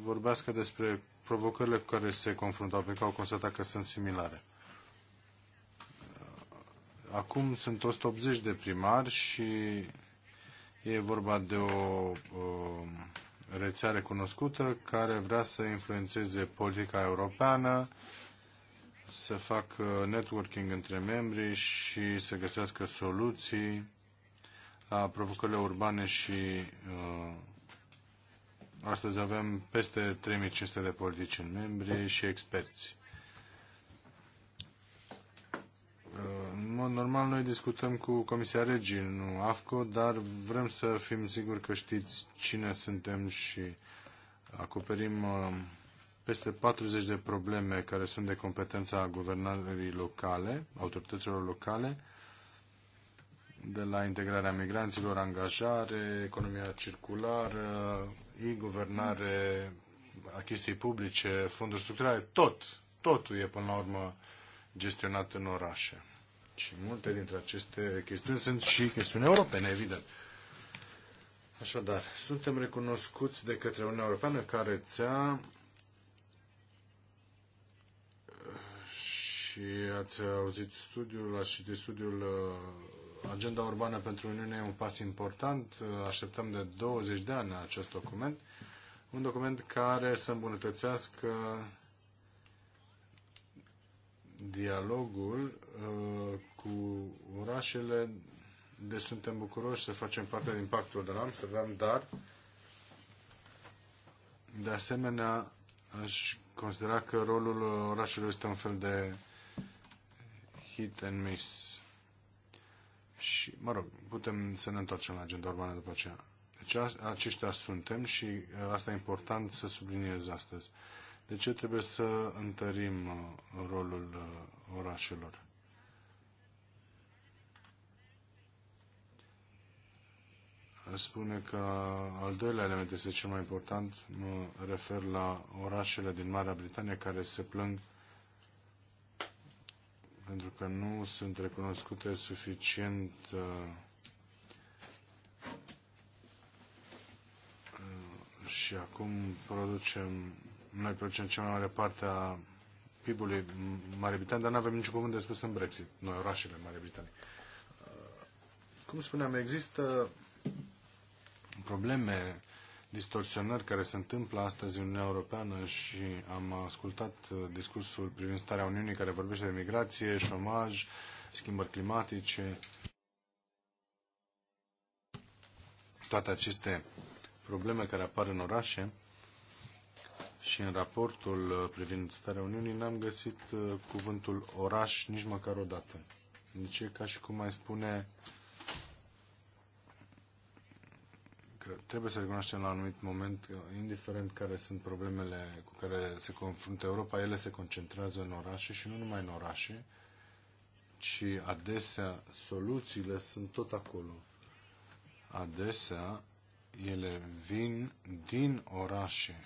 vorbească despre provocările cu care se confruntau, pentru că au constatat că sunt similare. Acum sunt 180 de primari și e vorba de o rețea recunoscută care vrea să influențeze politica europeană, să facă networking între membri și să găsească soluții la provocările urbane și uh, astăzi avem peste 3500 de politicieni membri și experți. mod normal, noi discutăm cu Comisia Regii, nu AFCO, dar vrem să fim siguri că știți cine suntem și acoperim uh, peste 40 de probleme care sunt de competența guvernării locale, autorităților locale, de la integrarea migranților, angajare, economia circulară, e-guvernare, achiziții publice, fonduri structurale, tot, totul e până la urmă gestionat în orașe. Și multe dintre aceste chestiuni sunt și chestiuni europene, evident. Așadar, suntem recunoscuți de către Uniunea Europeană ca rețea și ați auzit studiul, ați citit studiul uh, Agenda Urbană pentru Uniune e un pas important. Uh, așteptăm de 20 de ani acest document. Un document care să îmbunătățească dialogul uh, cu orașele, de suntem bucuroși să facem parte din pactul de la Amsterdam, dar de asemenea aș considera că rolul orașului este un fel de hit and miss. Și, mă rog, putem să ne întoarcem la agenda urbană după aceea. Deci aceștia suntem și uh, asta e important să subliniez astăzi de ce trebuie să întărim uh, rolul uh, orașelor. spune că al doilea element este cel mai important. Mă refer la orașele din Marea Britanie care se plâng pentru că nu sunt recunoscute suficient uh, și acum producem noi producem cea mai mare parte a PIB-ului Marii Britanii, dar nu avem niciun cuvânt de spus în Brexit, noi orașele Marii Britanii. Uh, cum spuneam, există probleme, distorsionări care se întâmplă astăzi în Uniunea Europeană și am ascultat uh, discursul privind starea Uniunii care vorbește de migrație, șomaj, schimbări climatice. Toate aceste probleme care apar în orașe și în raportul uh, privind starea Uniunii n-am găsit uh, cuvântul oraș nici măcar o dată. Deci e ca și cum mai spune că trebuie să recunoaștem la un anumit moment că, indiferent care sunt problemele cu care se confruntă Europa, ele se concentrează în orașe și nu numai în orașe, ci adesea soluțiile sunt tot acolo. Adesea ele vin din orașe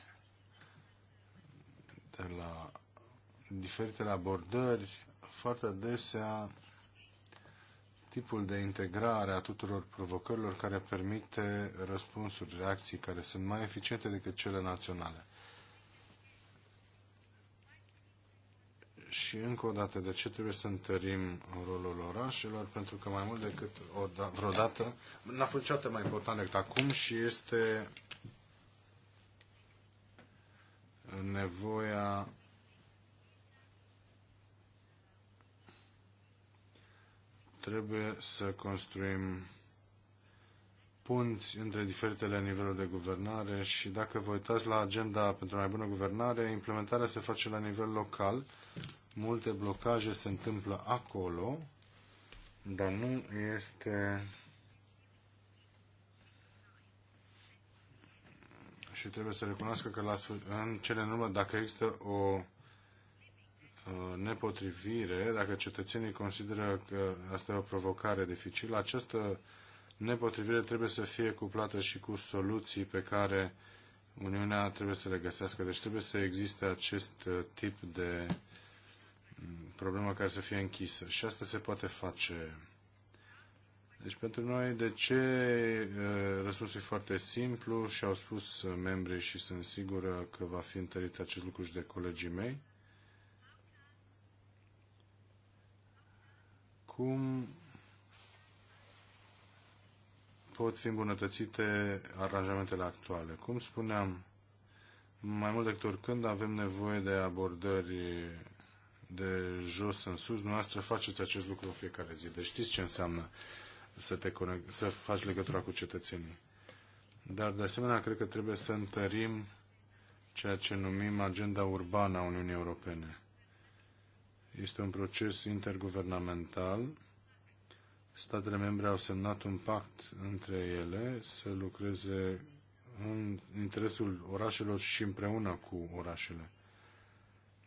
la diferitele abordări, foarte adesea tipul de integrare a tuturor provocărilor care permite răspunsuri, reacții care sunt mai eficiente decât cele naționale. Și încă o dată, de ce trebuie să întărim rolul orașelor? Pentru că mai mult decât o da- vreodată, n-a fost niciodată mai important decât acum și este nevoia trebuie să construim punți între diferitele niveluri de guvernare și dacă vă uitați la agenda pentru mai bună guvernare, implementarea se face la nivel local. Multe blocaje se întâmplă acolo, dar nu este și trebuie să recunoască că la, în cele în urmă, dacă există o uh, nepotrivire, dacă cetățenii consideră că asta e o provocare dificilă, această nepotrivire trebuie să fie cuplată și cu soluții pe care Uniunea trebuie să le găsească. Deci trebuie să existe acest uh, tip de mm, problemă care să fie închisă. Și asta se poate face deci pentru noi, de ce uh, răspunsul e foarte simplu și au spus uh, membrii și sunt sigură că va fi întărit acest lucru și de colegii mei. Cum pot fi îmbunătățite aranjamentele actuale? Cum spuneam, mai mult decât oricând avem nevoie de abordări de jos în sus. Noastră faceți acest lucru în fiecare zi. Deci știți ce înseamnă să, te conect, să faci legătura cu cetățenii. Dar, de asemenea, cred că trebuie să întărim ceea ce numim agenda urbană a Uniunii Europene. Este un proces interguvernamental. Statele membre au semnat un pact între ele să lucreze în interesul orașelor și împreună cu orașele.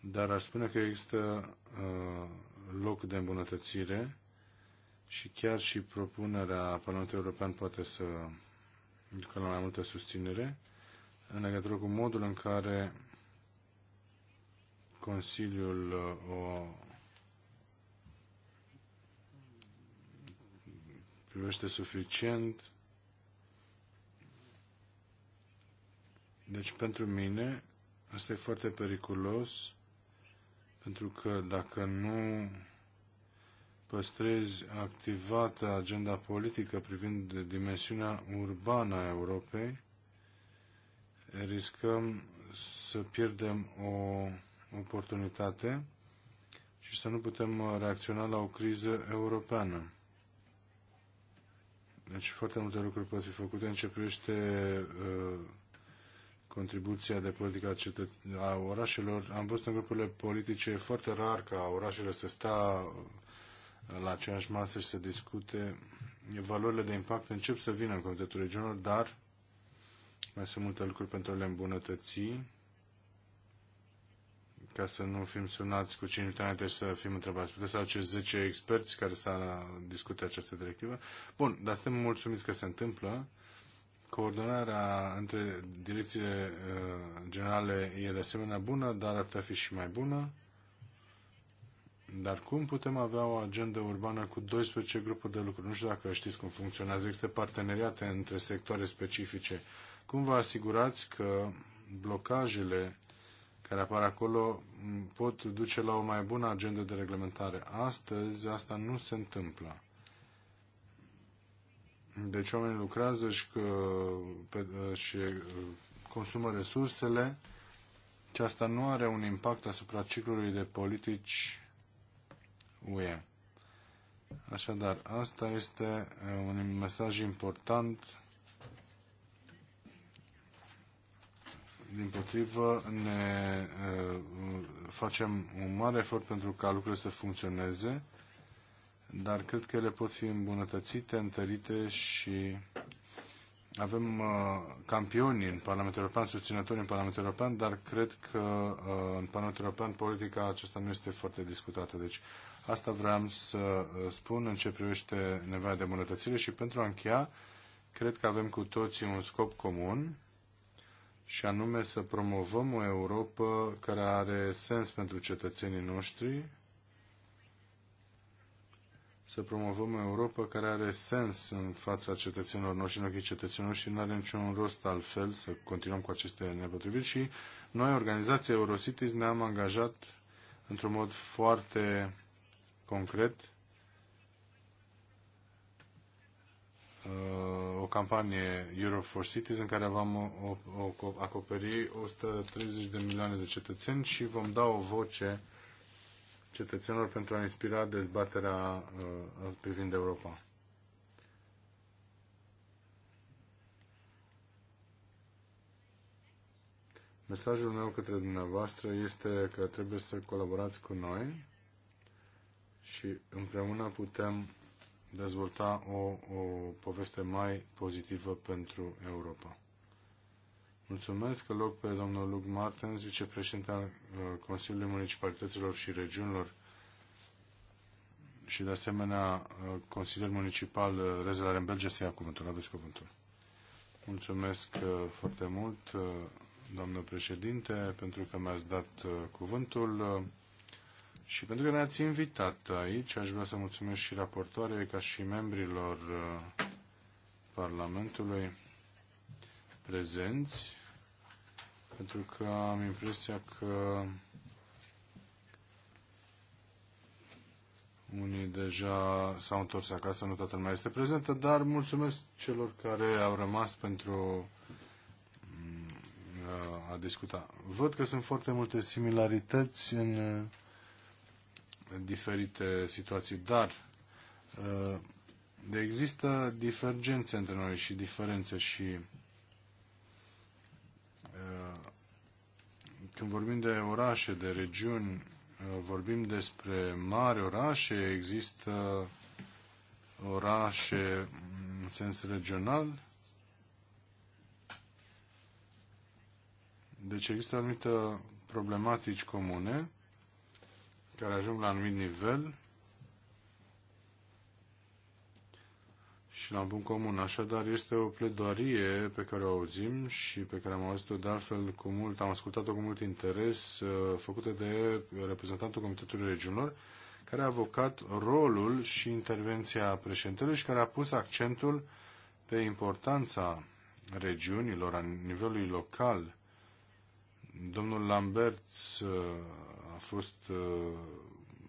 Dar aș spune că există uh, loc de îmbunătățire și chiar și propunerea Parlamentului European poate să ducă la mai multă susținere în legătură cu modul în care Consiliul uh, o privește suficient. Deci pentru mine asta e foarte periculos pentru că dacă nu păstrezi activată agenda politică privind dimensiunea urbană a Europei, riscăm să pierdem o oportunitate și să nu putem reacționa la o criză europeană. Deci foarte multe lucruri pot fi făcute în ce privește uh, contribuția de politică a, a orașelor. Am văzut în grupurile politice foarte rar ca orașele să stea la aceeași masă și să discute valorile de impact încep să vină în Comitetul Regional, dar mai sunt multe lucruri pentru a le îmbunătăți ca să nu fim sunați cu 5 minute înainte să fim întrebați. Puteți să aduceți 10 experți care să discute această directivă. Bun, dar suntem mulțumiți că se întâmplă. Coordonarea între direcțiile uh, generale e de asemenea bună, dar ar putea fi și mai bună. Dar cum putem avea o agendă urbană cu 12 grupuri de lucru? Nu știu dacă știți cum funcționează. Există parteneriate între sectoare specifice. Cum vă asigurați că blocajele care apar acolo pot duce la o mai bună agendă de reglementare? Astăzi asta nu se întâmplă. Deci oamenii lucrează și, că, pe, și consumă resursele și asta nu are un impact asupra ciclului de politici UE. Așadar, asta este uh, un mesaj important. Din potrivă, ne uh, facem un mare efort pentru ca lucrurile să funcționeze, dar cred că ele pot fi îmbunătățite, întărite și avem uh, campioni în Parlamentul European, susținători în Parlamentul European, dar cred că în Parlamentul European politica aceasta nu este foarte discutată. Deci Asta vreau să uh, spun în ce privește nevoia de îmbunătățire și pentru a încheia, cred că avem cu toții un scop comun și anume să promovăm o Europa care are sens pentru cetățenii noștri, să promovăm o Europa care are sens în fața cetățenilor noștri, în ochii cetățenilor și nu are niciun rost altfel să continuăm cu aceste nepotriviri și noi, organizația Eurocities, ne-am angajat într-un mod foarte concret uh, o campanie Europe for Cities în care vom acoperi 130 de milioane de cetățeni și vom da o voce cetățenilor pentru a inspira dezbaterea uh, privind Europa. Mesajul meu către dumneavoastră este că trebuie să colaborați cu noi și împreună putem dezvolta o, o poveste mai pozitivă pentru Europa. Mulțumesc că loc pe domnul Luc Martens, vicepreședinte al uh, Consiliului Municipalităților și Regiunilor și de asemenea uh, Consiliul municipal uh, Rezelar în Belgia să ia cuvântul. Aveți cuvântul. Mulțumesc foarte mult, doamnă președinte, pentru că mi-ați dat cuvântul. Și pentru că ne-ați invitat aici, aș vrea să mulțumesc și raportoarei ca și membrilor uh, Parlamentului prezenți, pentru că am impresia că unii deja s-au întors acasă, nu toată lumea este prezentă, dar mulțumesc celor care au rămas pentru mm, a discuta. Văd că sunt foarte multe similarități în uh, diferite situații, dar uh, există divergențe între noi și diferențe și uh, când vorbim de orașe, de regiuni, uh, vorbim despre mari orașe, există orașe în sens regional. Deci există anumite problematici comune care ajung la anumit nivel și la bun comun. Așadar, este o pledoarie pe care o auzim și pe care am auzit-o de altfel cu mult, am ascultat-o cu mult interes, uh, făcută de reprezentantul Comitetului Regiunilor, care a avocat rolul și intervenția președintelui și care a pus accentul pe importanța regiunilor, a nivelului local. Domnul Lambert uh, fost uh,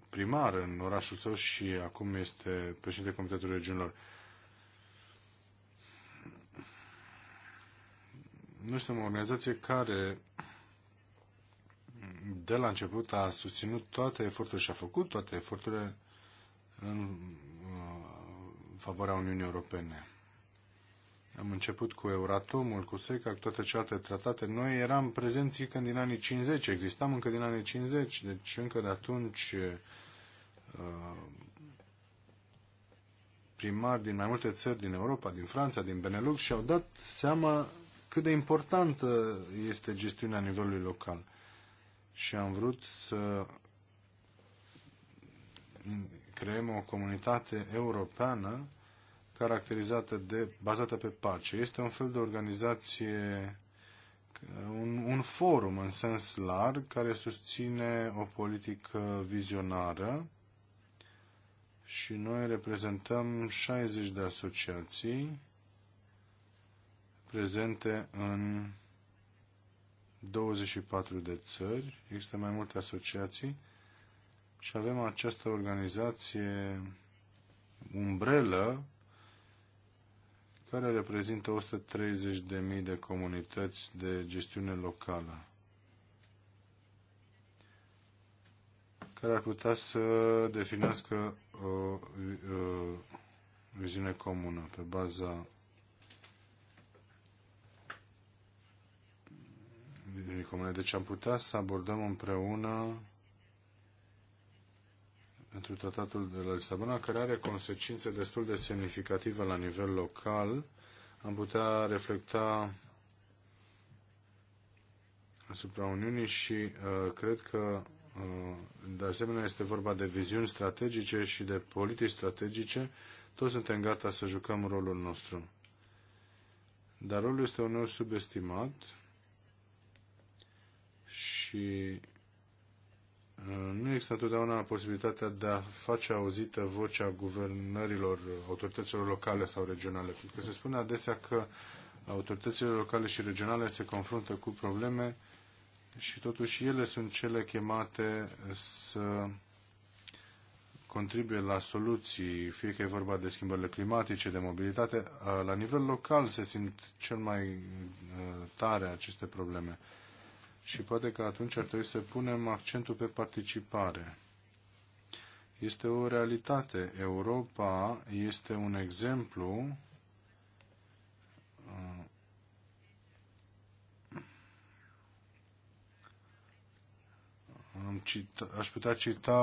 primar în orașul său și acum este președinte Comitetului Regiunilor. Noi suntem o organizație care de la început a susținut toate eforturile și a făcut toate eforturile în uh, favoarea Uniunii Europene. Am început cu Euratomul, cu SECA, cu toate celelalte tratate. Noi eram prezenți încă din anii 50, existam încă din anii 50, deci încă de atunci uh, primari din mai multe țări din Europa, din Franța, din Benelux și au dat seama cât de importantă este gestiunea nivelului local. Și am vrut să creăm o comunitate europeană caracterizată de, bazată pe pace. Este un fel de organizație, un, un forum în sens larg care susține o politică vizionară și noi reprezentăm 60 de asociații prezente în 24 de țări, există mai multe asociații și avem această organizație umbrelă care reprezintă 130.000 de comunități de gestiune locală, care ar putea să definească o uh, uh, viziune comună pe baza viziunii comune. Deci am putea să abordăm împreună pentru tratatul de la Lisabona, care are consecințe destul de semnificative la nivel local. Am putea reflecta asupra Uniunii și uh, cred că uh, de asemenea este vorba de viziuni strategice și de politici strategice. Toți suntem gata să jucăm rolul nostru. Dar rolul este uneori subestimat și nu există întotdeauna posibilitatea de a face auzită vocea guvernărilor, autorităților locale sau regionale. Pentru că se spune adesea că autoritățile locale și regionale se confruntă cu probleme și totuși ele sunt cele chemate să contribuie la soluții, fie că e vorba de schimbările climatice, de mobilitate. La nivel local se simt cel mai uh, tare aceste probleme și poate că atunci ar trebui să punem accentul pe participare. Este o realitate. Europa este un exemplu uh, Am cita, aș putea cita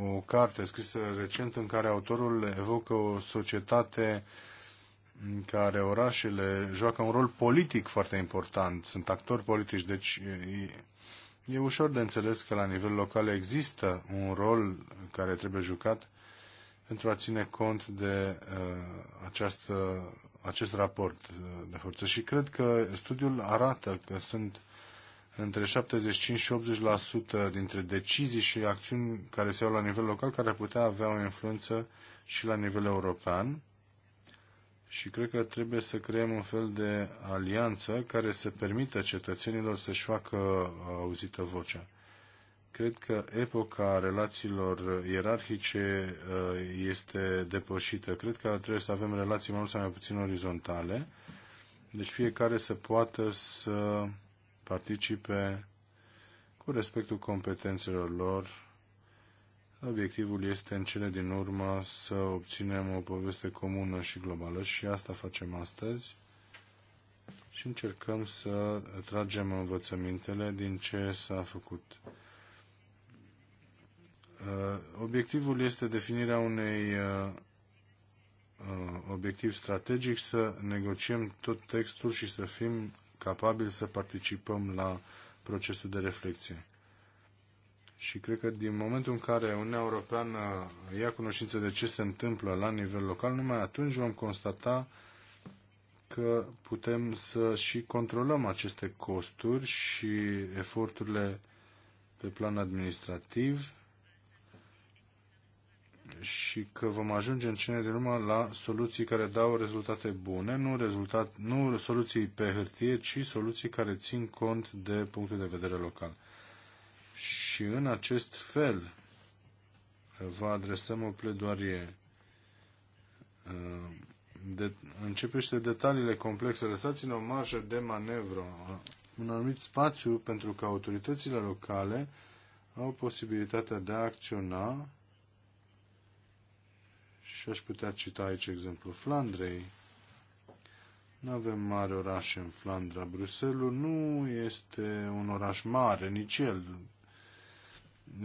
o carte scrisă recent în care autorul evocă o societate uh, în care orașele joacă un rol politic foarte important, sunt actori politici, deci e, e ușor de înțeles că la nivel local există un rol care trebuie jucat pentru a ține cont de uh, această, acest raport uh, de forță. Și cred că studiul arată că sunt între 75 și 80% dintre decizii și acțiuni care se iau la nivel local care putea avea o influență și la nivel european și cred că trebuie să creăm un fel de alianță care să permită cetățenilor să-și facă uh, auzită vocea. Cred că epoca relațiilor ierarhice uh, este depășită. Cred că trebuie să avem relații mai mult sau mai puțin orizontale. Deci fiecare să poată să participe cu respectul competențelor lor Obiectivul este în cele din urmă să obținem o poveste comună și globală și asta facem astăzi și încercăm să tragem învățămintele din ce s-a făcut. Uh, obiectivul este definirea unei uh, uh, obiectiv strategic să negociem tot textul și să fim capabili să participăm la procesul de reflexie și cred că din momentul în care Uniunea Europeană ia cunoștință de ce se întâmplă la nivel local, numai atunci vom constata că putem să și controlăm aceste costuri și eforturile pe plan administrativ și că vom ajunge în cele din urmă la soluții care dau rezultate bune, nu, rezultat, nu soluții pe hârtie, ci soluții care țin cont de punctul de vedere local și în acest fel vă adresăm o pledoarie. Uh, de, începește detaliile complexe. Lăsați-ne o marjă de manevră, uh, un anumit spațiu pentru că autoritățile locale au posibilitatea de a acționa și aș putea cita aici exemplu Flandrei. Nu avem mare oraș în Flandra. Bruselul nu este un oraș mare, nici el.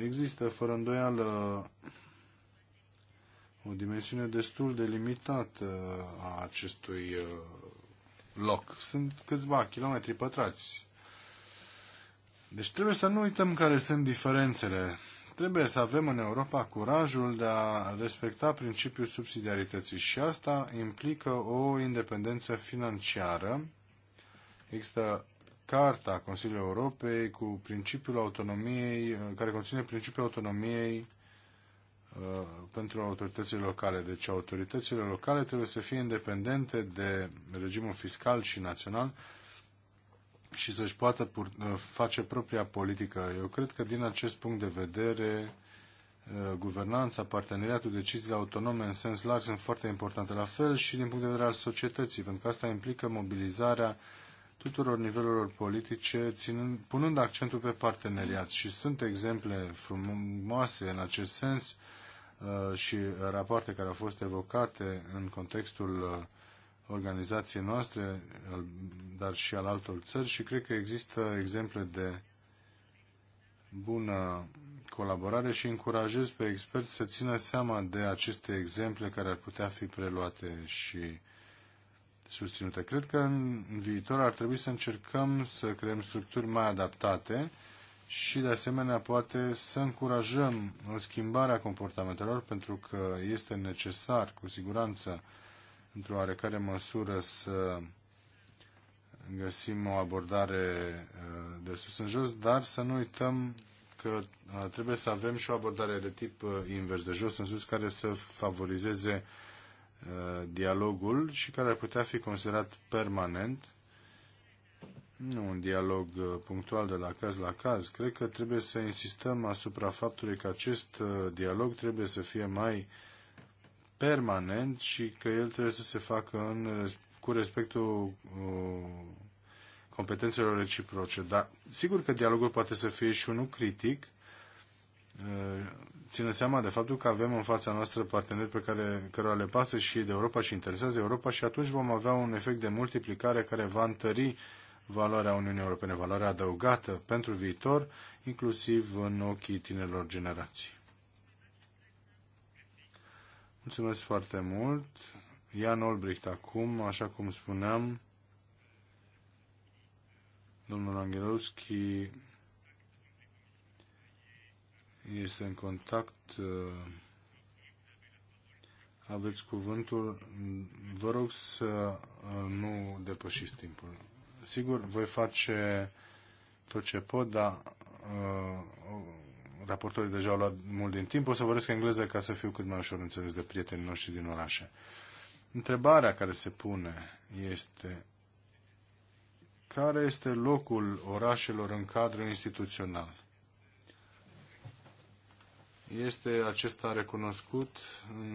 Există, fără îndoială, o dimensiune destul de limitată a acestui uh, loc. Sunt câțiva kilometri pătrați. Deci trebuie să nu uităm care sunt diferențele. Trebuie să avem în Europa curajul de a respecta principiul subsidiarității și asta implică o independență financiară. Există Carta Consiliului Europei cu principiul autonomiei, care conține principiul autonomiei uh, pentru autoritățile locale. Deci autoritățile locale trebuie să fie independente de regimul fiscal și național și să-și poată uh, face propria politică. Eu cred că din acest punct de vedere uh, guvernanța, parteneriatul, deciziile autonome în sens larg sunt foarte importante. La fel și din punct de vedere al societății, pentru că asta implică mobilizarea tuturor nivelurilor politice, ținând, punând accentul pe parteneriat. Și sunt exemple frumoase în acest sens uh, și rapoarte care au fost evocate în contextul uh, organizației noastre, dar și al altor țări și cred că există exemple de bună colaborare și încurajez pe experți să țină seama de aceste exemple care ar putea fi preluate și susținute. Cred că în viitor ar trebui să încercăm să creăm structuri mai adaptate și, de asemenea, poate să încurajăm o schimbare a comportamentelor, pentru că este necesar, cu siguranță, într-o oarecare măsură, să găsim o abordare uh, de sus în jos, dar să nu uităm că uh, trebuie să avem și o abordare de tip uh, invers, de jos în sus, care să favorizeze uh, Uh, dialogul și care ar putea fi considerat permanent, nu un dialog uh, punctual de la caz la caz. Cred că trebuie să insistăm asupra faptului că acest uh, dialog trebuie să fie mai permanent și că el trebuie să se facă în, cu respectul uh, competențelor reciproce. Dar sigur că dialogul poate să fie și unul critic, țină seama de faptul că avem în fața noastră parteneri pe care cărora le pasă și de Europa și interesează Europa și atunci vom avea un efect de multiplicare care va întări valoarea Uniunii Europene, valoarea adăugată pentru viitor, inclusiv în ochii tinerilor generații. Mulțumesc foarte mult. Ian Olbricht acum, așa cum spuneam, domnul Angelovski este în contact. Uh, aveți cuvântul. Vă rog să uh, nu depășiți timpul. Sigur, voi face tot ce pot, dar uh, raportorii deja au luat mult din timp. O să vorbesc engleză ca să fiu cât mai ușor înțeles de prietenii noștri din orașe. Întrebarea care se pune este care este locul orașelor în cadrul instituțional? Este acesta recunoscut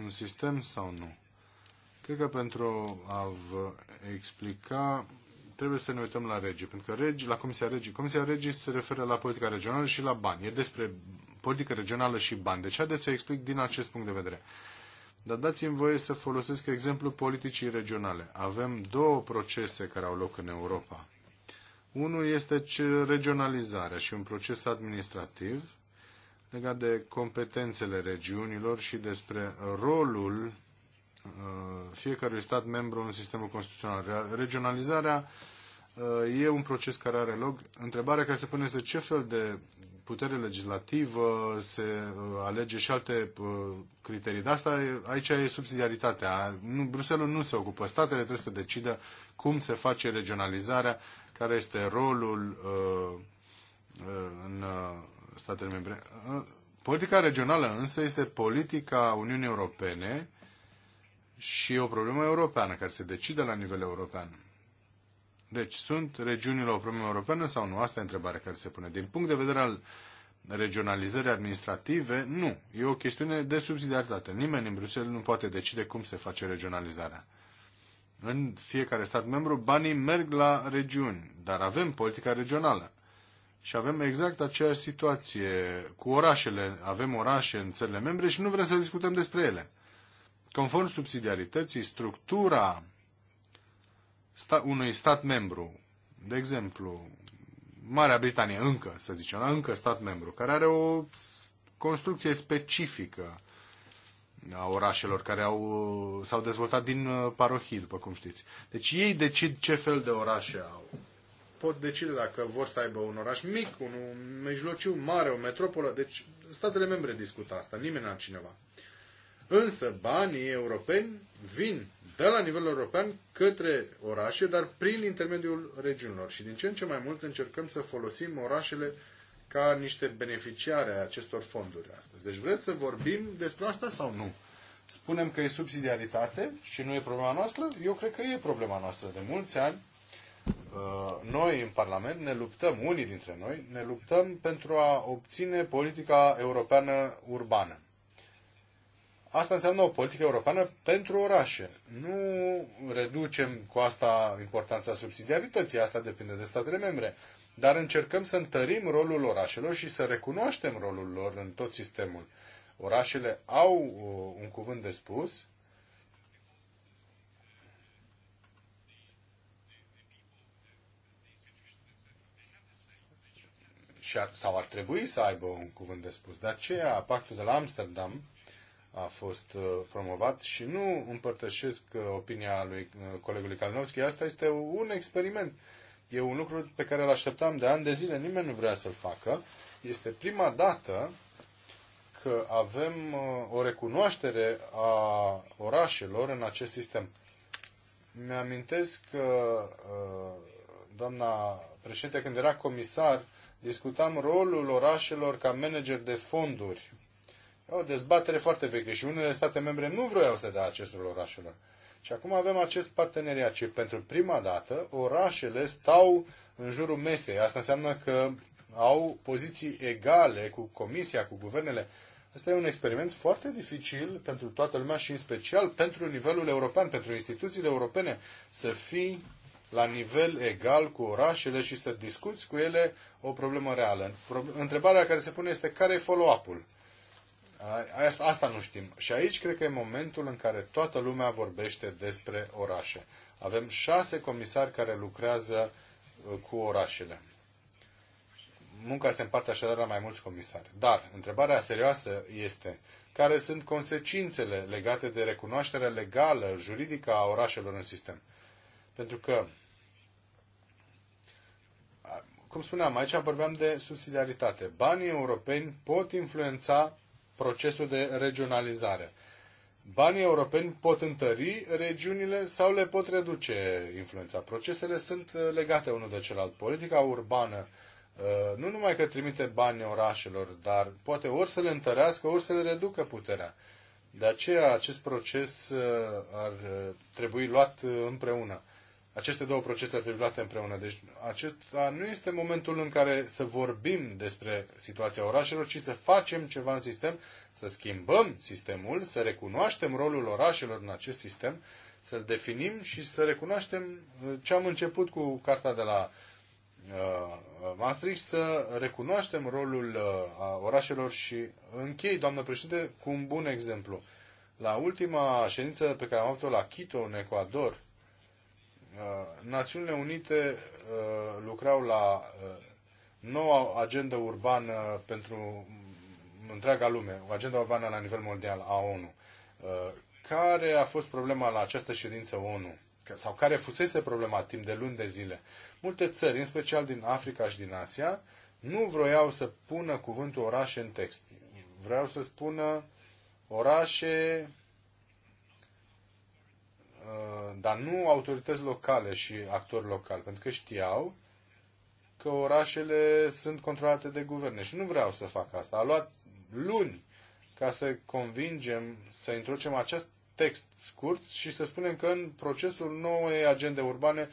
în sistem sau nu? Cred că pentru a vă explica, trebuie să ne uităm la regi, pentru că regi, la Comisia Regii. Comisia Regii se referă la politica regională și la bani. E despre politică regională și bani. Deci haideți să explic din acest punct de vedere. Dar dați-mi voie să folosesc exemplul politicii regionale. Avem două procese care au loc în Europa. Unul este regionalizarea și un proces administrativ legat de competențele regiunilor și despre rolul uh, fiecărui stat membru în sistemul constituțional. Regionalizarea uh, e un proces care are loc. Întrebarea care se pune este ce fel de putere legislativă se uh, alege și alte criterii. De asta aici e subsidiaritatea. Nu, Bruselul nu se ocupă. Statele trebuie să decidă cum se face regionalizarea, care este rolul în statele membre. Politica regională însă este politica Uniunii Europene și o problemă europeană care se decide la nivel european. Deci, sunt regiunile o problemă europeană sau nu? Asta e întrebarea care se pune. Din punct de vedere al regionalizării administrative, nu. E o chestiune de subsidiaritate. Nimeni în Bruxelles nu poate decide cum se face regionalizarea. În fiecare stat membru, banii merg la regiuni, dar avem politica regională. Și avem exact aceeași situație cu orașele. Avem orașe în țările membre și nu vrem să discutăm despre ele. Conform subsidiarității, structura sta- unui stat membru, de exemplu, Marea Britanie încă, să zicem, da, încă stat membru, care are o construcție specifică a orașelor care au, s-au dezvoltat din uh, parohii, după cum știți. Deci ei decid ce fel de orașe au pot decide dacă vor să aibă un oraș mic, un mijlociu mare, o metropolă. Deci statele membre discută asta, nimeni altcineva. Însă banii europeni vin de la nivel european către orașe, dar prin intermediul regiunilor. Și din ce în ce mai mult încercăm să folosim orașele ca niște beneficiare a acestor fonduri astăzi. Deci vreți să vorbim despre asta sau nu? Spunem că e subsidiaritate și nu e problema noastră? Eu cred că e problema noastră. De mulți ani Uh, noi în Parlament ne luptăm, unii dintre noi, ne luptăm pentru a obține politica europeană urbană. Asta înseamnă o politică europeană pentru orașe. Nu reducem cu asta importanța subsidiarității, asta depinde de statele membre, dar încercăm să întărim rolul orașelor și să recunoaștem rolul lor în tot sistemul. Orașele au uh, un cuvânt de spus și ar, sau ar trebui să aibă un cuvânt de spus. De aceea, pactul de la Amsterdam a fost uh, promovat și nu împărtășesc uh, opinia lui uh, colegului Kalinowski. Asta este un experiment. E un lucru pe care îl așteptam de ani de zile. Nimeni nu vrea să-l facă. Este prima dată că avem o recunoaștere a orașelor în acest sistem. Mi-amintesc că doamna președinte, când era comisar, discutam rolul orașelor ca manager de fonduri. E o dezbatere foarte veche și unele state membre nu vroiau să dea acest rol orașelor. Și acum avem acest parteneriat și pentru prima dată orașele stau în jurul mesei. Asta înseamnă că au poziții egale cu comisia, cu guvernele. Asta e un experiment foarte dificil pentru toată lumea și în special pentru nivelul european, pentru instituțiile europene, să fii la nivel egal cu orașele și să discuți cu ele o problemă reală. Întrebarea care se pune este care e follow-up-ul? Asta nu știm. Și aici cred că e momentul în care toată lumea vorbește despre orașe. Avem șase comisari care lucrează uh, cu orașele. Munca se împarte așadar la mai mulți comisari. Dar întrebarea serioasă este care sunt consecințele legate de recunoașterea legală, juridică a orașelor în sistem. Pentru că cum spuneam, aici vorbeam de subsidiaritate. Banii europeni pot influența procesul de regionalizare. Banii europeni pot întări regiunile sau le pot reduce influența. Procesele sunt uh, legate unul de celălalt. Politica urbană uh, nu numai că trimite bani orașelor, dar poate ori să le întărească, ori să le reducă puterea. De aceea acest proces uh, ar trebui luat împreună. Aceste două procese ar trebui luate împreună. Deci acesta nu este momentul în care să vorbim despre situația orașelor, ci să facem ceva în sistem, să schimbăm sistemul, să recunoaștem rolul orașelor în acest sistem, să-l definim și să recunoaștem uh, ce am început cu carta de la uh, Maastricht să recunoaștem rolul uh, orașelor și închei, doamnă președinte, cu un bun exemplu. La ultima ședință pe care am avut-o la Quito, în Ecuador, Uh, Națiunile Unite uh, lucrau la uh, noua agendă urbană pentru întreaga lume, o agenda urbană la nivel mondial a ONU. Care a fost problema la această ședință ONU? Sau care fusese problema timp de luni de zile? Multe țări, în special din Africa și din Asia, nu vroiau să pună cuvântul orașe în text. Vreau să spună orașe Uh, dar nu autorități locale și actori locali, pentru că știau că orașele sunt controlate de guverne și nu vreau să fac asta. A luat luni ca să convingem să introducem acest text scurt și să spunem că în procesul noii agende urbane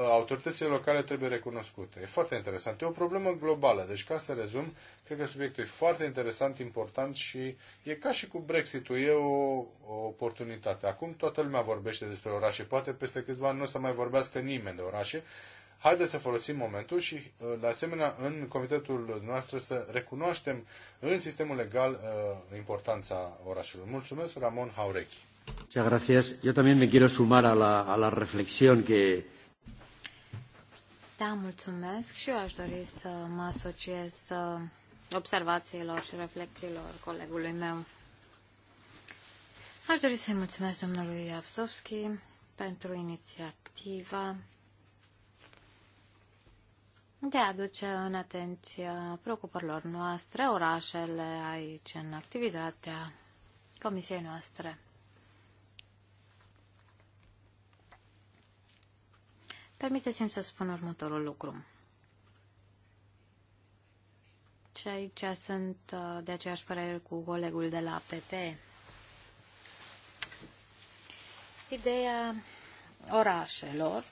autoritățile locale trebuie recunoscute. E foarte interesant. E o problemă globală. Deci, ca să rezum, cred că subiectul e foarte interesant, important și e ca și cu Brexit-ul. E o, o oportunitate. Acum toată lumea vorbește despre orașe. Poate peste câțiva ani nu o să mai vorbească nimeni de orașe. Haideți să folosim momentul și, uh, de asemenea, în comitetul noastră să recunoaștem în sistemul legal uh, importanța orașelor. Mulțumesc, Ramon Haurechi. Muchas gracias. Yo también me quiero sumar a la, a la reflexión que, da, mulțumesc și eu aș dori să mă asociez observațiilor și reflexiilor colegului meu. Aș dori să-i mulțumesc domnului Iavzovski pentru inițiativa de a aduce în atenția preocupărilor noastre orașele aici în activitatea comisiei noastre. Permiteți-mi să spun următorul lucru. Și aici sunt uh, de aceeași părere cu colegul de la PP. Ideea orașelor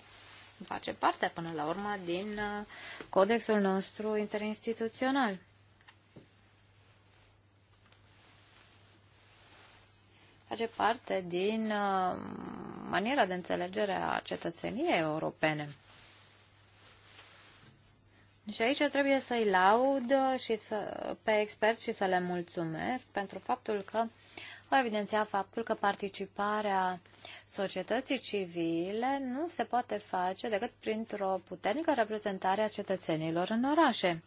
face parte până la urmă din uh, codexul nostru interinstituțional. face parte din uh, maniera de înțelegere a cetățeniei europene. Și aici trebuie să-i laud și să, pe experți și să le mulțumesc pentru faptul că au evidențiat faptul că participarea societății civile nu se poate face decât printr-o puternică reprezentare a cetățenilor în orașe.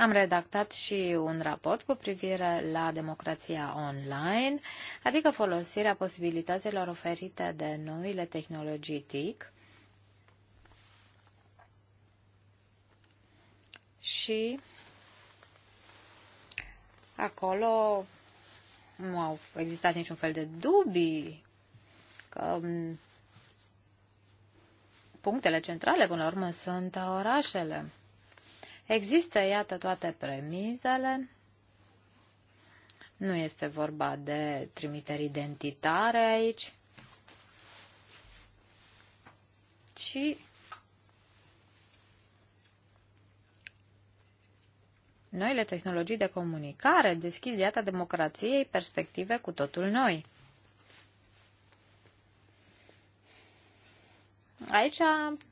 Am redactat și un raport cu privire la democrația online, adică folosirea posibilităților oferite de noile tehnologii TIC și acolo nu au existat niciun fel de dubii că mm, punctele centrale, până la urmă, sunt orașele. Există, iată, toate premizele. Nu este vorba de trimiteri identitare aici, ci noile tehnologii de comunicare deschid iată democrației perspective cu totul noi. Aici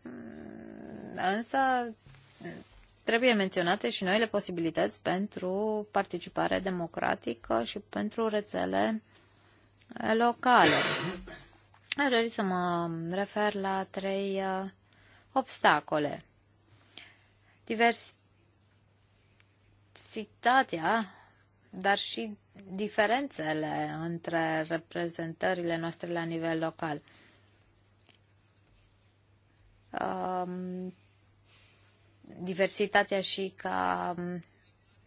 mm, însă trebuie menționate și noile posibilități pentru participare democratică și pentru rețele locale. Aș dori să mă refer la trei uh, obstacole. Diversitatea, dar și diferențele între reprezentările noastre la nivel local. Um, diversitatea și ca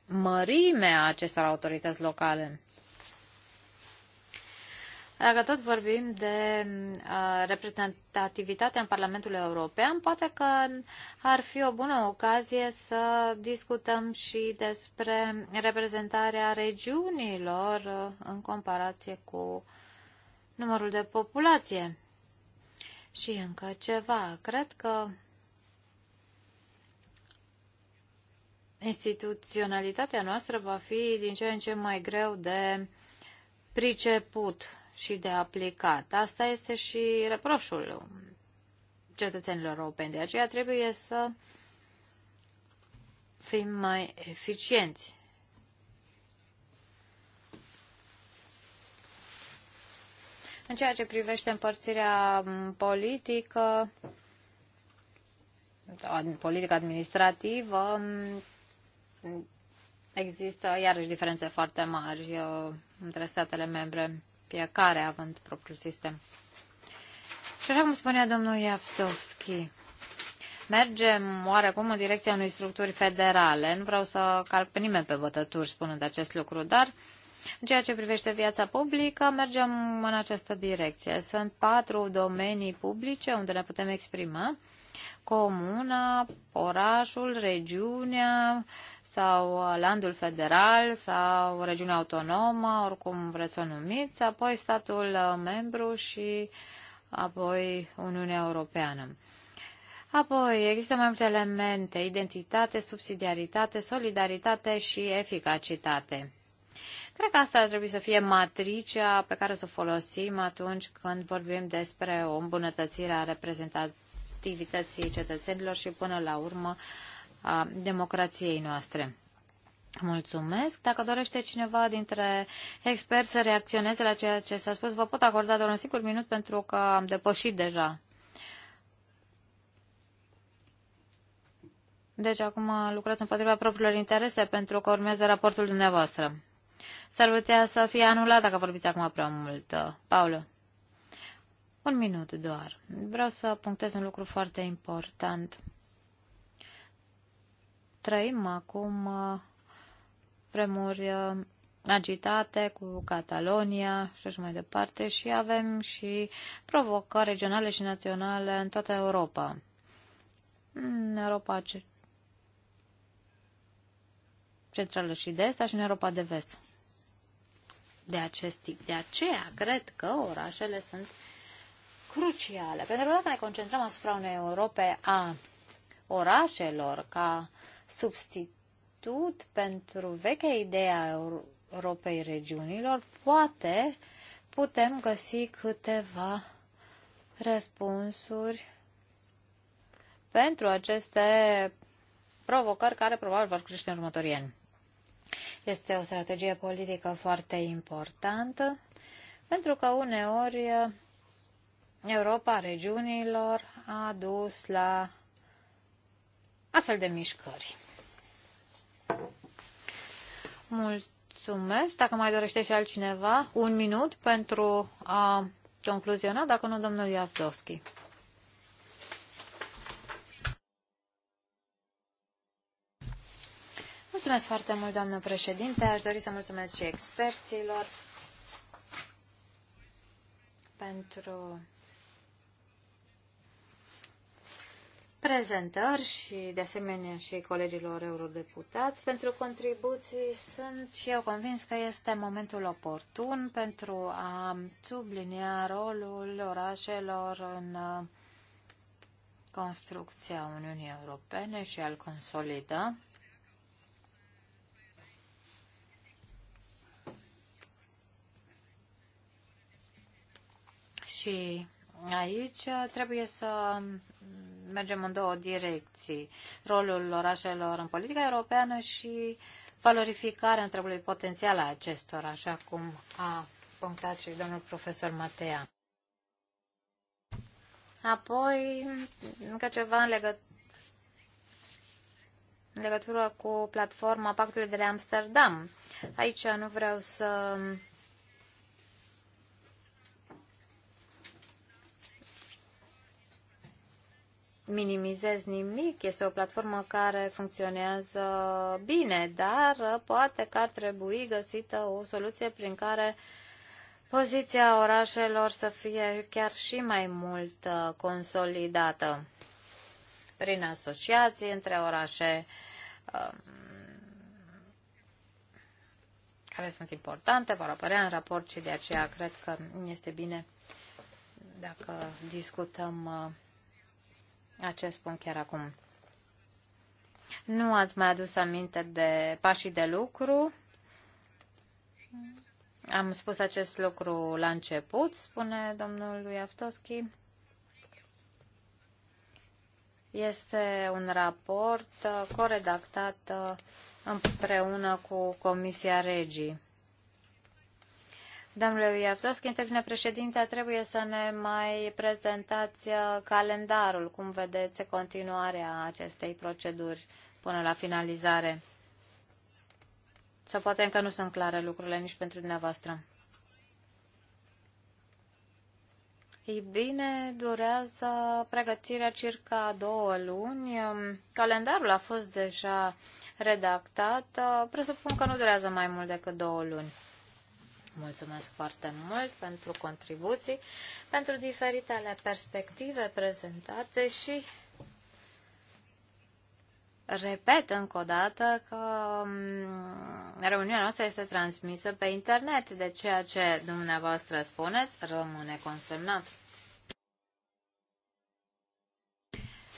mărimea acestor autorități locale. Dacă tot vorbim de uh, reprezentativitatea în Parlamentul European, poate că ar fi o bună ocazie să discutăm și despre reprezentarea regiunilor uh, în comparație cu numărul de populație. Și încă ceva. Cred că instituționalitatea noastră va fi din ce în ce mai greu de priceput și de aplicat. Asta este și reproșul cetățenilor europeni. De aceea trebuie să fim mai eficienți. În ceea ce privește împărțirea politică, politică administrativă, există iarăși diferențe foarte mari uh, între statele membre, fiecare având propriul sistem. Și așa cum spunea domnul Iaftovski, mergem oarecum în direcția unui structuri federale. Nu vreau să calc pe nimeni pe votături spunând acest lucru, dar în ceea ce privește viața publică, mergem în această direcție. Sunt patru domenii publice unde ne putem exprima. Comuna, orașul, regiunea, sau uh, landul federal sau regiunea autonomă, oricum vreți să o numiți, apoi statul uh, membru și apoi Uniunea Europeană. Apoi există mai multe elemente, identitate, subsidiaritate, solidaritate și eficacitate. Cred că asta ar trebui să fie matricea pe care să o folosim atunci când vorbim despre o îmbunătățire a reprezentativității cetățenilor și până la urmă a democrației noastre. Mulțumesc. Dacă dorește cineva dintre experți să reacționeze la ceea ce s-a spus, vă pot acorda doar un singur minut pentru că am depășit deja. Deci acum lucrați împotriva propriilor interese pentru că urmează raportul dumneavoastră. S-ar putea să fie anulat dacă vorbiți acum prea mult. Paolo. Un minut doar. Vreau să punctez un lucru foarte important trăim acum uh, vremuri uh, agitate cu Catalonia și așa mai departe și avem și provocări regionale și naționale în toată Europa. În Europa centrală și de est, și în Europa de vest. De acest tip. De aceea cred că orașele sunt cruciale. Pentru că dacă ne concentrăm asupra unei Europe a orașelor ca substitut pentru vechea idee a Europei regiunilor, poate putem găsi câteva răspunsuri pentru aceste provocări care probabil vor crește în următorii ani. Este o strategie politică foarte importantă pentru că uneori Europa regiunilor a dus la astfel de mișcări. Mulțumesc. Dacă mai dorește și altcineva, un minut pentru a concluziona, dacă nu, domnul Iavdovski. Mulțumesc foarte mult, doamnă președinte. Aș dori să mulțumesc și experților pentru prezentări și de asemenea și colegilor eurodeputați pentru contribuții. Sunt și eu convins că este momentul oportun pentru a sublinia rolul orașelor în uh, construcția Uniunii Europene și al consolida. Și aici trebuie să mergem în două direcții. Rolul orașelor în politica europeană și valorificarea întregului potențial a acestor, așa cum a punctat și domnul profesor Matea. Apoi, încă ceva în legătură în legătură cu platforma Pactului de la Amsterdam. Aici nu vreau să minimizez nimic, este o platformă care funcționează bine, dar poate că ar trebui găsită o soluție prin care poziția orașelor să fie chiar și mai mult uh, consolidată prin asociații între orașe um, care sunt importante, vor apărea în raport și de aceea cred că este bine dacă discutăm uh, acest punct chiar acum. Nu ați mai adus aminte de pașii de lucru. Am spus acest lucru la început, spune domnul lui Avtoschi. Este un raport uh, coredactat uh, împreună cu Comisia Regii. Domnule Iavzoschi, intervine președinte, trebuie să ne mai prezentați uh, calendarul, cum vedeți continuarea acestei proceduri până la finalizare. Sau poate încă nu sunt clare lucrurile nici pentru dumneavoastră. Ei bine, durează pregătirea circa două luni. Um, calendarul a fost deja redactat. Uh, presupun că nu durează mai mult decât două luni. Mulțumesc foarte mult pentru contribuții, pentru diferitele perspective prezentate și repet încă o dată că mm, reuniunea noastră este transmisă pe internet, de ceea ce dumneavoastră spuneți rămâne consemnat.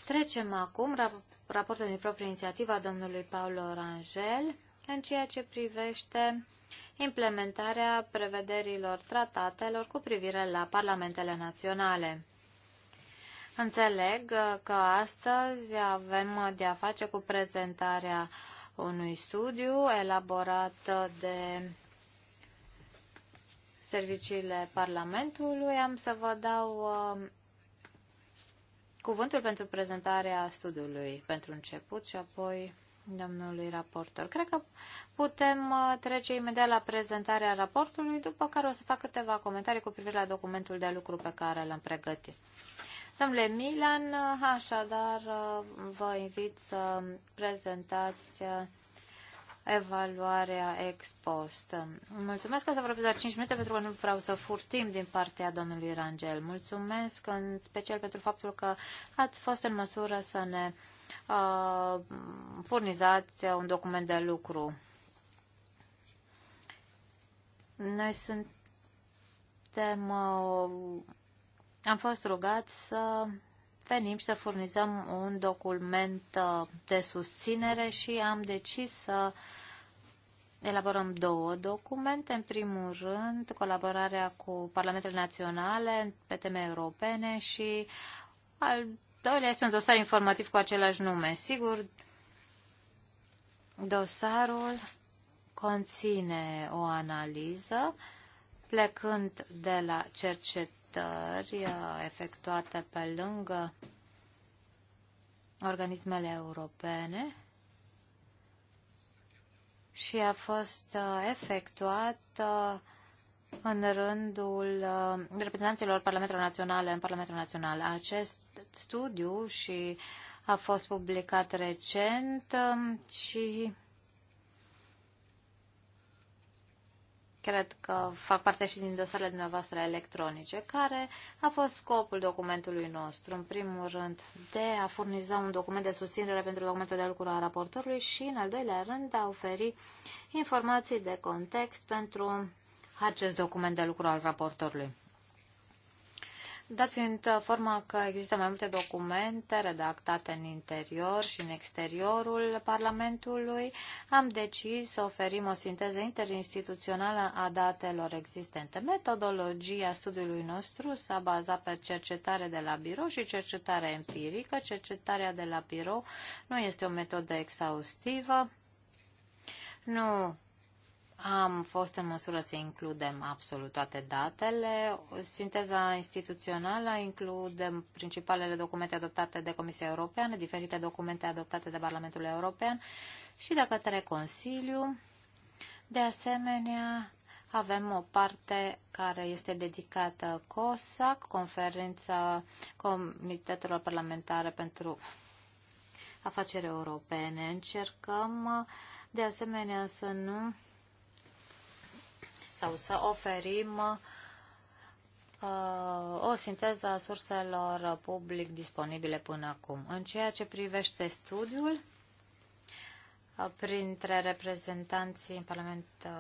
Trecem acum raportul din proprie inițiativă a domnului Paul Orangel în ceea ce privește implementarea prevederilor tratatelor cu privire la parlamentele naționale. Înțeleg că astăzi avem de a face cu prezentarea unui studiu elaborat de serviciile Parlamentului. Am să vă dau uh, cuvântul pentru prezentarea studiului pentru început și apoi domnului raportor. Cred că putem uh, trece imediat la prezentarea raportului, după care o să fac câteva comentarii cu privire la documentul de lucru pe care l-am pregătit. Domnule Milan, uh, așadar uh, vă invit să prezentați evaluarea expost. Mulțumesc că să vorbesc doar 5 minute pentru că nu vreau să furtim din partea domnului Rangel. Mulțumesc în special pentru faptul că ați fost în măsură să ne Uh, furnizați un document de lucru. Noi suntem, uh, am fost rugați să venim și să furnizăm un document uh, de susținere și am decis să elaborăm două documente. În primul rând, colaborarea cu Parlamentele Naționale pe teme europene și al doilea este un dosar informativ cu același nume. Sigur, dosarul conține o analiză plecând de la cercetări uh, efectuate pe lângă organismele europene și a fost uh, efectuată uh, în rândul reprezentanților Parlamentului Național în Parlamentul Național. Acest studiu și a fost publicat recent um, și cred că fac parte și din dosarele dumneavoastră electronice, care a fost scopul documentului nostru, în primul rând, de a furniza un document de susținere pentru documentul de lucru a raportorului și, în al doilea rând, de a oferi informații de context pentru acest document de lucru al raportorului. Dat fiind uh, forma că există mai multe documente redactate în interior și în exteriorul Parlamentului, am decis să oferim o sinteză interinstituțională a datelor existente. Metodologia studiului nostru s-a bazat pe cercetare de la birou și cercetare empirică. Cercetarea de la birou nu este o metodă exhaustivă, nu am fost în măsură să includem absolut toate datele. Sinteza instituțională include principalele documente adoptate de Comisia Europeană, diferite documente adoptate de Parlamentul European și de către Consiliu. De asemenea, avem o parte care este dedicată COSAC, Conferința Comitetelor Parlamentare pentru Afaceri Europene. Încercăm, de asemenea, să nu sau să oferim uh, o sinteză a surselor public disponibile până acum. În ceea ce privește studiul, uh, printre reprezentanții în Parlament uh,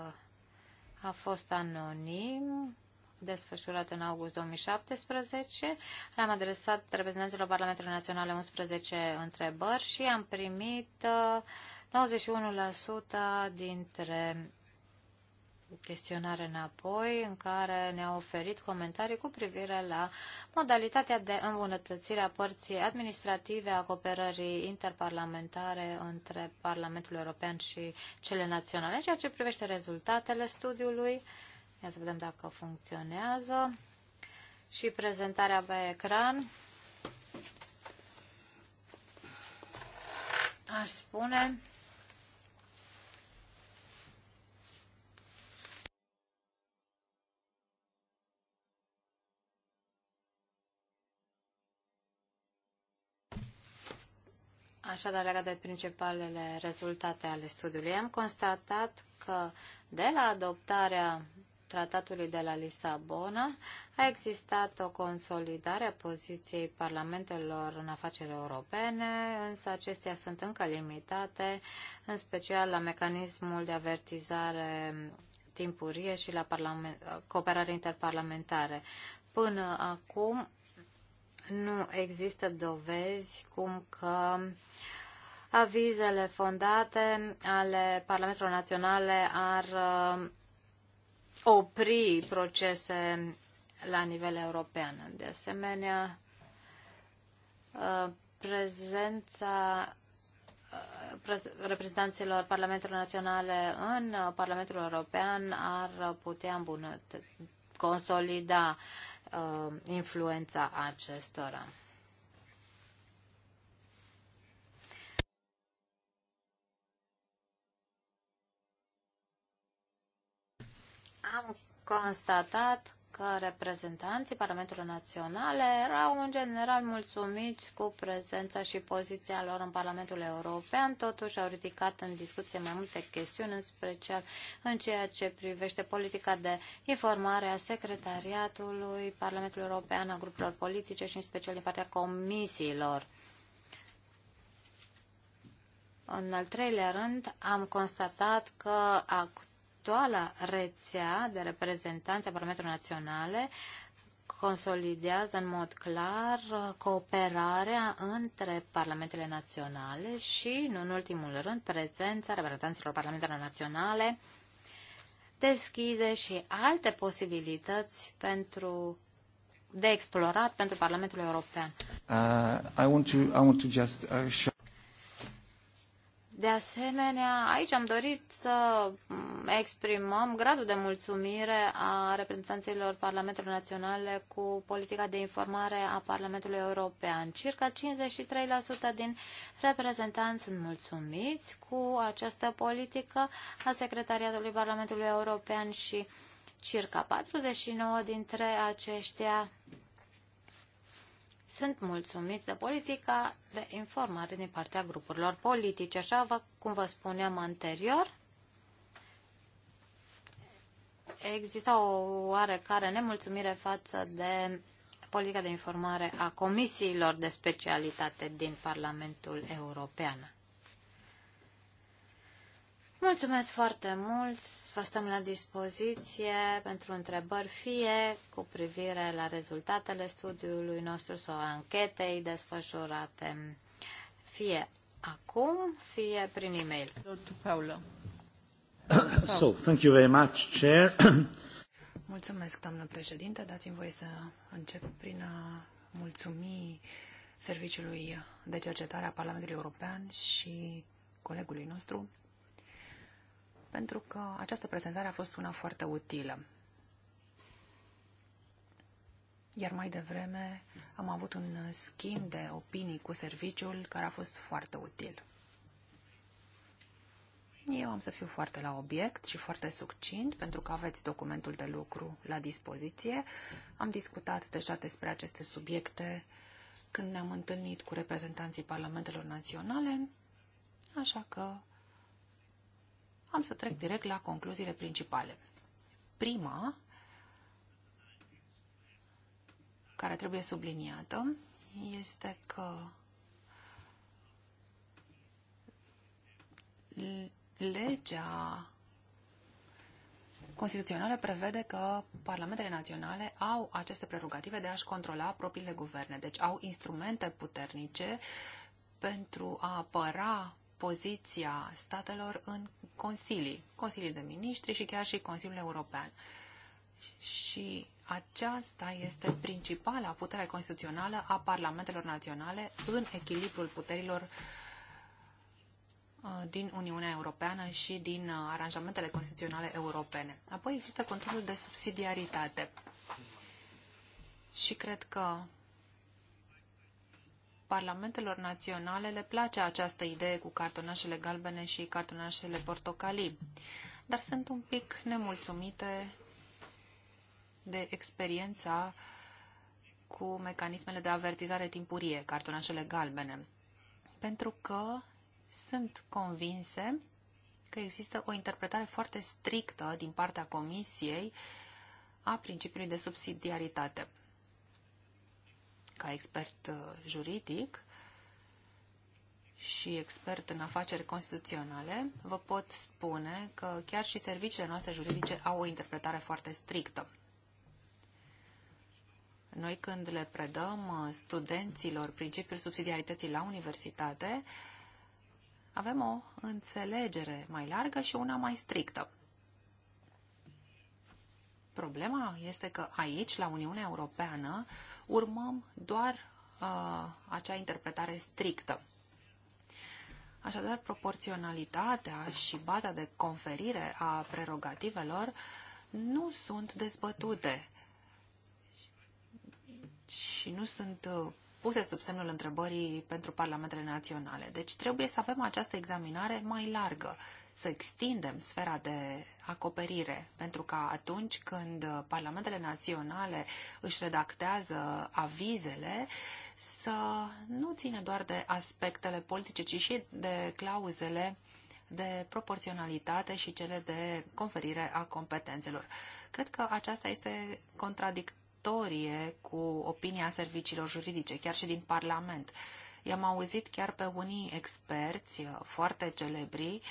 a fost anonim, desfășurat în august 2017. Le-am adresat reprezentanților Parlamentului Naționale 11 întrebări și am primit 91% dintre chestionare înapoi în care ne-a oferit comentarii cu privire la modalitatea de îmbunătățire a părții administrative a cooperării interparlamentare între Parlamentul European și cele naționale, ceea ce privește rezultatele studiului. Ia să vedem dacă funcționează. Și prezentarea pe ecran. Aș spune Așadar, legat de principalele rezultate ale studiului, am constatat că de la adoptarea Tratatului de la Lisabona a existat o consolidare a poziției parlamentelor în afaceri europene, însă acestea sunt încă limitate, în special la mecanismul de avertizare timpurie și la cooperare interparlamentare. Până acum, nu există dovezi cum că avizele fondate ale Parlamentelor Naționale ar uh, opri procese la nivel european. De asemenea, uh, prezența uh, reprezentanților Parlamentelor Naționale în Parlamentul European ar putea îmbunătăți consolida uh, influența acestora. Am constatat că reprezentanții Parlamentului Naționale erau în general mulțumiți cu prezența și poziția lor în Parlamentul European, totuși au ridicat în discuție mai multe chestiuni, în special în ceea ce privește politica de informare a Secretariatului Parlamentului European, a grupurilor politice și în special din partea comisiilor. În al treilea rând, am constatat că actuala rețea de reprezentanți a Parlamentului Naționale consolidează în mod clar cooperarea între parlamentele naționale și, nu în ultimul rând, prezența reprezentanților parlamentelor naționale deschide și alte posibilități pentru de explorat pentru Parlamentul European. Uh, I want to, I want to just, uh, de asemenea, aici am dorit să mm, exprimăm gradul de mulțumire a reprezentanților Parlamentului Naționale cu politica de informare a Parlamentului European. Circa 53% din reprezentanți sunt mulțumiți cu această politică a Secretariatului Parlamentului European și circa 49 dintre aceștia sunt mulțumiți de politica de informare din partea grupurilor politice. Așa vă, cum vă spuneam anterior, exista o oarecare nemulțumire față de politica de informare a comisiilor de specialitate din Parlamentul European. Mulțumesc foarte mult. Vă stăm la dispoziție pentru întrebări fie cu privire la rezultatele studiului nostru sau anchetei desfășurate fie acum, fie prin e-mail. Paula. So, thank you very much, Chair. Mulțumesc, doamnă președinte. Dați-mi voie să încep prin a mulțumi Serviciului de Cercetare a Parlamentului European și colegului nostru, pentru că această prezentare a fost una foarte utilă. Iar mai devreme am avut un schimb de opinii cu serviciul care a fost foarte util. Eu am să fiu foarte la obiect și foarte succint, pentru că aveți documentul de lucru la dispoziție. Am discutat deja despre aceste subiecte când ne-am întâlnit cu reprezentanții parlamentelor naționale, așa că am să trec direct la concluziile principale. Prima, care trebuie subliniată, este că legea Constituțională prevede că parlamentele naționale au aceste prerogative de a-și controla propriile guverne, deci au instrumente puternice pentru a apăra poziția statelor în consilii, consilii de miniștri și chiar și Consiliul European. Și aceasta este principala putere constituțională a parlamentelor naționale în echilibrul puterilor uh, din Uniunea Europeană și din uh, aranjamentele constituționale europene. Apoi există controlul de subsidiaritate. Și cred că parlamentelor naționale le place această idee cu cartonașele galbene și cartonașele portocalii, dar sunt un pic nemulțumite de experiența cu mecanismele de avertizare timpurie, cartonașele galbene, pentru că sunt convinse că există o interpretare foarte strictă din partea Comisiei a principiului de subsidiaritate ca expert uh, juridic și expert în afaceri constituționale, vă pot spune că chiar și serviciile noastre juridice au o interpretare foarte strictă. Noi când le predăm uh, studenților principiul subsidiarității la universitate, avem o înțelegere mai largă și una mai strictă. Problema este că aici, la Uniunea Europeană, urmăm doar uh, acea interpretare strictă. Așadar, proporționalitatea și baza de conferire a prerogativelor nu sunt dezbătute și nu sunt uh, puse sub semnul întrebării pentru parlamentele naționale. Deci trebuie să avem această examinare mai largă să extindem sfera de acoperire, pentru că atunci când parlamentele naționale își redactează avizele, să nu ține doar de aspectele politice, ci și de clauzele de proporționalitate și cele de conferire a competențelor. Cred că aceasta este contradictorie cu opinia serviciilor juridice, chiar și din Parlament. I-am auzit chiar pe unii experți foarte celebri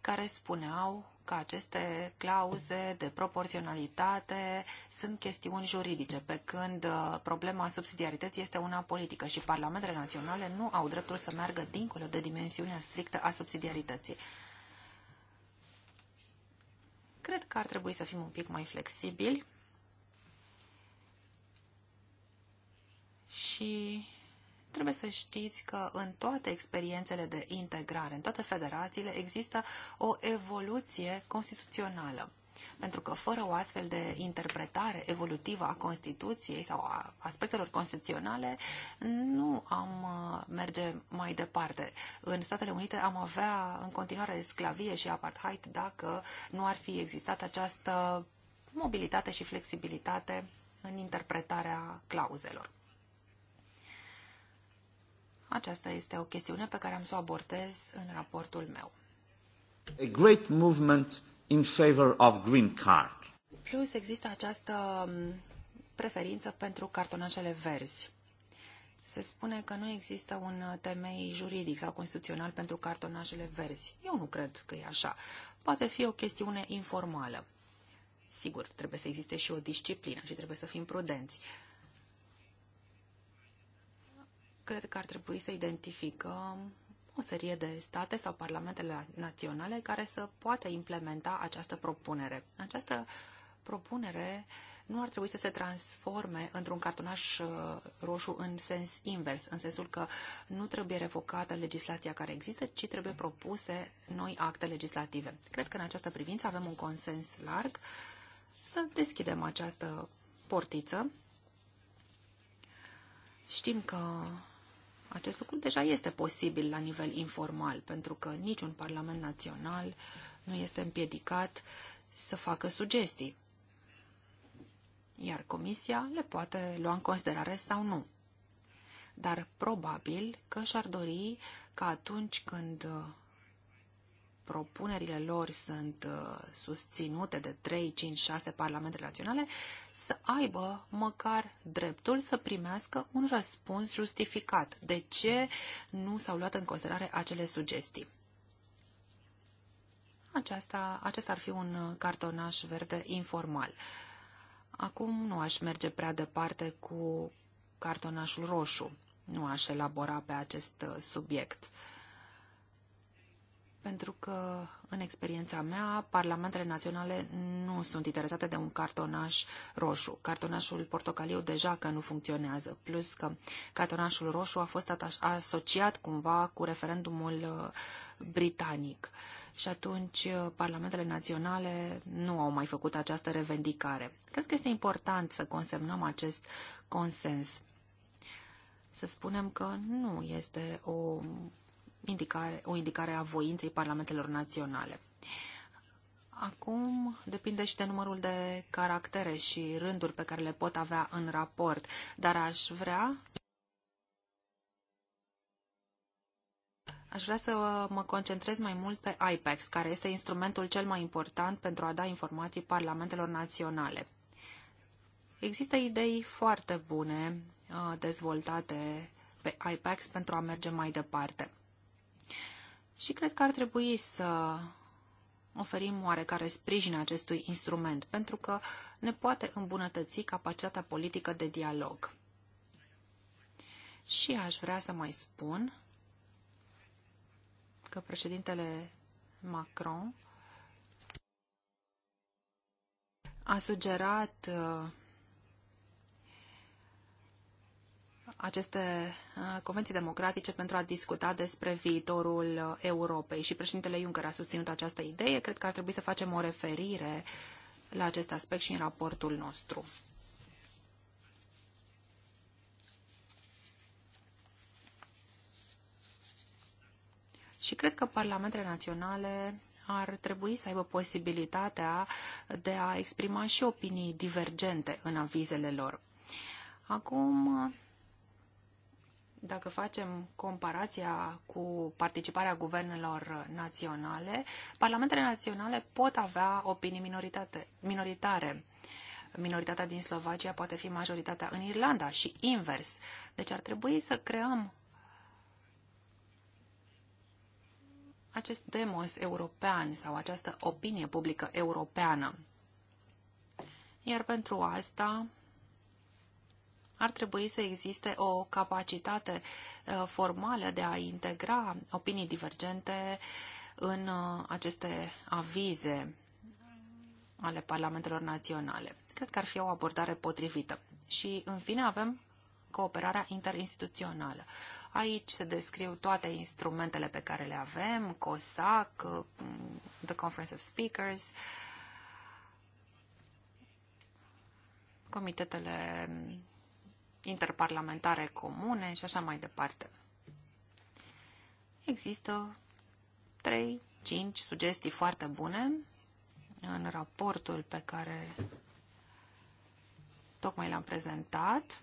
care spuneau că aceste clauze de proporționalitate sunt chestiuni juridice, pe când uh, problema subsidiarității este una politică și parlamentele naționale nu au dreptul să meargă dincolo de dimensiunea strictă a subsidiarității. Cred că ar trebui să fim un pic mai flexibili și Trebuie să știți că în toate experiențele de integrare, în toate federațiile, există o evoluție constituțională. Pentru că fără o astfel de interpretare evolutivă a Constituției sau a aspectelor constituționale, nu am uh, merge mai departe. În Statele Unite am avea în continuare sclavie și apartheid dacă nu ar fi existat această mobilitate și flexibilitate în interpretarea clauzelor. Aceasta este o chestiune pe care am să o abordez în raportul meu. A great movement in favor of green card. Plus există această um, preferință pentru cartonașele verzi. Se spune că nu există un temei juridic sau constituțional pentru cartonașele verzi. Eu nu cred că e așa. Poate fi o chestiune informală. Sigur, trebuie să existe și o disciplină și trebuie să fim prudenți cred că ar trebui să identificăm o serie de state sau parlamentele naționale care să poată implementa această propunere. Această propunere nu ar trebui să se transforme într-un cartonaș uh, roșu în sens invers, în sensul că nu trebuie revocată legislația care există, ci trebuie propuse noi acte legislative. Cred că în această privință avem un consens larg să deschidem această portiță. Știm că acest lucru deja este posibil la nivel informal, pentru că niciun Parlament Național nu este împiedicat să facă sugestii, iar Comisia le poate lua în considerare sau nu. Dar probabil că și-ar dori ca atunci când propunerile lor sunt uh, susținute de 3, 5, 6 parlamente naționale, să aibă măcar dreptul să primească un răspuns justificat. De ce nu s-au luat în considerare acele sugestii? Aceasta, acesta ar fi un cartonaș verde informal. Acum nu aș merge prea departe cu cartonașul roșu. Nu aș elabora pe acest uh, subiect. Uh, pentru că, în experiența mea, parlamentele naționale nu sunt interesate de un cartonaș roșu. Cartonașul portocaliu deja că nu funcționează, plus că cartonașul roșu a fost asociat cumva cu referendumul uh, britanic. Și atunci uh, parlamentele naționale nu au mai făcut această revendicare. Cred că este important să consemnăm acest consens. Să spunem că nu este o indicare, o indicare a voinței parlamentelor naționale. Acum depinde și de numărul de caractere și rânduri pe care le pot avea în raport, dar aș vrea Aș vrea să mă concentrez mai mult pe IPEX, care este instrumentul cel mai important pentru a da informații parlamentelor naționale. Există idei foarte bune uh, dezvoltate pe IPEX pentru a merge mai departe. Și cred că ar trebui să oferim oarecare sprijin acestui instrument, pentru că ne poate îmbunătăți capacitatea politică de dialog. Și aș vrea să mai spun că președintele Macron a sugerat uh, aceste uh, convenții democratice pentru a discuta despre viitorul uh, Europei și președintele Juncker a susținut această idee. Cred că ar trebui să facem o referire la acest aspect și în raportul nostru. Și cred că parlamentele naționale ar trebui să aibă posibilitatea de a exprima și opinii divergente în avizele lor. Acum dacă facem comparația cu participarea guvernelor naționale, parlamentele naționale pot avea opinii minoritate, minoritare. Minoritatea din Slovacia poate fi majoritatea în Irlanda și invers. Deci ar trebui să creăm acest demos european sau această opinie publică europeană. Iar pentru asta ar trebui să existe o capacitate uh, formală de a integra opinii divergente în uh, aceste avize ale parlamentelor naționale. Cred că ar fi o abordare potrivită. Și, în fine, avem cooperarea interinstituțională. Aici se descriu toate instrumentele pe care le avem, COSAC, uh, The Conference of Speakers, comitetele interparlamentare comune și așa mai departe. Există 3, 5 sugestii foarte bune în raportul pe care tocmai l-am prezentat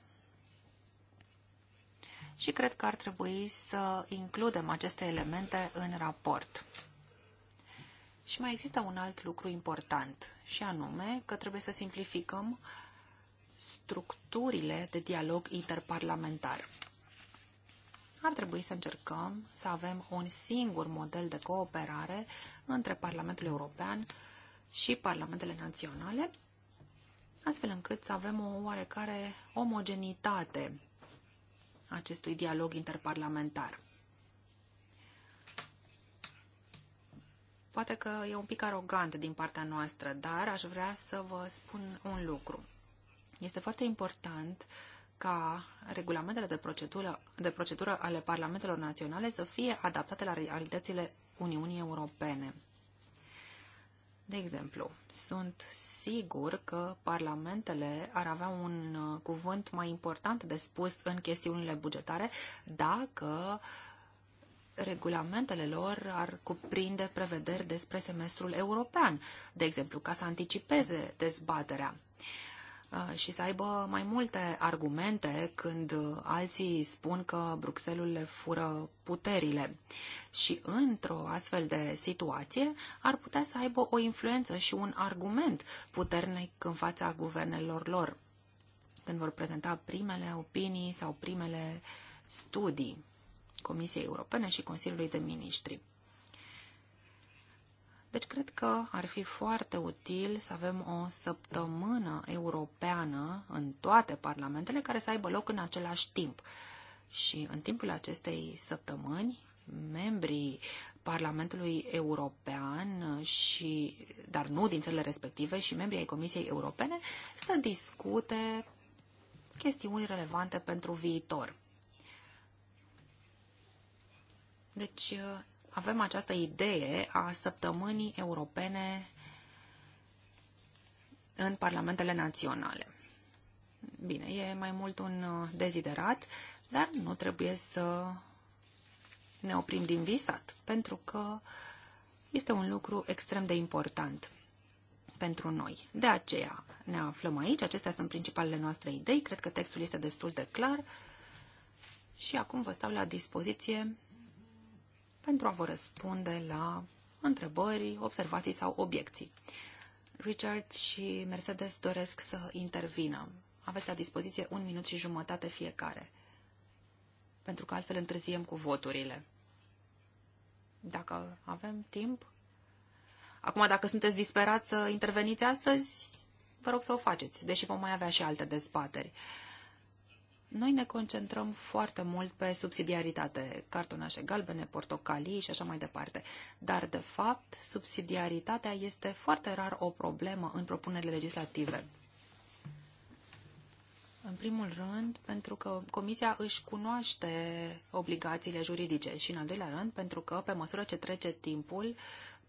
și cred că ar trebui să includem aceste elemente în raport. Și mai există un alt lucru important, și anume că trebuie să simplificăm structurile de dialog interparlamentar. Ar trebui să încercăm să avem un singur model de cooperare între Parlamentul European și Parlamentele Naționale, astfel încât să avem o oarecare omogenitate acestui dialog interparlamentar. Poate că e un pic arogant din partea noastră, dar aș vrea să vă spun un lucru. Este foarte important ca regulamentele de procedură, de procedură ale parlamentelor naționale să fie adaptate la realitățile Uniunii Europene. De exemplu, sunt sigur că parlamentele ar avea un uh, cuvânt mai important de spus în chestiunile bugetare dacă regulamentele lor ar cuprinde prevederi despre semestrul european, de exemplu, ca să anticipeze dezbaterea. Uh, Uh, și să aibă mai multe argumente când alții spun că Bruxelles le fură puterile. Și într-o astfel de situație ar putea să aibă o influență și un argument puternic în fața guvernelor lor, când vor prezenta primele opinii sau primele studii Comisiei Europene și Consiliului de Ministri. Deci cred că ar fi foarte util să avem o săptămână europeană în toate parlamentele care să aibă loc în același timp. Și în timpul acestei săptămâni, membrii Parlamentului European și, dar nu din țările respective, și membrii ai Comisiei Europene să discute chestiuni relevante pentru viitor. Deci avem această idee a săptămânii europene în parlamentele naționale. Bine, e mai mult un uh, deziderat, dar nu trebuie să ne oprim din visat, pentru că este un lucru extrem de important pentru noi. De aceea ne aflăm aici, acestea sunt principalele noastre idei, cred că textul este destul de clar și acum vă stau la dispoziție pentru a vă răspunde la întrebări, observații sau obiecții. Richard și Mercedes doresc să intervină. Aveți la dispoziție un minut și jumătate fiecare, pentru că altfel întârziem cu voturile. Dacă avem timp. Acum, dacă sunteți disperați să interveniți astăzi, vă rog să o faceți, deși vom mai avea și alte dezbateri. Noi ne concentrăm foarte mult pe subsidiaritate, cartonașe galbene, portocalii și așa mai departe. Dar, de fapt, subsidiaritatea este foarte rar o problemă în propunerile legislative. În primul rând, pentru că Comisia își cunoaște obligațiile juridice și, în al doilea rând, pentru că, pe măsură ce trece timpul,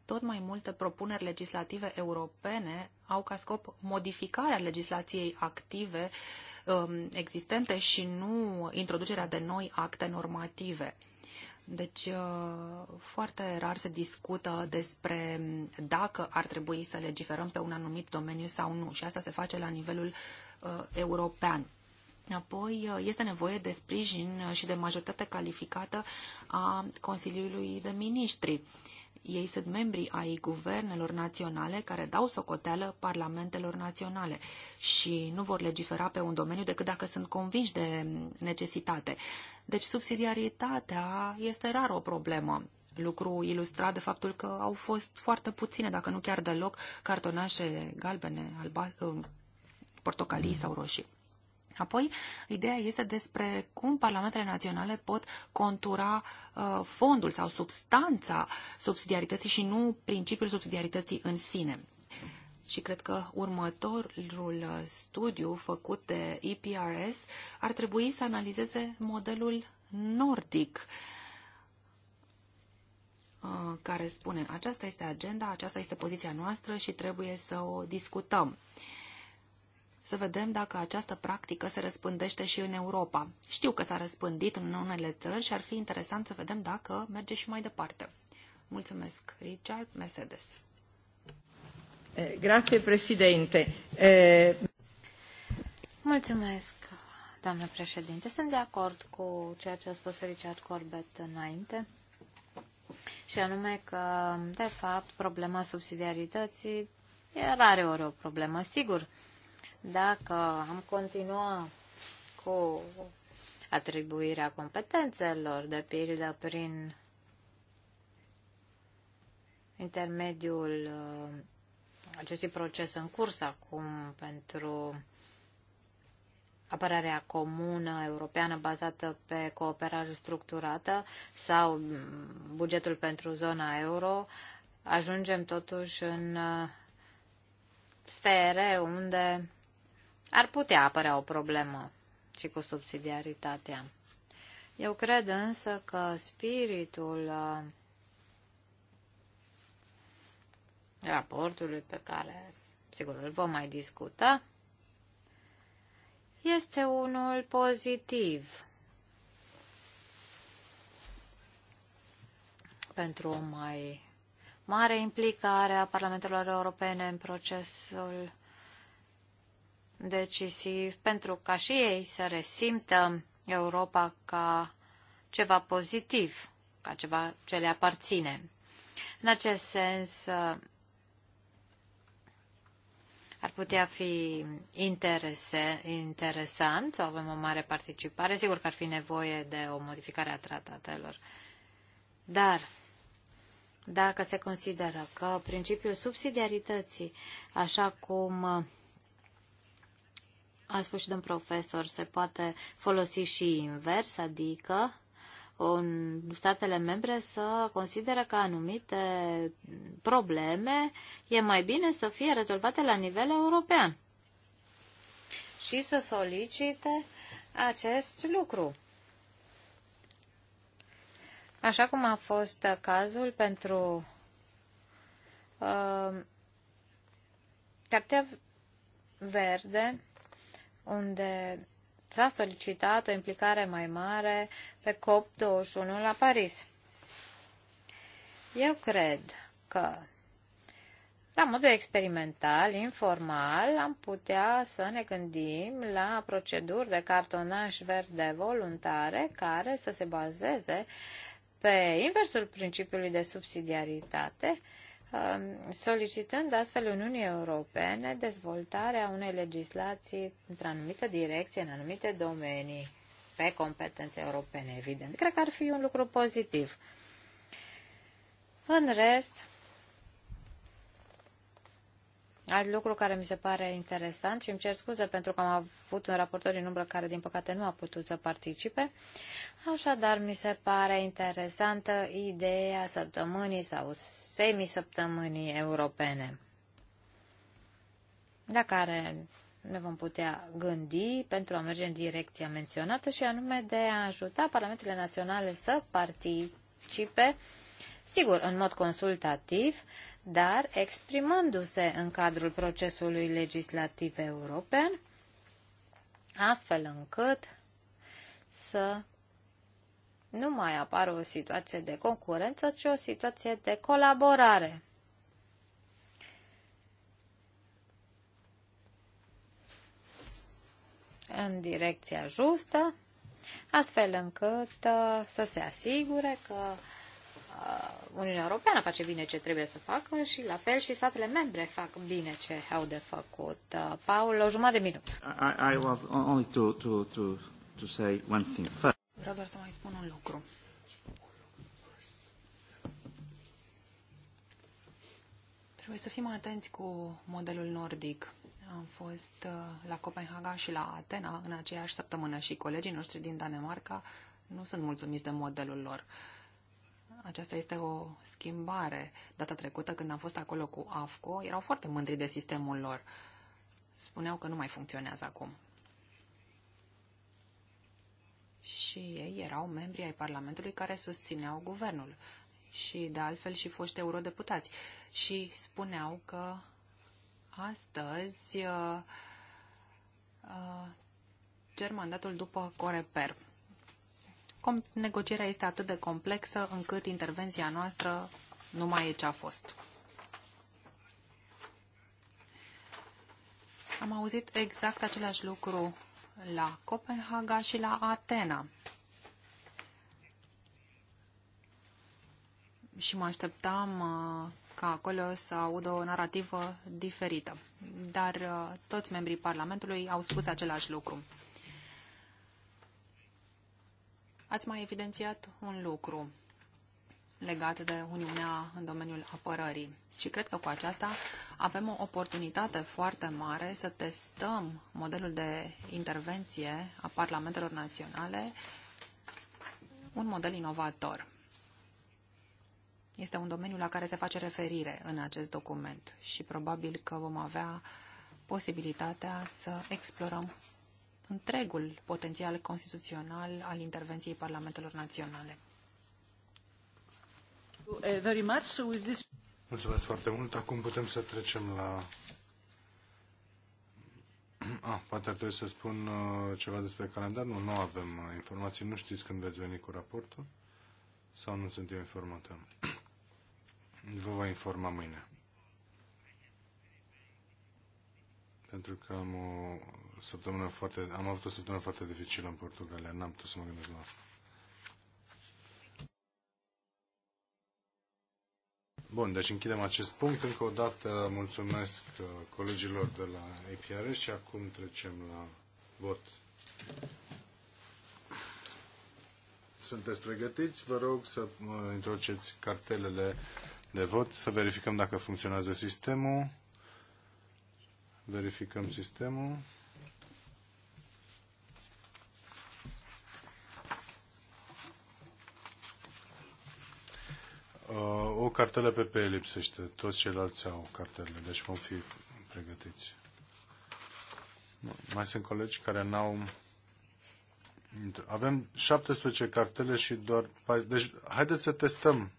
tot mai multe propuneri legislative europene au ca scop modificarea legislației active um, existente și nu introducerea de noi acte normative. Deci, uh, foarte rar se discută despre dacă ar trebui să legiferăm pe un anumit domeniu sau nu și asta se face la nivelul uh, european. Apoi, uh, este nevoie de sprijin și de majoritate calificată a Consiliului de Ministri. Ei sunt membri ai guvernelor naționale care dau socoteală parlamentelor naționale și nu vor legifera pe un domeniu decât dacă sunt convinși de necesitate. Deci subsidiaritatea este rar o problemă lucru ilustrat de faptul că au fost foarte puține, dacă nu chiar deloc, cartonașe galbene, alba, uh, portocalii sau roșii. Apoi, ideea este despre cum parlamentele naționale pot contura uh, fondul sau substanța subsidiarității și nu principiul subsidiarității în sine. Și cred că următorul uh, studiu făcut de EPRS ar trebui să analizeze modelul nordic uh, care spune aceasta este agenda, aceasta este poziția noastră și trebuie să o discutăm. Uh, să vedem dacă această practică se răspândește și în Europa. Știu că s-a răspândit în unele țări și ar fi interesant să vedem dacă merge și mai departe. Mulțumesc, Richard Mercedes. Eh, grazie, președinte. Eh, Mulțumesc, doamnă președinte. Sunt de acord cu ceea ce a spus Richard Corbett înainte. Și anume că, de fapt, problema subsidiarității e rare ori o problemă. Sigur, dacă am continua cu atribuirea competențelor, de pildă prin intermediul uh, acestui proces în curs acum pentru apărarea comună europeană bazată pe cooperare structurată sau bugetul pentru zona euro, ajungem totuși în uh, sfere unde ar putea apărea o problemă și cu subsidiaritatea. Eu cred însă că spiritul uh, raportului pe care, sigur, îl vom mai discuta, este unul pozitiv pentru o mai mare implicare a parlamentelor europene în procesul decisiv pentru ca și ei să resimtă Europa ca ceva pozitiv, ca ceva ce le aparține. În acest sens, ar putea fi interese, interesant să avem o mare participare. Sigur că ar fi nevoie de o modificare a tratatelor. Dar dacă se consideră că principiul subsidiarității, așa cum a spus și domn profesor, se poate folosi și invers, adică un, statele membre să consideră că anumite probleme e mai bine să fie rezolvate la nivel european și să solicite acest lucru. Așa cum a fost cazul pentru uh, cartea verde, unde s-a solicitat o implicare mai mare pe COP21 la Paris. Eu cred că, la modul experimental, informal, am putea să ne gândim la proceduri de cartonaș verde voluntare care să se bazeze pe inversul principiului de subsidiaritate Um, solicitând astfel Uniunii Europene dezvoltarea unei legislații într-o anumită direcție, în anumite domenii, pe competențe europene, evident. Cred că ar fi un lucru pozitiv. În rest, Alt lucru care mi se pare interesant și îmi cer scuze pentru că am avut un raportor din umbră care, din păcate, nu a putut să participe. Așadar, mi se pare interesantă ideea săptămânii sau semisăptămânii europene, la care ne vom putea gândi pentru a merge în direcția menționată și anume de a ajuta parlamentele naționale să participe participe sigur, în mod consultativ, dar exprimându-se în cadrul procesului legislativ european, astfel încât să nu mai apară o situație de concurență, ci o situație de colaborare. în direcția justă, astfel încât uh, să se asigure că uh, Uniunea Europeană face bine ce trebuie să facă și la fel și statele membre fac bine ce au de făcut. Uh, Paul, o jumătate de minut. I, was only to, to, to, to say one thing. First. Vreau doar să mai spun un lucru. Trebuie să fim atenți cu modelul nordic. Am fost uh, la Copenhaga și la Atena în aceeași săptămână și colegii noștri din Danemarca nu sunt mulțumiți de modelul lor. Uh, aceasta este o schimbare. Data trecută, când am fost acolo cu AFCO, erau foarte mândri de sistemul lor. Spuneau că nu mai funcționează acum. Și ei erau membri ai Parlamentului care susțineau guvernul și, de altfel, și foști eurodeputați. Și spuneau că astăzi uh, uh, cer mandatul după Coreper negocierea este atât de complexă încât intervenția noastră nu mai e ce a fost. Am auzit exact același lucru la Copenhaga și la Atena. Și mă așteptam uh, ca acolo să aud o narrativă diferită. Dar uh, toți membrii Parlamentului au spus același lucru. Ați mai evidențiat un lucru legat de Uniunea în domeniul apărării. Și cred că cu aceasta avem o oportunitate foarte mare să testăm modelul de intervenție a parlamentelor naționale, un model inovator. Este un domeniu la care se face referire în acest document și probabil că vom avea posibilitatea să explorăm întregul potențial constituțional al intervenției parlamentelor naționale. Eh, Mulțumesc foarte mult. Acum putem să trecem la... Ah, poate ar trebui să spun uh, ceva despre calendar. Nu, nu avem uh, informații. Nu știți când veți veni cu raportul? Sau nu sunt eu informată? Vă voi informa mâine. pentru că am o săptămână foarte, am avut o săptămână foarte dificilă în Portugalia, n-am putut să mă gândesc la asta. Bun, deci închidem acest punct. Încă o dată mulțumesc uh, colegilor de la APR și acum trecem la vot. Sunteți pregătiți? Vă rog să uh, introduceți cartelele de vot, să verificăm dacă funcționează sistemul. Verificăm sistemul. Uh, o cartelă PP lipsește. Toți ceilalți au cartele, deci vom fi pregătiți. Mai sunt colegi care n-au... Avem 17 cartele și doar... Deci, haideți să testăm.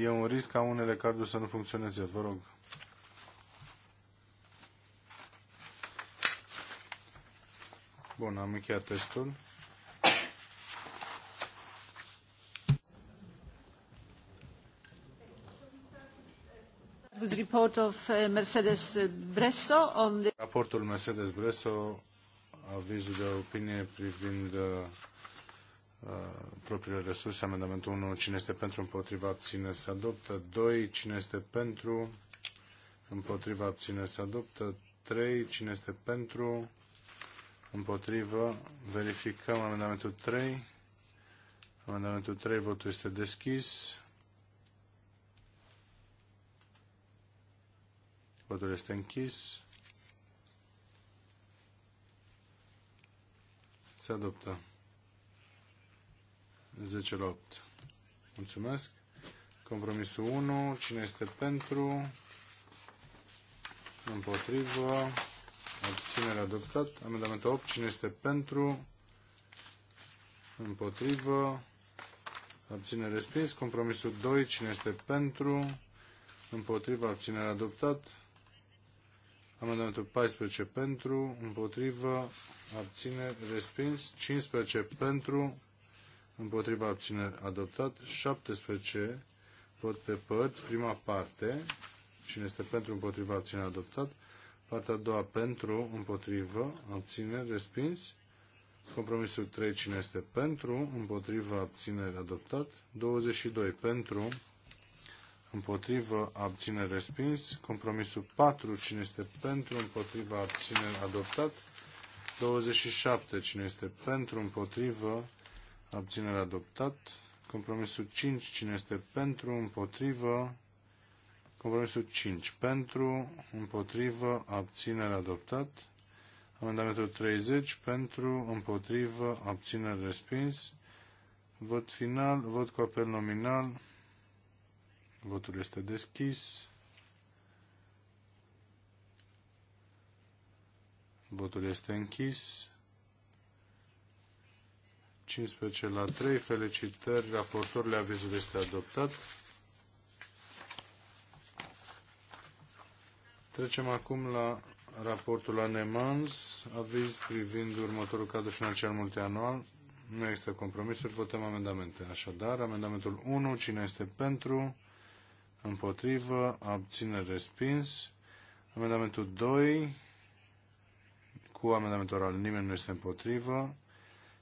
E un risc ca unele carduri să nu funcționeze, vă rog. Bun, am încheiat testul. Uh, uh, Raportul Mercedes Bresso, avizul de opinie privind uh, uh propriile resurse, amendamentul 1, cine este pentru, împotriva, abține, se adoptă. 2, cine este pentru, împotriva, abține, se adoptă. 3, cine este pentru, împotrivă, verificăm amendamentul 3. Amendamentul 3, votul este deschis. Votul este închis. Se adoptă. 10 la 8. Mulțumesc. Compromisul 1. Cine este pentru? Împotrivă abținere adoptat. Amendamentul 8, cine este pentru, împotrivă, abținere respins. Compromisul 2, cine este pentru, împotrivă, abținere adoptat. Amendamentul 14 pentru, împotrivă, abțineri, respins. 15 pentru, împotriva abțineri, adoptat. 17 vot pe părți, prima parte. Cine este pentru, împotriva abțineri, adoptat. Partea a doua pentru, împotrivă, abțineri, respins. Compromisul 3, cine este pentru, împotrivă, abțineri, adoptat. 22 pentru, împotrivă, abțineri, respins. Compromisul 4, cine este pentru, împotrivă, abțineri, adoptat. 27, cine este pentru, împotrivă, abținere adoptat. Compromisul 5, cine este pentru, împotrivă, Compromisul 5. Pentru, împotrivă, abținere adoptat. Amendamentul 30. Pentru, împotrivă, abținere respins. Vot final, vot cu apel nominal. Votul este deschis. Votul este închis. 15 la 3. Felicitări. Raportorul avizului este adoptat. Trecem acum la raportul Anemans, aviz privind următorul cadru financiar multianual. Nu există compromisuri, votăm amendamente. Așadar, amendamentul 1, cine este pentru, împotrivă, abține, respins. Amendamentul 2, cu amendamentul oral, nimeni nu este împotrivă.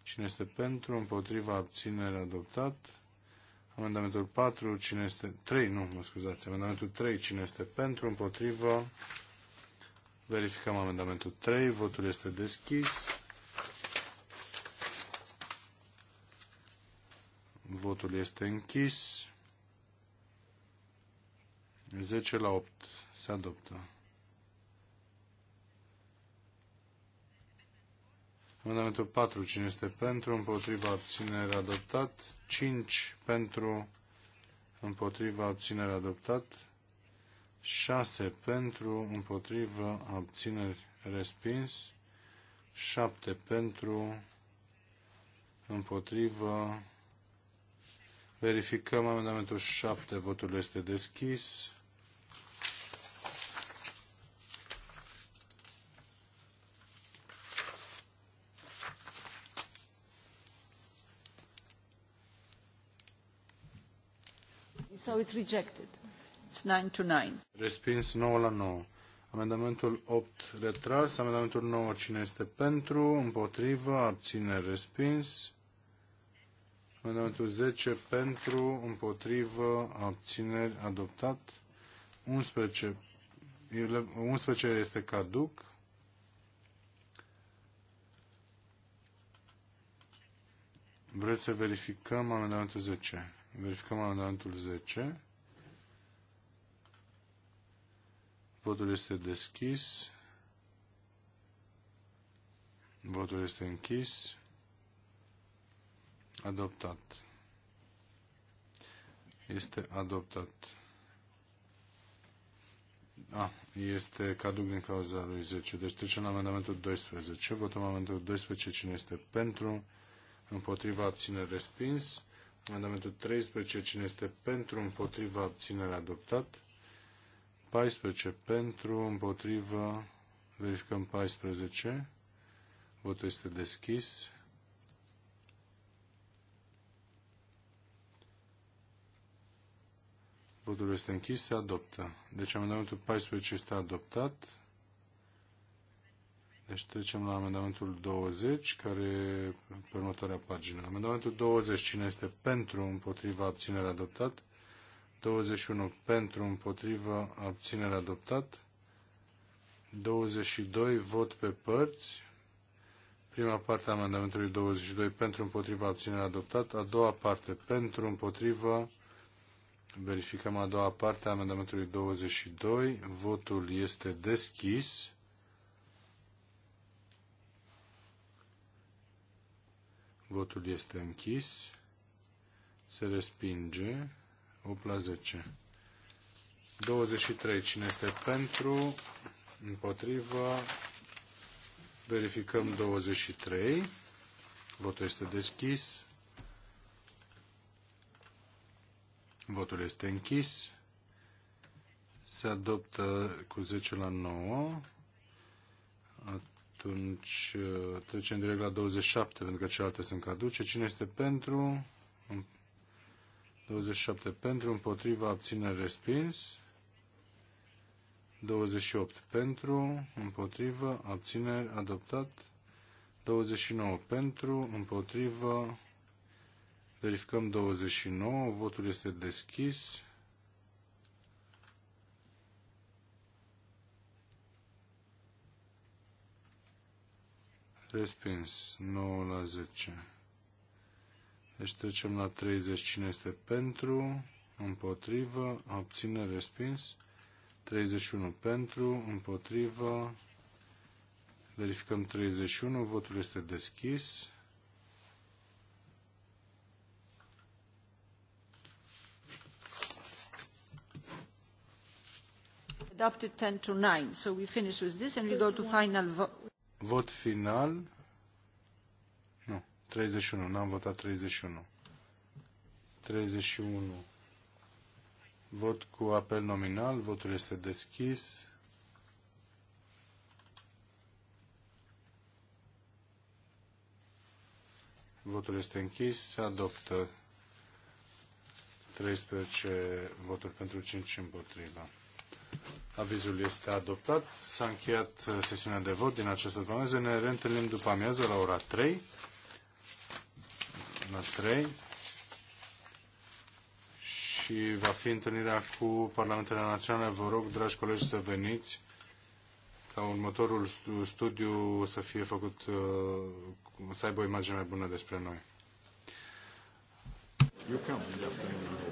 Cine este pentru, împotrivă, abține, adoptat. Amendamentul 4, cine este... 3, nu, mă scuzați. Amendamentul 3, cine este pentru, împotrivă. Verificăm amendamentul 3, votul este deschis. Votul este închis. 10 la 8 se adoptă. Amendamentul 4, cine este pentru, împotriva, abținere, adoptat. 5, pentru, împotriva, abținere, adoptat. 6, pentru, împotriva, abțineri, respins. 7, pentru, împotriva. Verificăm amendamentul 7, votul este deschis. So it's rejected. It's 9 to 9. Respins 9 la 9. Amendamentul 8 retras. Amendamentul 9 cine este pentru? Împotrivă. Abține respins. Amendamentul 10 pentru, împotrivă, abțineri, adoptat. 11, 11 este caduc. Vreți să verificăm amendamentul 10? Verificăm amendamentul 10. Votul este deschis. Votul este închis. Adoptat. Este adoptat. A, este caduc din cauza lui 10. Deci trecem la amendamentul 12. Votăm amendamentul 12. Cine este pentru? Împotriva abține respins. Amendamentul 13. Cine este pentru, împotriva, abținere adoptat. 14. Pentru, împotriva, verificăm 14. Votul este deschis. Votul este închis, se adoptă. Deci amendamentul 14 este adoptat. Deci trecem la amendamentul 20, care e pe următoarea pagină. Amendamentul 20, cine este pentru, împotriva, abținere adoptat. 21 pentru, împotriva, abținere adoptat. 22, vot pe părți. Prima parte a amendamentului 22, pentru, împotriva, abținere adoptat. A doua parte, pentru, împotriva, verificăm a doua parte a amendamentului 22. Votul este deschis. Votul este închis. Se respinge. 8 la 10. 23. Cine este pentru? Împotrivă. Verificăm 23. Votul este deschis. Votul este închis. Se adoptă cu 10 la 9. Atunci uh, trecem direct la 27, pentru că celelalte sunt caduce. Cine este pentru? 27 pentru, împotriva, abțineri, respins. 28 pentru, împotrivă, abțineri, adoptat. 29 pentru, împotrivă, verificăm 29, votul este deschis. Respins. 9 la 10. Deci trecem la 30. Cine este pentru? Împotrivă. Obține Respins. 31 pentru. Împotrivă. Verificăm 31. Votul este deschis. adopted 10 to 9. So we finish with this and we go to final vote. Vot final. Nu, 31. N-am votat 31. 31. Vot cu apel nominal. Votul este deschis. Votul este închis. Se adoptă 13 voturi pentru 5 împotriva. Avizul este adoptat. S-a încheiat uh, sesiunea de vot din această după Ne reîntâlnim după amiază la ora 3. La 3. Și va fi întâlnirea cu Parlamentele Naționale. Vă rog, dragi colegi, să veniți ca următorul studiu să fie făcut, uh, să aibă o imagine mai bună despre noi. You come in the afternoon.